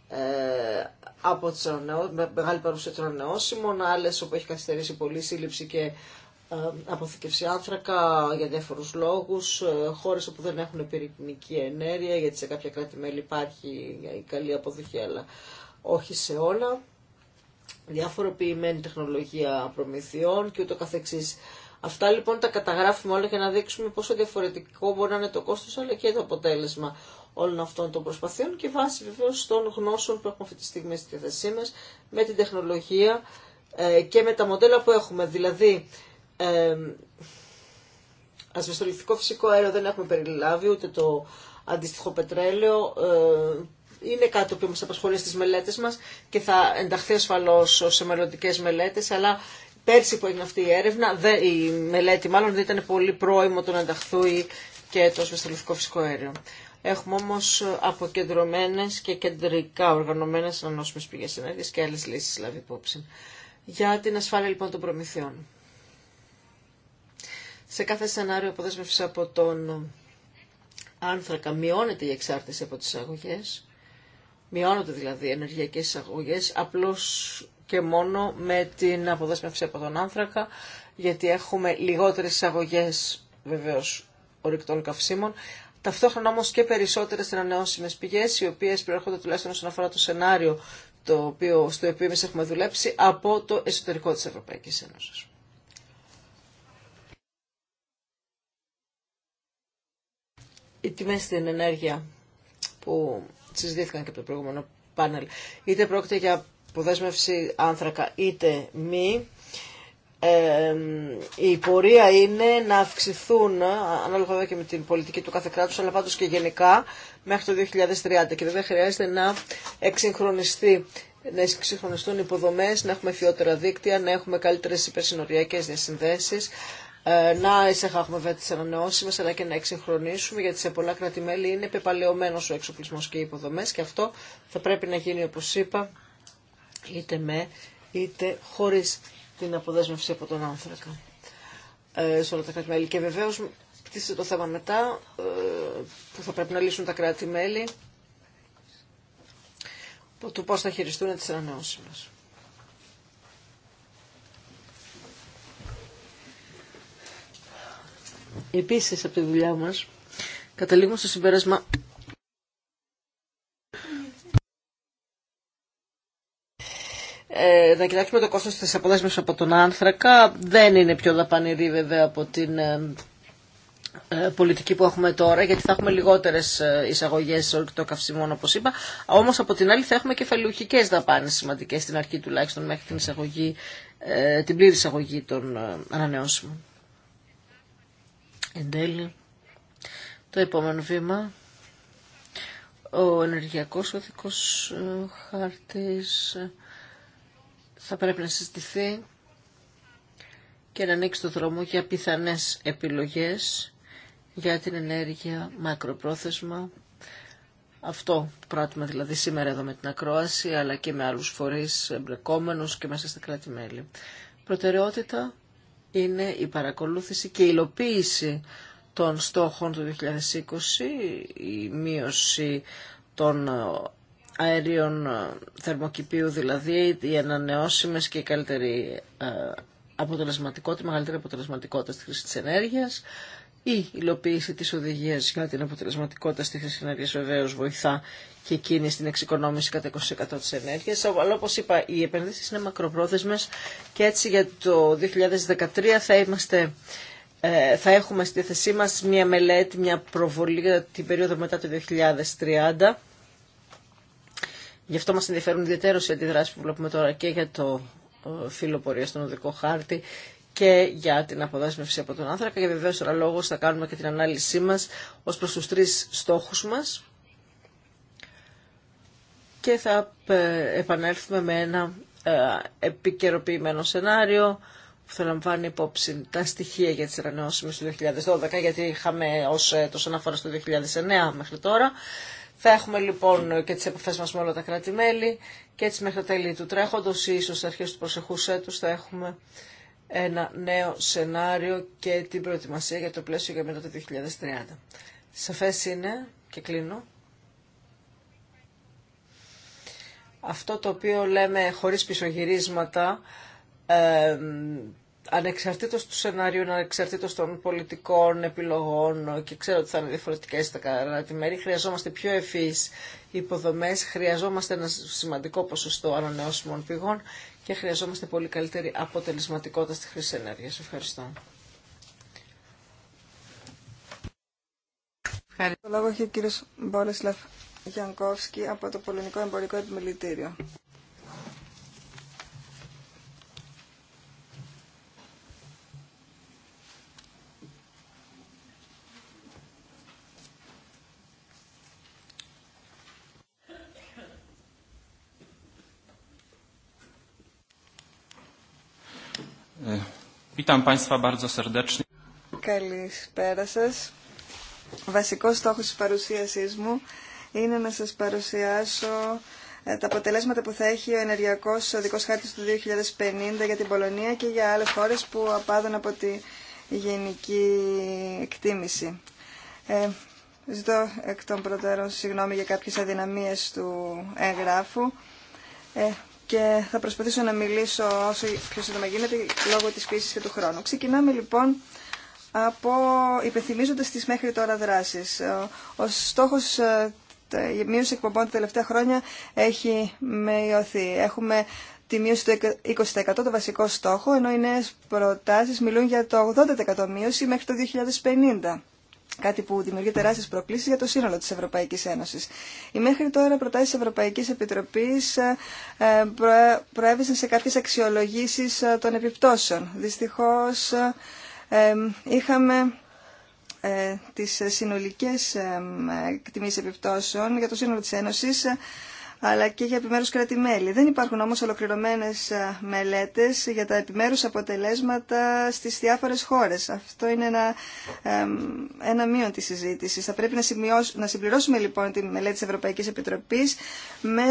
ε, από τις με μεγάλη παρουσία των ανανεώσιμων, άλλε όπου έχει καθυστερήσει πολύ σύλληψη και ε, αποθηκευσή άνθρακα για διάφορους λόγους, ε, χώρες όπου δεν έχουν πυρηνική ενέργεια, γιατί σε κάποια κράτη-μέλη υπάρχει η καλή αποδοχή, αλλά όχι σε όλα, διαφοροποιημένη τεχνολογία προμηθειών και ούτω καθεξής. Αυτά λοιπόν τα καταγράφουμε όλα για να δείξουμε πόσο διαφορετικό μπορεί να είναι το κόστος αλλά και το αποτέλεσμα όλων αυτών των προσπαθειών και βάσει βεβαίω των γνώσεων που έχουμε αυτή τη στιγμή στη θέση μα με την τεχνολογία ε, και με τα μοντέλα που έχουμε. Δηλαδή, ε, ασβεστολιθικό φυσικό αέριο δεν έχουμε περιλάβει, ούτε το αντίστοιχο πετρέλαιο. Ε, είναι κάτι που μας απασχολεί στις μελέτες μας και θα ενταχθεί ασφαλώς σε μελλοντικέ μελέτες, αλλά πέρσι που έγινε αυτή η έρευνα, η μελέτη μάλλον δεν ήταν πολύ πρόημο το να ενταχθούει και το ασβεστολιθικό φυσικό αέριο. Έχουμε όμως αποκεντρωμένες και κεντρικά οργανωμένες ανανόσιμες πηγές ενέργειας και άλλες λύσεις λάβει υπόψη. Για την ασφάλεια λοιπόν των προμηθειών. Σε κάθε σενάριο αποδέσμευση από τον άνθρακα μειώνεται η εξάρτηση από τις αγωγές, μειώνονται δηλαδή οι ενεργειακές αγωγές, απλώς και μόνο με την αποδέσμευση από τον άνθρακα, γιατί έχουμε λιγότερες αγωγές βεβαίως ορυκτών καυσίμων, ταυτόχρονα όμως και περισσότερες ανανεώσιμε πηγές, οι οποίες προέρχονται τουλάχιστον όσον αφορά το σενάριο το οποίο, στο οποίο εμείς έχουμε δουλέψει από το εσωτερικό της Ευρωπαϊκής Ένωσης. Οι τιμές στην ενέργεια που συζητήθηκαν και από το προηγούμενο πάνελ, είτε πρόκειται για αποδέσμευση άνθρακα είτε μη, ε, η πορεία είναι να αυξηθούν, ανάλογα και με την πολιτική του κάθε κράτους, αλλά πάντως και γενικά, μέχρι το 2030. Και βέβαια χρειάζεται να εξυγχρονιστεί να εξυγχρονιστούν υποδομές, να έχουμε φιότερα δίκτυα, να έχουμε καλύτερες υπερσυνοριακές διασυνδέσεις, ε, να εισεχάγουμε βέβαια τις ανανεώσιμες, αλλά και να εξυγχρονίσουμε, γιατί σε πολλά κράτη-μέλη είναι πεπαλαιωμένος ο εξοπλισμός και οι υποδομές και αυτό θα πρέπει να γίνει, όπως είπα, είτε με είτε χωρίς την αποδέσμευση από τον άνθρακα ε, σε όλα τα κράτη-μέλη. Και βεβαίω πτήσετε το θέμα μετά ε, που θα πρέπει να λύσουν τα κράτη-μέλη του πώς θα χειριστούν τις μας. Επίσης από τη δουλειά μας καταλήγουμε στο συμπέρασμα Ε, να κοιτάξουμε το κόστος της αποδέσμευσης από τον άνθρακα. Δεν είναι πιο δαπανηρή βέβαια από την ε, ε, πολιτική που έχουμε τώρα, γιατί θα έχουμε λιγότερε εισαγωγέ το καυσιμών, όπως είπα. Όμως από την άλλη θα έχουμε κεφαλουχικές δαπάνες σημαντικές στην αρχή τουλάχιστον μέχρι την, εισαγωγή, την πλήρη εισαγωγή των ανανεώσιμων. Εν τέλει, το επόμενο βήμα. Ο ενεργειακός οδικός χάρτης θα πρέπει να συστηθεί και να ανοίξει το δρόμο για πιθανές επιλογές για την ενέργεια μακροπρόθεσμα. Αυτό πράττουμε δηλαδή σήμερα εδώ με την ακρόαση, αλλά και με άλλους φορείς εμπλεκόμενους και μέσα στα κράτη-μέλη. Προτεραιότητα είναι η παρακολούθηση και η υλοποίηση των στόχων του 2020, η μείωση των αέριων ε, θερμοκηπίου δηλαδή, οι ανανεώσιμες και η καλύτερη ε, αποτελεσματικότητα, μεγαλύτερη αποτελεσματικότητα στη χρήση της ενέργειας. Η υλοποίηση της οδηγίας για την αποτελεσματικότητα στη χρήση της ενέργειας βεβαίως βοηθά και εκείνη στην εξοικονόμηση κατά 20% της ενέργειας. Αλλά όπως είπα, οι επενδύσεις είναι μακροπρόθεσμες και έτσι για το 2013 θα είμαστε ε, θα έχουμε στη θέσή μας μια μελέτη, μια προβολή για την περίοδο μετά το 2030 Γι' αυτό μα ενδιαφέρουν ιδιαίτερω οι αντιδράσει που βλέπουμε τώρα και για το ε, φύλλο πορεία στον οδικό χάρτη και για την αποδάσμευση από τον άνθρακα. Και βεβαίω τώρα λόγο θα κάνουμε και την ανάλυση μα ω προ του τρει στόχου μα. Και θα ε, επανέλθουμε με ένα ε, επικαιροποιημένο σενάριο που θα λαμβάνει υπόψη τα στοιχεία για τις ανανεώσιμες του 2012, γιατί είχαμε ως έτο αναφορά στο 2009 μέχρι τώρα. Θα έχουμε λοιπόν και τις επαφές μας με όλα τα κράτη-μέλη και έτσι μέχρι τα το τέλη του τρέχοντος ή ίσως αρχές του προσεχούς έτους θα έχουμε ένα νέο σενάριο και την προετοιμασία για το πλαίσιο για μετά το 2030. Σαφές είναι, και κλείνω, αυτό το οποίο λέμε χωρίς πισωγυρίσματα, ανεξαρτήτως του σενάριου, ανεξαρτήτως των πολιτικών επιλογών και ξέρω ότι θα είναι διαφορετικές τα τη μερη χρειαζόμαστε πιο ευφύς υποδομές, χρειαζόμαστε ένα σημαντικό ποσοστό ανανεώσιμων πηγών και χρειαζόμαστε πολύ καλύτερη αποτελεσματικότητα στη χρήση ενέργειας. Ευχαριστώ. Το λόγο έχει ο Γιανκόφσκι από το Witam Państwa bardzo serdecznie. Καλησπέρα σας. Βασικός στόχος της μου είναι να σας παρουσιάσω ε, τα αποτελέσματα που θα έχει ο ενεργειακό οδικός χάρτη του 2050 για την Πολωνία και για άλλες χώρες που απάδουν από τη γενική εκτίμηση. Ε, ζητώ εκ των προτέρων συγγνώμη για κάποιες αδυναμίες του εγγράφου. Ε, και θα προσπαθήσω να μιλήσω όσο πιο σύντομα γίνεται λόγω της κρίσης και του χρόνου. Ξεκινάμε λοιπόν από υπενθυμίζοντας τις μέχρι τώρα δράσεις. Ο στόχος ε, η μείωση εκπομπών τα τελευταία χρόνια έχει μειωθεί. Έχουμε τη μείωση του 20% το βασικό στόχο, ενώ οι νέες προτάσεις μιλούν για το 80% μείωση μέχρι το 2050 κάτι που δημιουργεί τεράστιε προκλήσει για το σύνολο τη Ευρωπαϊκή Ένωση. Οι μέχρι τώρα προτάσει τη Ευρωπαϊκή Επιτροπή ε, ε, προέβησαν σε κάποιε αξιολογήσει ε, των επιπτώσεων. Δυστυχώ είχαμε τις συνολικές εκτιμήσεις επιπτώσεων για το σύνολο της Ένωσης αλλά και για επιμέρους κράτη-μέλη. Δεν υπάρχουν όμως ολοκληρωμένες ε, μελέτες για τα επιμέρους αποτελέσματα στις διάφορες χώρες. Αυτό είναι ένα, ένα μείον της συζήτησης. Θα πρέπει να, να συμπληρώσουμε λοιπόν τη μελέτη της Ευρωπαϊκής Επιτροπής με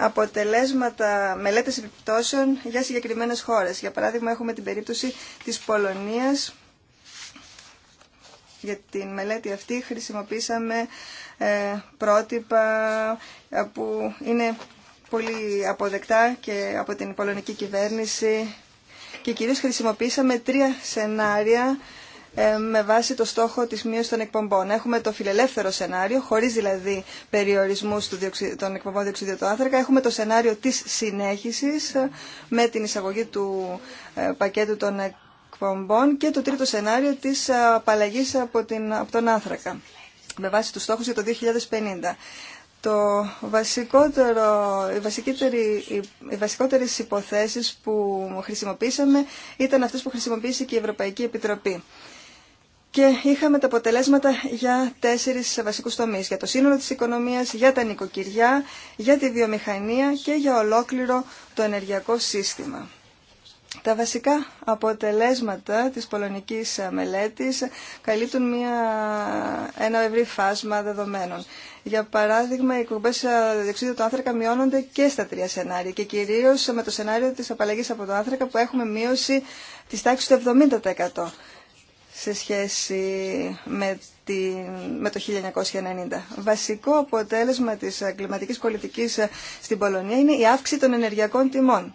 αποτελέσματα μελέτες επιπτώσεων για συγκεκριμένες χώρες. Για παράδειγμα έχουμε την περίπτωση της Πολωνίας για την μελέτη αυτή χρησιμοποίησαμε ε, πρότυπα ε, που είναι πολύ αποδεκτά και από την πολωνική κυβέρνηση και κυρίως χρησιμοποίησαμε τρία σενάρια ε, με βάση το στόχο της μείωσης των εκπομπών. Έχουμε το φιλελεύθερο σενάριο, χωρίς δηλαδή περιορισμούς των εκπομπών διοξιδίου του άνθρακα. Έχουμε το σενάριο της συνέχισης με την εισαγωγή του πακέτου των εκπομπών και το τρίτο σενάριο της ε, απαλλαγής από, τον άνθρακα με βάση τους στόχους για το 2050. Το βασικότερο, οι, βασικότεροι, οι βασικότερες υποθέσεις που χρησιμοποίησαμε ήταν αυτές που χρησιμοποίησε και η Ευρωπαϊκή Επιτροπή. Και είχαμε τα αποτελέσματα για τέσσερις βασικούς τομείς. Για το σύνολο της οικονομίας, για τα νοικοκυριά, για τη βιομηχανία και για ολόκληρο το ενεργειακό σύστημα. Τα βασικά αποτελέσματα της πολωνικής μελέτης καλύπτουν μια, ένα ευρύ φάσμα δεδομένων. Για παράδειγμα, οι εκπομπέ διοξείδιο του άνθρακα μειώνονται και στα τρία σενάρια και κυρίω με το σενάριο τη απαλλαγή από το άνθρακα που έχουμε μείωση τη τάξη του 70% σε σχέση με, με το 1990. Βασικό αποτέλεσμα της κλιματικής πολιτικής στην Πολωνία είναι η αύξηση των ενεργειακών τιμών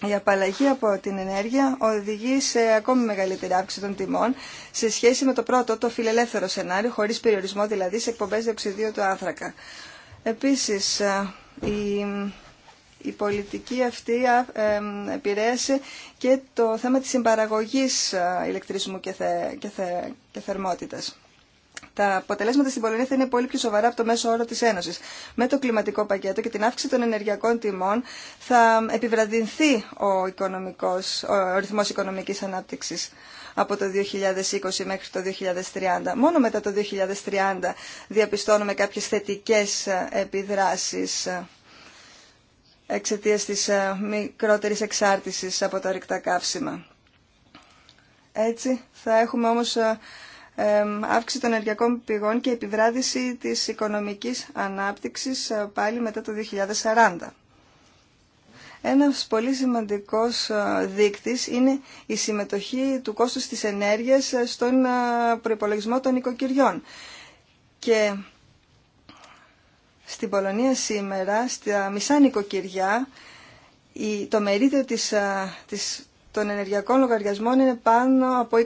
η απαλλαγή από την ενέργεια οδηγεί σε ακόμη μεγαλύτερη αύξηση των τιμών σε σχέση με το πρώτο, το φιλελεύθερο σενάριο, χωρίς περιορισμό δηλαδή σε εκπομπές διοξιδίου του άνθρακα. Επίσης, ε, η, η πολιτική αυτή ε, επηρέασε και το θέμα της συμπαραγωγής ε, ηλεκτρισμού και, θε, και, και θερμότητας τα αποτελέσματα στην Πολωνία θα είναι πολύ πιο σοβαρά από το μέσο όρο τη Ένωση. Με το κλιματικό πακέτο και την αύξηση των ενεργειακών τιμών θα επιβραδυνθεί ο, οικονομικός, ο ρυθμός οικονομικής ανάπτυξης από το 2020 μέχρι το 2030. Μόνο μετά το 2030 διαπιστώνουμε κάποιες θετικές επιδράσεις εξαιτία της ε, μικρότερης εξάρτησης από τα ρηκτά καύσιμα. Έτσι θα έχουμε όμως ε, αύξηση των ενεργειακών πηγών και επιβράδυση της οικονομικής ανάπτυξης ε, πάλι μετά το 2040. Ένας πολύ σημαντικός ε, δείκτης είναι η συμμετοχή του κόστους της ενέργειας ε, στον προϋπολογισμό των οικοκυριών. Και στην Πολωνία σήμερα, στα μισά νοικοκυριά, το μερίδιο της, της, των ενεργειακών λογαριασμών είναι πάνω από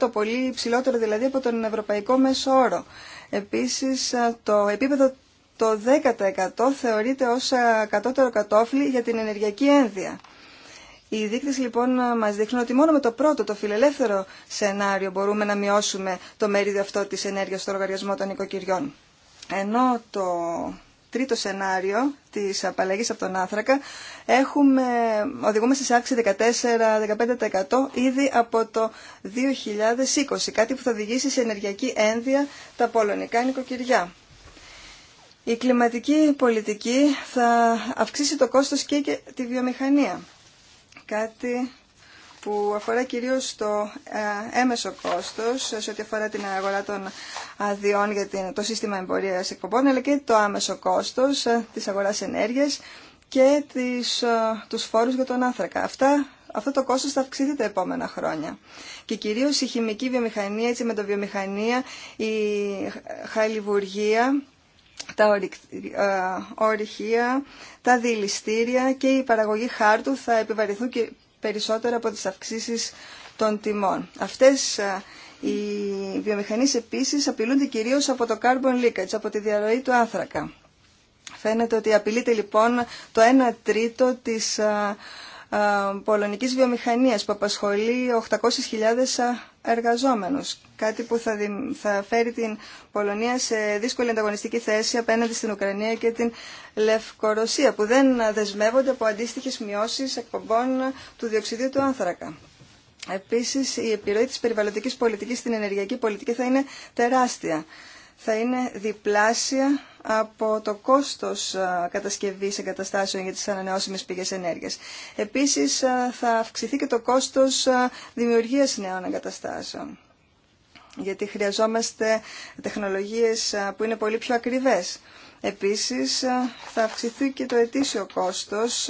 20%, πολύ ψηλότερο δηλαδή από τον ευρωπαϊκό μέσο όρο. Επίσης, το επίπεδο το 10% θεωρείται ως κατώτερο κατόφλι για την ενεργειακή ένδυα. Οι δείκτες λοιπόν μας δείχνουν ότι μόνο με το πρώτο, το φιλελεύθερο σενάριο μπορούμε να μειώσουμε το μερίδιο αυτό της ενέργειας στο λογαριασμό των οικοκυριών. Ενώ το τρίτο σενάριο της απαλλαγής από τον άνθρακα έχουμε, οδηγούμαστε σε αύξηση 14-15% ήδη από το 2020, κάτι που θα οδηγήσει σε ενεργειακή ένδυα τα πολωνικά νοικοκυριά. Η κλιματική πολιτική θα αυξήσει το κόστος και τη βιομηχανία. Κάτι που αφορά κυρίως το ε, έμεσο κόστος σε ό,τι αφορά την αγορά των αδειών για το σύστημα εμπορίας εκπομπών αλλά και το άμεσο κόστος ε, της αγοράς ενέργειας και τις, ε, τους φόρους για τον άνθρακα. Αυτά, αυτό το κόστος θα αυξηθεί τα επόμενα χρόνια. Και κυρίως η χημική βιομηχανία, η βιομηχανία, η χαλιβουργία, τα ορυχεία, τα δηληστήρια και η παραγωγή χάρτου θα επιβαρυνθούν περισσότερο από τις αυξήσεις των τιμών. Αυτές ε, οι βιομηχανίες επίσης απειλούνται κυρίως από το carbon leakage, από τη διαρροή του άνθρακα. Φαίνεται ότι απειλείται λοιπόν το 1 τρίτο της ε, ε, πολωνικής βιομηχανίας που απασχολεί 800.000 εργαζόμενους. Κάτι που θα, θα φέρει την Πολωνία σε δύσκολη ανταγωνιστική θέση απέναντι στην Ουκρανία και την Λευκορωσία που δεν δεσμεύονται από αντίστοιχες μειώσεις εκπομπών του διοξιδίου του άνθρακα. Επίσης, η επιρροή της περιβαλλοντικής πολιτικής στην ενεργειακή πολιτική θα είναι τεράστια θα είναι διπλάσια από το κόστος κατασκευής εγκαταστάσεων για τις ανανεώσιμες πηγές ενέργειας. Επίσης θα αυξηθεί και το κόστος δημιουργίας νέων εγκαταστάσεων γιατί χρειαζόμαστε τεχνολογίες που είναι πολύ πιο ακριβές. Επίσης θα αυξηθεί και το ετήσιο κόστος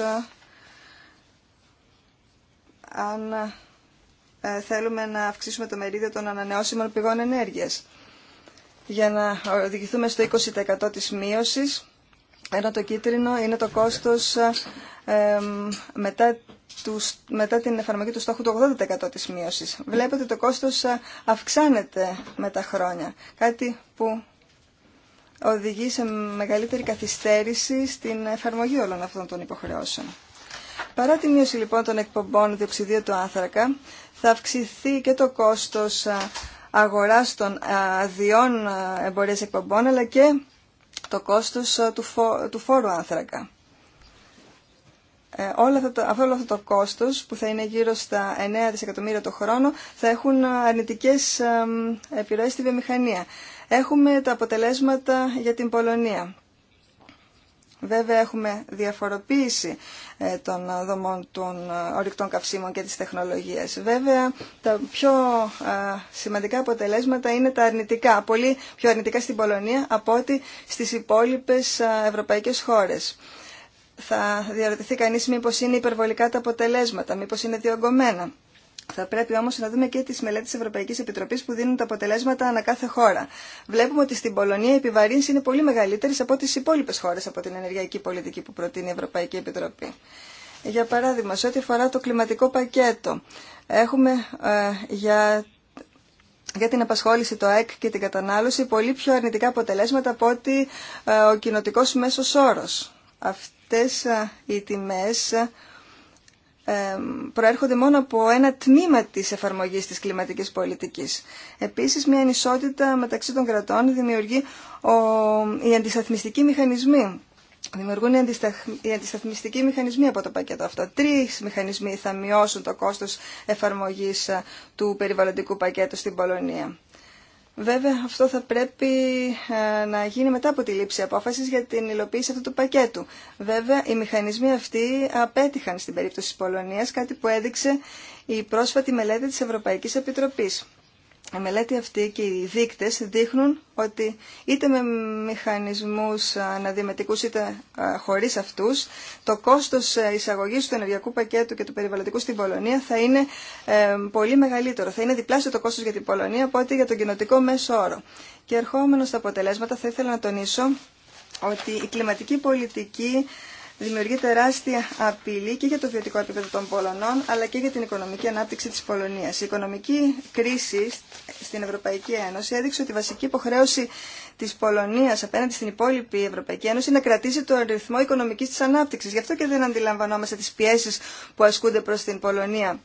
αν ε, θέλουμε να αυξήσουμε το μερίδιο των ανανεώσιμων πηγών ενέργειας για να οδηγηθούμε στο 20% της μείωσης, ενώ το κίτρινο είναι το κόστος μετά, μετά την εφαρμογή του στόχου του 80% της μείωσης. Βλέπετε το κόστος αυξάνεται με τα χρόνια, κάτι που οδηγεί σε μεγαλύτερη καθυστέρηση στην εφαρμογή όλων αυτών των υποχρεώσεων. Παρά τη μείωση λοιπόν των εκπομπών διοξιδίου του άνθρακα, θα αυξηθεί και το κόστος αγοράς των ε, αδειών ε, εμπορίας εκπομπών, αλλά και το κόστος ε, του φόρου άνθρακα. Ε, όλο, αυτό το, όλο αυτό το κόστος που θα είναι γύρω στα 9 δισεκατομμύρια το χρόνο θα έχουν αρνητικές επιρροές στη βιομηχανία. Έχουμε τα αποτελέσματα για την Πολωνία. Βέβαια έχουμε διαφοροποίηση ε, των δομών των ε, ορυκτών καυσίμων και της τεχνολογίας. Βέβαια τα πιο ε, σημαντικά αποτελέσματα είναι τα αρνητικά, πολύ πιο αρνητικά στην Πολωνία από ότι στις υπόλοιπες ευρωπαϊκές χώρες. Θα διαρωτηθεί κανείς μήπως είναι υπερβολικά τα αποτελέσματα, μήπως είναι διωγγωμένα. Θα πρέπει όμως να δούμε και τις μελέτες Ευρωπαϊκής Επιτροπής που δίνουν τα αποτελέσματα ανά κάθε χώρα. Βλέπουμε ότι στην Πολωνία η επιβαρύνση είναι πολύ μεγαλύτερη από τις υπόλοιπε χώρες από την ενεργειακή πολιτική που προτείνει η Ευρωπαϊκή Επιτροπή. Για παράδειγμα, σε ό,τι αφορά το κλιματικό πακέτο, έχουμε ε, για για την απασχόληση, το ΑΕΚ και την κατανάλωση πολύ πιο αρνητικά αποτελέσματα από ότι ε, ο κοινοτικό μέσος όρος. Αυτές ε, οι τιμές προέρχονται μόνο από ένα τμήμα της εφαρμογής της κλιματικής πολιτικής. Επίσης, μια ανισότητα μεταξύ των κρατών δημιουργεί ο, οι αντισταθμιστικοί μηχανισμοί. Δημιουργούν οι, οι αντισταθμιστικοί μηχανισμοί από το πακέτο αυτό. Τρεις μηχανισμοί θα μειώσουν το κόστος εφαρμογής ε, του περιβαλλοντικού πακέτου στην Πολωνία. Βέβαια αυτό θα πρέπει ε, να γίνει μετά από τη λήψη απόφασης για την υλοποίηση αυτού του πακέτου. Βέβαια οι μηχανισμοί αυτοί απέτυχαν στην περίπτωση της Πολωνίας, κάτι που έδειξε η πρόσφατη μελέτη της Ευρωπαϊκής Επιτροπής. Η μελέτη αυτή και οι δείκτες δείχνουν ότι είτε με μηχανισμούς αναδημετικούς είτε χωρίς αυτούς, το κόστος ε, εισαγωγής του ενεργειακού πακέτου και του περιβαλλοντικού στην Πολωνία θα είναι ε, πολύ μεγαλύτερο. Θα είναι διπλάσιο το κόστος για την Πολωνία από ό,τι για τον κοινοτικό μέσο όρο. Και ερχόμενο στα αποτελέσματα θα ήθελα να τονίσω ότι η κλιματική πολιτική δημιουργεί τεράστια απειλή και για το βιωτικό επίπεδο των Πολωνών, αλλά και για την οικονομική ανάπτυξη της Πολωνίας. Η οικονομική κρίση στην Ευρωπαϊκή Ένωση έδειξε ότι η βασική υποχρέωση τη Πολωνίας απέναντι στην υπόλοιπη Ευρωπαϊκή Ένωση είναι να κρατήσει τον ρυθμό οικονομική τη ανάπτυξη. Γι' αυτό και δεν αντιλαμβανόμαστε τι πιέσει που ασκούνται προ την Πολωνία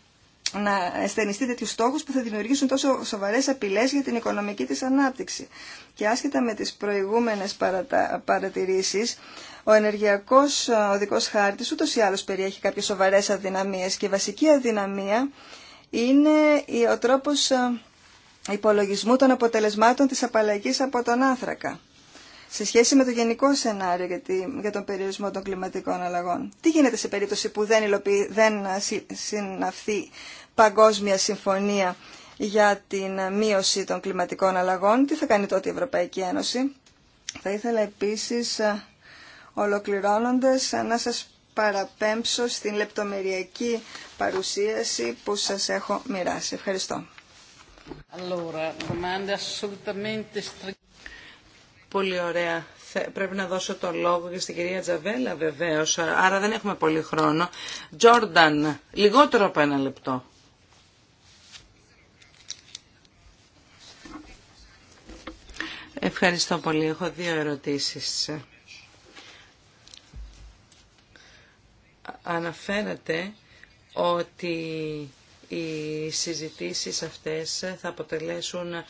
να αισθενιστεί τέτοιου στόχου που θα δημιουργήσουν τόσο σοβαρέ απειλέ για την οικονομική τη ανάπτυξη. Και άσχετα με τι προηγούμενε παρατηρήσει, ο ενεργειακό ε, οδικός χάρτη, ούτω ή άλλω περιέχει κάποιε σοβαρέ αδυναμίε και η βασική αδυναμία είναι ο τρόπο ε, υπολογισμού των αποτελεσμάτων τη απαλλαγή από τον άνθρακα σε σχέση με το γενικό σενάριο για, τον περιορισμό των κλιματικών αλλαγών. Τι γίνεται σε περίπτωση που δεν, υλοποιεί, δεν ε, συναυθεί παγκόσμια συμφωνία για την μείωση των κλιματικών αλλαγών. Τι θα κάνει τότε η Ευρωπαϊκή Ένωση. Θα ήθελα επίσης Ολοκληρώνοντας, να σας παραπέμψω στην λεπτομεριακή παρουσίαση που σας έχω μοιράσει. Ευχαριστώ. Πολύ ωραία. Πρέπει να δώσω το λόγο και στην κυρία Τζαβέλα βεβαίως, άρα δεν έχουμε πολύ χρόνο. Τζόρνταν, λιγότερο από ένα λεπτό. Ευχαριστώ πολύ. Έχω δύο ερωτήσεις. αναφέρατε ότι οι συζητήσεις αυτές θα αποτελέσουν, ε,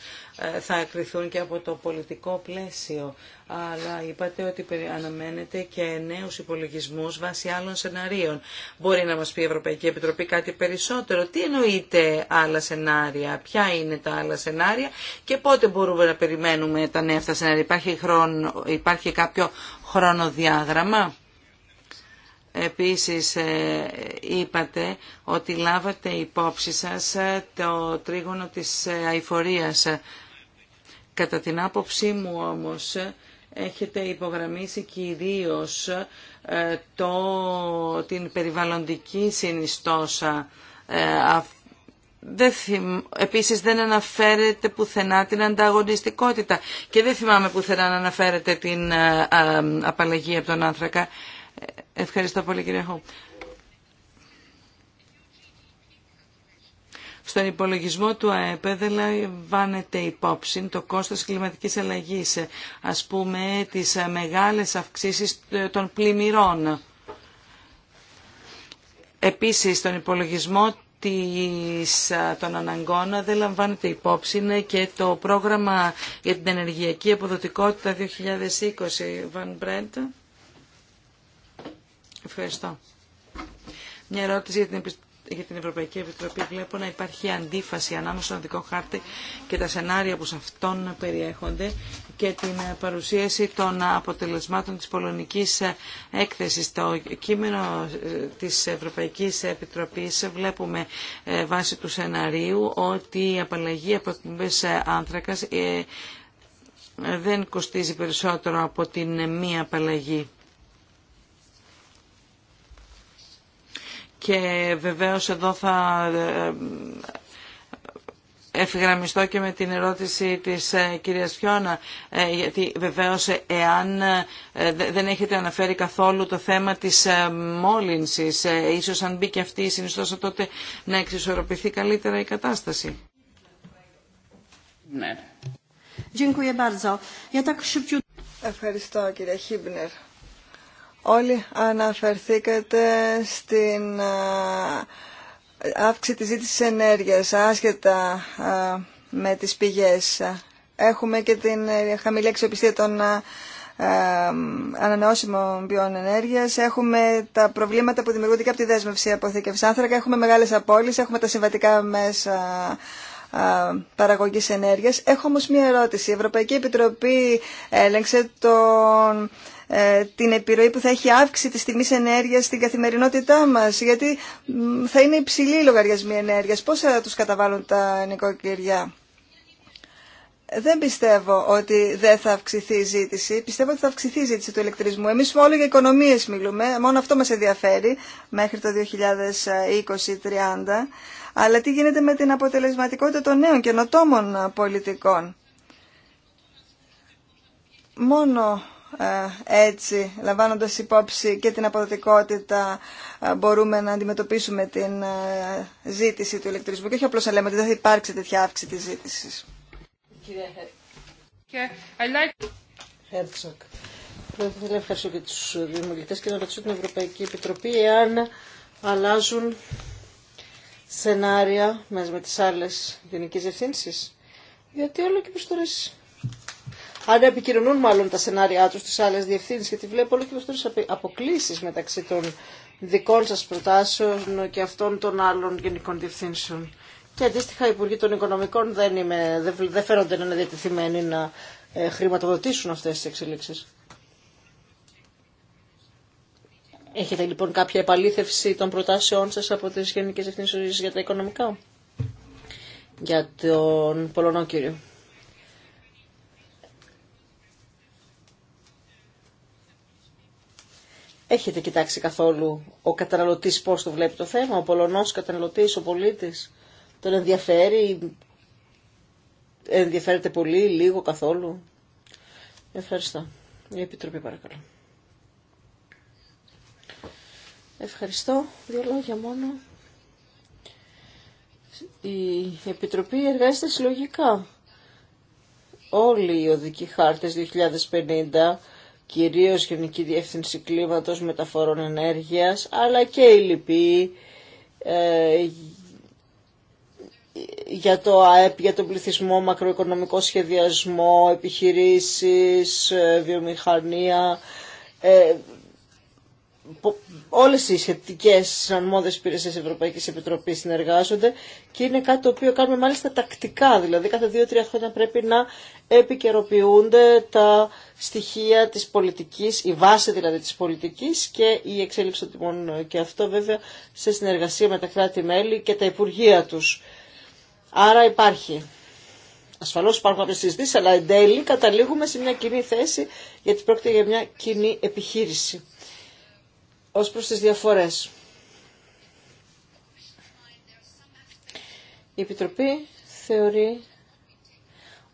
θα ακριθούν και από το πολιτικό πλαίσιο. Αλλά είπατε ότι αναμένεται και νέους υπολογισμούς βάσει άλλων σενάριων. Μπορεί να μας πει η Ευρωπαϊκή Επιτροπή κάτι περισσότερο. Τι εννοείται άλλα σενάρια, ποια είναι τα άλλα σενάρια και πότε μπορούμε να περιμένουμε τα νέα αυτά σενάρια. Υπάρχει, χρόνο, υπάρχει κάποιο χρονοδιάγραμμα. Επίσης ε, είπατε ότι λάβατε υπόψη σας ε, το τρίγωνο της ε, αηφορίας. Κατά την άποψή μου όμως έχετε υπογραμμίσει κυρίως το, την περιβαλλοντική συνιστόσα. Δεν Επίσης δεν αναφέρεται πουθενά την ανταγωνιστικότητα και δεν θυμάμαι πουθενά να αναφέρεται την απαλλαγή από τον άνθρακα. Ευχαριστώ πολύ κύριε Στον υπολογισμό του ΑΕΠ δεν λαμβάνεται υπόψη το κόστος κλιματικής αλλαγής, ας πούμε τις μεγάλες αυξήσεις των πλημμυρών. Επίσης, στον υπολογισμό της, των αναγκών δεν λαμβάνεται υπόψη και το πρόγραμμα για την ενεργειακή αποδοτικότητα 2020, van Μπρέντ. Ευχαριστώ. Μια ερώτηση για την την Ευρωπαϊκή Επιτροπή βλέπω να υπάρχει αντίφαση ανάμεσα στον δικό χάρτη και τα σενάρια που σε αυτόν περιέχονται και την παρουσίαση των αποτελεσμάτων της πολωνικής ε, έκθεσης. Το κείμενο ε, της Ευρωπαϊκής Επιτροπής βλέπουμε ε, βάσει του σενάριου ότι η απαλλαγή από εκπομπές άνθρακας δεν κοστίζει περισσότερο από την μία απαλλαγή. και βεβαίως εδώ θα ευγραμμιστώ και με την ερώτηση της ε, κυρίας Φιώνα, ε, γιατί βεβαίως ε, εάν δεν έχετε αναφέρει καθόλου το θέμα της μόλυνσης, ίσως αν μπει και αυτή η συνιστόσα τότε να εξισορροπηθεί καλύτερα η κατάσταση. Ναι. Ευχαριστώ κυρία Χίμπνερ. Όλοι αναφερθήκατε στην αύξηση της ζήτησης ενέργειας, άσχετα με τις πηγές. Έχουμε και την ε, χαμηλή αξιοπιστία των ε, ανανεώσιμων ποιών ενέργειας. Έχουμε τα προβλήματα που δημιουργούνται και από τη δέσμευση αποθήκευση άνθρακα. Έχουμε μεγάλες απώλειες, έχουμε τα συμβατικά μέσα παραγωγής ενέργειας. Έχω όμως μία ερώτηση. Η Ευρωπαϊκή Επιτροπή έλεγξε τον ε, την επιρροή που θα έχει αύξηση τη τιμή ενέργεια στην καθημερινότητά μα, γιατί θα είναι υψηλή οι λογαριασμοί ενέργεια. Πώ θα του καταβάλουν τα νοικοκυριά. Δεν πιστεύω ότι δεν θα αυξηθεί η ζήτηση. Πιστεύω ότι θα αυξηθεί η ζήτηση του ηλεκτρισμού. Εμείς μόνο για οικονομίες μιλούμε, μόνο αυτό μας ενδιαφέρει μέχρι το 2020-30. Αλλά τι γίνεται με την αποτελεσματικότητα των νέων καινοτόμων πολιτικών. Μόνο ε, έτσι, λαμβάνοντας υπόψη και την αποδοτικότητα, ε, μπορούμε να αντιμετωπίσουμε την ε, ζήτηση του ηλεκτρισμού και όχι απλώς να λέμε ότι δεν θα υπάρξει τέτοια αύξηση της ζήτησης. ήθελα να ευχαριστώ και τους δημιουργητές και να ρωτήσω την Ευρωπαϊκή Επιτροπή εάν αλλάζουν σενάρια μέσα με τις άλλες δυνικές διευθύνσεις. Γιατί όλο και προς αν επικοινωνούν μάλλον τα σενάρια τους στις άλλες διευθύνσεις γιατί βλέπω όλο και περισσότερες αποκλήσεις μεταξύ των δικών σας προτάσεων και αυτών των άλλων γενικών διευθύνσεων. Και αντίστοιχα οι Υπουργοί των Οικονομικών δεν, είμαι, δεν φαίνονται να είναι διατεθειμένοι να ε, χρηματοδοτήσουν αυτές τις εξελίξεις. Έχετε λοιπόν κάποια επαλήθευση των προτάσεών σας από τις Γενικές Ευθύνσεις για τα Οικονομικά. Για τον Πολωνό κύριο. Έχετε κοιτάξει καθόλου ο καταναλωτή πώς το βλέπει το θέμα, ο Πολωνός καταναλωτή ο πολίτης. Τον ενδιαφέρει, ενδιαφέρεται πολύ, λίγο, καθόλου. Ευχαριστώ. Η Επιτροπή παρακαλώ. Ευχαριστώ. Δύο λόγια μόνο. Η Επιτροπή εργάζεται συλλογικά. Όλοι οι οδικοί χάρτες 2050 κυρίως Γενική Διεύθυνση Κλίματος, Μεταφορών Ενέργειας, αλλά και η ΛΥΠΗ ε, για το ΑΕΠ, για τον πληθυσμό, μακροοικονομικό σχεδιασμό, επιχειρήσεις, ε, βιομηχανία, ε, όλες οι σχετικές αρμόδιες υπηρεσίες Ευρωπαϊκής Επιτροπής συνεργάζονται και είναι κάτι το οποίο κάνουμε μάλιστα τακτικά, δηλαδή κάθε δύο-τρία χρόνια πρέπει να επικαιροποιούνται τα στοιχεία της πολιτικής, η βάση δηλαδή της πολιτικής και η εξέλιξη των τιμών και αυτό βέβαια σε συνεργασία με τα κράτη-μέλη και τα υπουργεία τους. Άρα υπάρχει. Ασφαλώς υπάρχουν τι συζητήσει, αλλά εν τέλει καταλήγουμε σε μια κοινή θέση γιατί πρόκειται για μια κοινή επιχείρηση ως προς τις διαφορές. Η Επιτροπή θεωρεί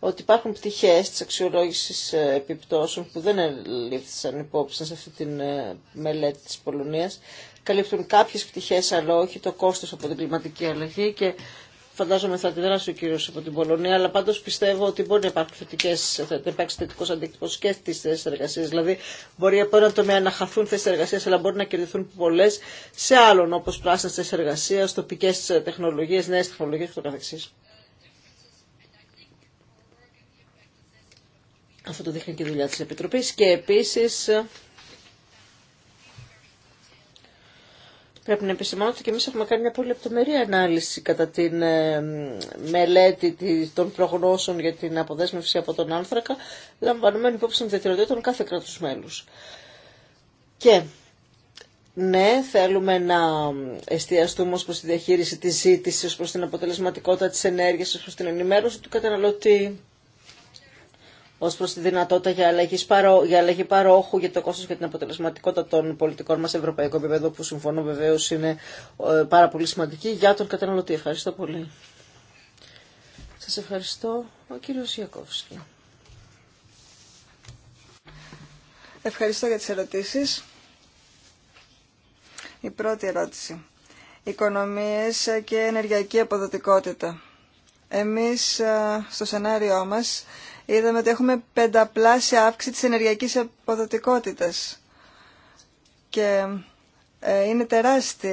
ότι υπάρχουν πτυχές της αξιολόγησης ε, επιπτώσεων που δεν ελήφθησαν υπόψη σε αυτή τη ε, μελέτη της Πολωνίας. Καλύπτουν κάποιες πτυχές αλλά όχι το κόστος από την κλιματική αλλαγή και Φαντάζομαι θα αντιδράσει ο κύριο από την Πολωνία, αλλά πάντω πιστεύω ότι μπορεί να υπάρχουν θετικέ, θα υπάρξει θετικό αντίκτυπο και στι θέσει εργασία. Δηλαδή, μπορεί από ένα τομέα να χαθούν θέσει εργασία, αλλά μπορεί να κερδιθούν πολλέ σε άλλον, όπω πράσινε θέσει εργασία, τοπικέ τεχνολογίε, νέε τεχνολογίε κ.ο.κ. Αυτό το δείχνει και η δουλειά τη Επιτροπή. Και επίση Πρέπει να επισημάνω ότι και εμείς έχουμε κάνει μια πολύ λεπτομερή ανάλυση κατά τη ε, μελέτη των προγνώσεων για την αποδέσμευση από τον άνθρακα, λαμβανόμενη υπόψη την ιδιαιτερότητα των κάθε κράτους μέλους. Και ναι, θέλουμε να εστιαστούμε ως προς τη διαχείριση της ζήτησης, ως προς την αποτελεσματικότητα της ενέργειας, ως προς την ενημέρωση του καταναλωτή, ω προ τη δυνατότητα για αλλαγή, παρό, για αλλαγή παρόχου, για το κόστο και την αποτελεσματικότητα των πολιτικών μα σε ευρωπαϊκό επίπεδο, που συμφωνώ βεβαίω είναι ε, πάρα πολύ σημαντική για τον καταναλωτή. Ευχαριστώ πολύ. Σα ευχαριστώ, ο κύριο Ιακώβσκι. Ευχαριστώ για τις ερωτήσεις. Η πρώτη ερώτηση. Οικονομίες και ενεργειακή αποδοτικότητα. Εμείς ε, στο σενάριό μας είδαμε ότι έχουμε πενταπλάσια αύξηση της ενεργειακής αποδοτικότητας. Και ε, είναι τεράστια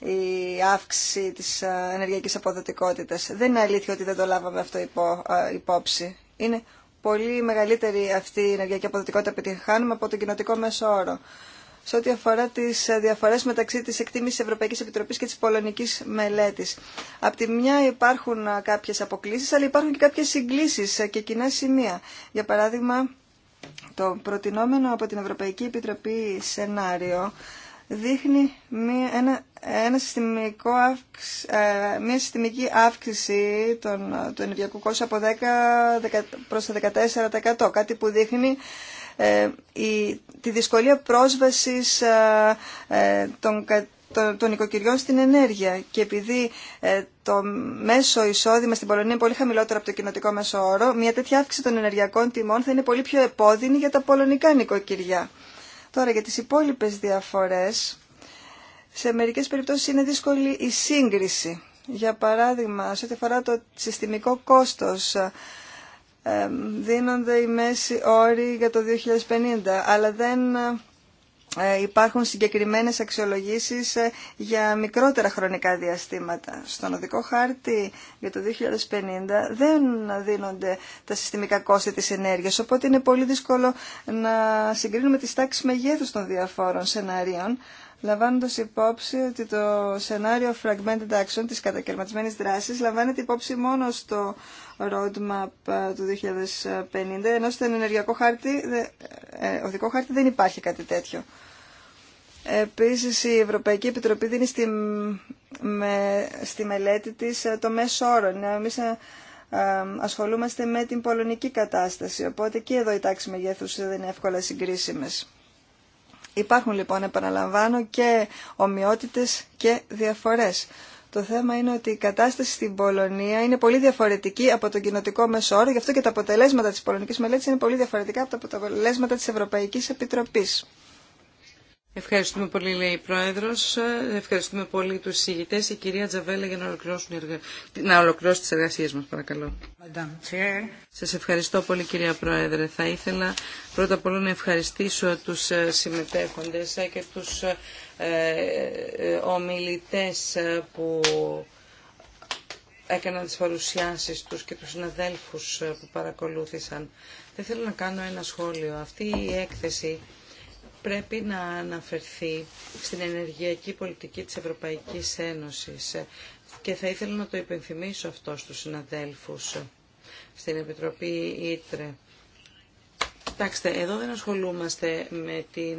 ε, η αύξηση της ε, ενεργειακής αποδοτικότητας. Δεν είναι αλήθεια ότι δεν το λάβαμε αυτό υπό, υπόψη. Είναι πολύ μεγαλύτερη αυτή η ενεργειακή αποδοτικότητα που χάνουμε από τον κοινοτικό μέσο όρο σε ό,τι αφορά τις ε, διαφορέ μεταξύ της εκτίμησης Ευρωπαϊκής Επιτροπής και της πολωνικής μελέτης. Απ' τη μια υπάρχουν ε, κάποιες αποκλησει αλλά υπάρχουν και κάποιες συγκλησει ε, και κοινά σημεία. Για παράδειγμα, το προτινόμενο από την Ευρωπαϊκή Επιτροπή σενάριο δείχνει μία, ένα, ένα συστημικό αύξ, μια ενα συστημικο συστημικη αυξηση των, του ενεργειακού κόσμου από 10 προς 14%. Κάτι που δείχνει ε, η, τη δυσκολία πρόσβασης ε, ε, των των οικοκυριών στην ενέργεια. Και επειδή το μέσο εισόδημα στην Πολωνία είναι πολύ χαμηλότερο από το κοινοτικό μέσο όρο, μια τέτοια αύξηση των ενεργειακών τιμών θα είναι πολύ πιο επώδυνη για τα πολωνικά νοικοκυριά. Τώρα για τις υπόλοιπες διαφορές, σε μερικές περιπτώσεις είναι δύσκολη η σύγκριση. Για παράδειγμα, σε ό,τι αφορά το συστημικό κόστος δίνονται οι μέση όροι για το 2050, αλλά δεν ε, υπάρχουν συγκεκριμένες αξιολογήσεις ε, για μικρότερα χρονικά διαστήματα. Στον οδικό χάρτη για το 2050 δεν δίνονται τα συστημικά κόστη της ενέργειας, οπότε είναι πολύ δύσκολο να συγκρίνουμε τις τάξεις μεγέθους των διαφόρων σενάριων, λαμβάνοντας υπόψη ότι το σενάριο fragmented action της κατακαιρματισμένης δράσης λαμβάνεται υπόψη μόνο στο roadmap ε, του 2050, ενώ στον ενεργειακό χάρτη, ε, ε, οδικό χάρτη δεν υπάρχει κάτι τέτοιο. Επίσης η Ευρωπαϊκή Επιτροπή δίνει στη, με, στη μελέτη της το μέσο όρο. Εμείς ασχολούμαστε με την πολωνική κατάσταση, οπότε και εδώ οι τάξεις μεγέθους δεν είναι εύκολα συγκρίσιμες. Υπάρχουν λοιπόν, επαναλαμβάνω, και ομοιότητες και διαφορές. Το θέμα είναι ότι η κατάσταση στην Πολωνία είναι πολύ διαφορετική από τον κοινοτικό όρο, γι' αυτό και τα αποτελέσματα της πολωνικής μελέτης είναι πολύ διαφορετικά από τα αποτελέσματα της Ευρωπαϊκής Επιτροπής. Ευχαριστούμε πολύ, λέει η Πρόεδρος. Ευχαριστούμε πολύ τους συζητητέ. Η κυρία Τζαβέλα για να ολοκληρώσουν να ολοκληρώσει τις εργασίε μας, παρακαλώ. Σας ευχαριστώ πολύ, κυρία Πρόεδρε. Θα ήθελα πρώτα απ' όλα να ευχαριστήσω τους ε, συμμετέχοντες ε, και τους ε, ομιλητές που έκαναν τις παρουσιάσεις τους και τους συναδέλφους που παρακολούθησαν. Θα θέλω να κάνω ένα σχόλιο. Αυτή η έκθεση πρέπει να αναφερθεί στην ενεργειακή πολιτική της Ευρωπαϊκής Ένωσης και θα ήθελα να το υπενθυμίσω αυτό στους συναδέλφους στην Επιτροπή Ήτρε. Κοιτάξτε, εδώ δεν ασχολούμαστε με την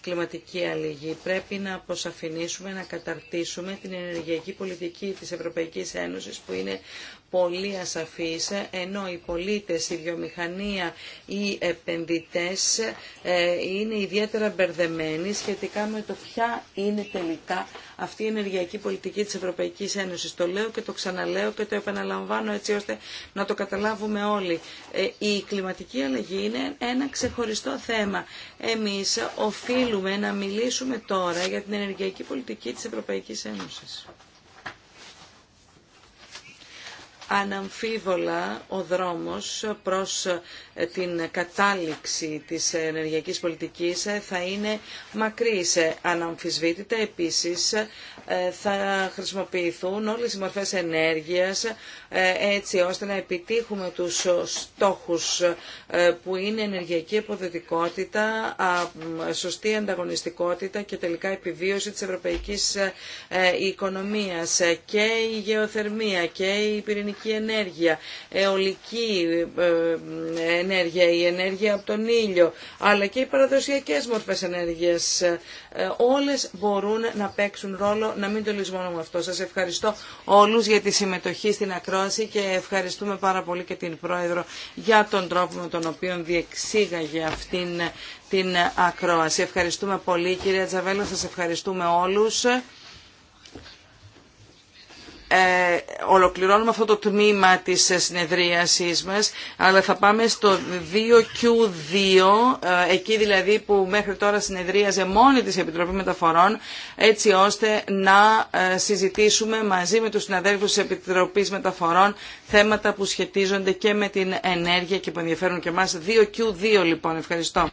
κλιματική αλληγή. Πρέπει να αποσαφηνίσουμε, να καταρτήσουμε την ενεργειακή πολιτική της Ευρωπαϊκής Ένωσης που είναι πολύ ασαφής, ενώ οι πολίτες, η βιομηχανία, οι επενδυτές ε, είναι ιδιαίτερα μπερδεμένοι σχετικά με το ποια είναι τελικά αυτή η ενεργειακή πολιτική της Ευρωπαϊκής Ένωσης. Το λέω και το ξαναλέω και το επαναλαμβάνω έτσι ώστε να το καταλάβουμε όλοι. Ε, η κλιματική αλλαγή είναι ένα ξεχωριστό θέμα. Εμείς οφείλουμε να μιλήσουμε τώρα για την ενεργειακή πολιτική της Ευρωπαϊκής Ένωσης. Αναμφίβολα ο δρόμος προς ε, την κατάληξη της ενεργειακής πολιτικής ε, θα είναι μακρύς. Ε, αναμφισβήτητα επίσης θα χρησιμοποιηθούν όλες οι μορφές ενέργειας ε, έτσι ώστε να επιτύχουμε τους ε, στόχους ε, που είναι ενεργειακή αποδοτικότητα, σωστή ανταγωνιστικότητα και τελικά επιβίωση της ευρωπαϊκής οικονομίας και η γεωθερμία και η πυρηνική ενέργεια, αιωλική ενέργεια, η ενέργεια από τον ήλιο, αλλά και οι παραδοσιακές μορφές ενέργειας. Όλες μπορούν να παίξουν ρόλο, να μην το με αυτό. Σας ευχαριστώ όλους για τη συμμετοχή στην ακρόαση και ευχαριστούμε πάρα πολύ και την Πρόεδρο για τον τρόπο με τον οποίο διεξήγαγε αυτήν την ακρόαση. Ευχαριστούμε πολύ κυρία Τζαβέλα, σας ευχαριστούμε όλους. Ε, ολοκληρώνουμε αυτό το τμήμα της συνεδρίασής μας, αλλά θα πάμε στο 2Q2, ε, εκεί δηλαδή που μέχρι τώρα συνεδρίαζε μόνη της Επιτροπή Μεταφορών, έτσι ώστε να ε, συζητήσουμε μαζί με τους συναδέλφους της Επιτροπής Μεταφορών θέματα που σχετίζονται και με την ενέργεια και που ενδιαφέρουν και εμάς. 2Q2 λοιπόν, ευχαριστώ.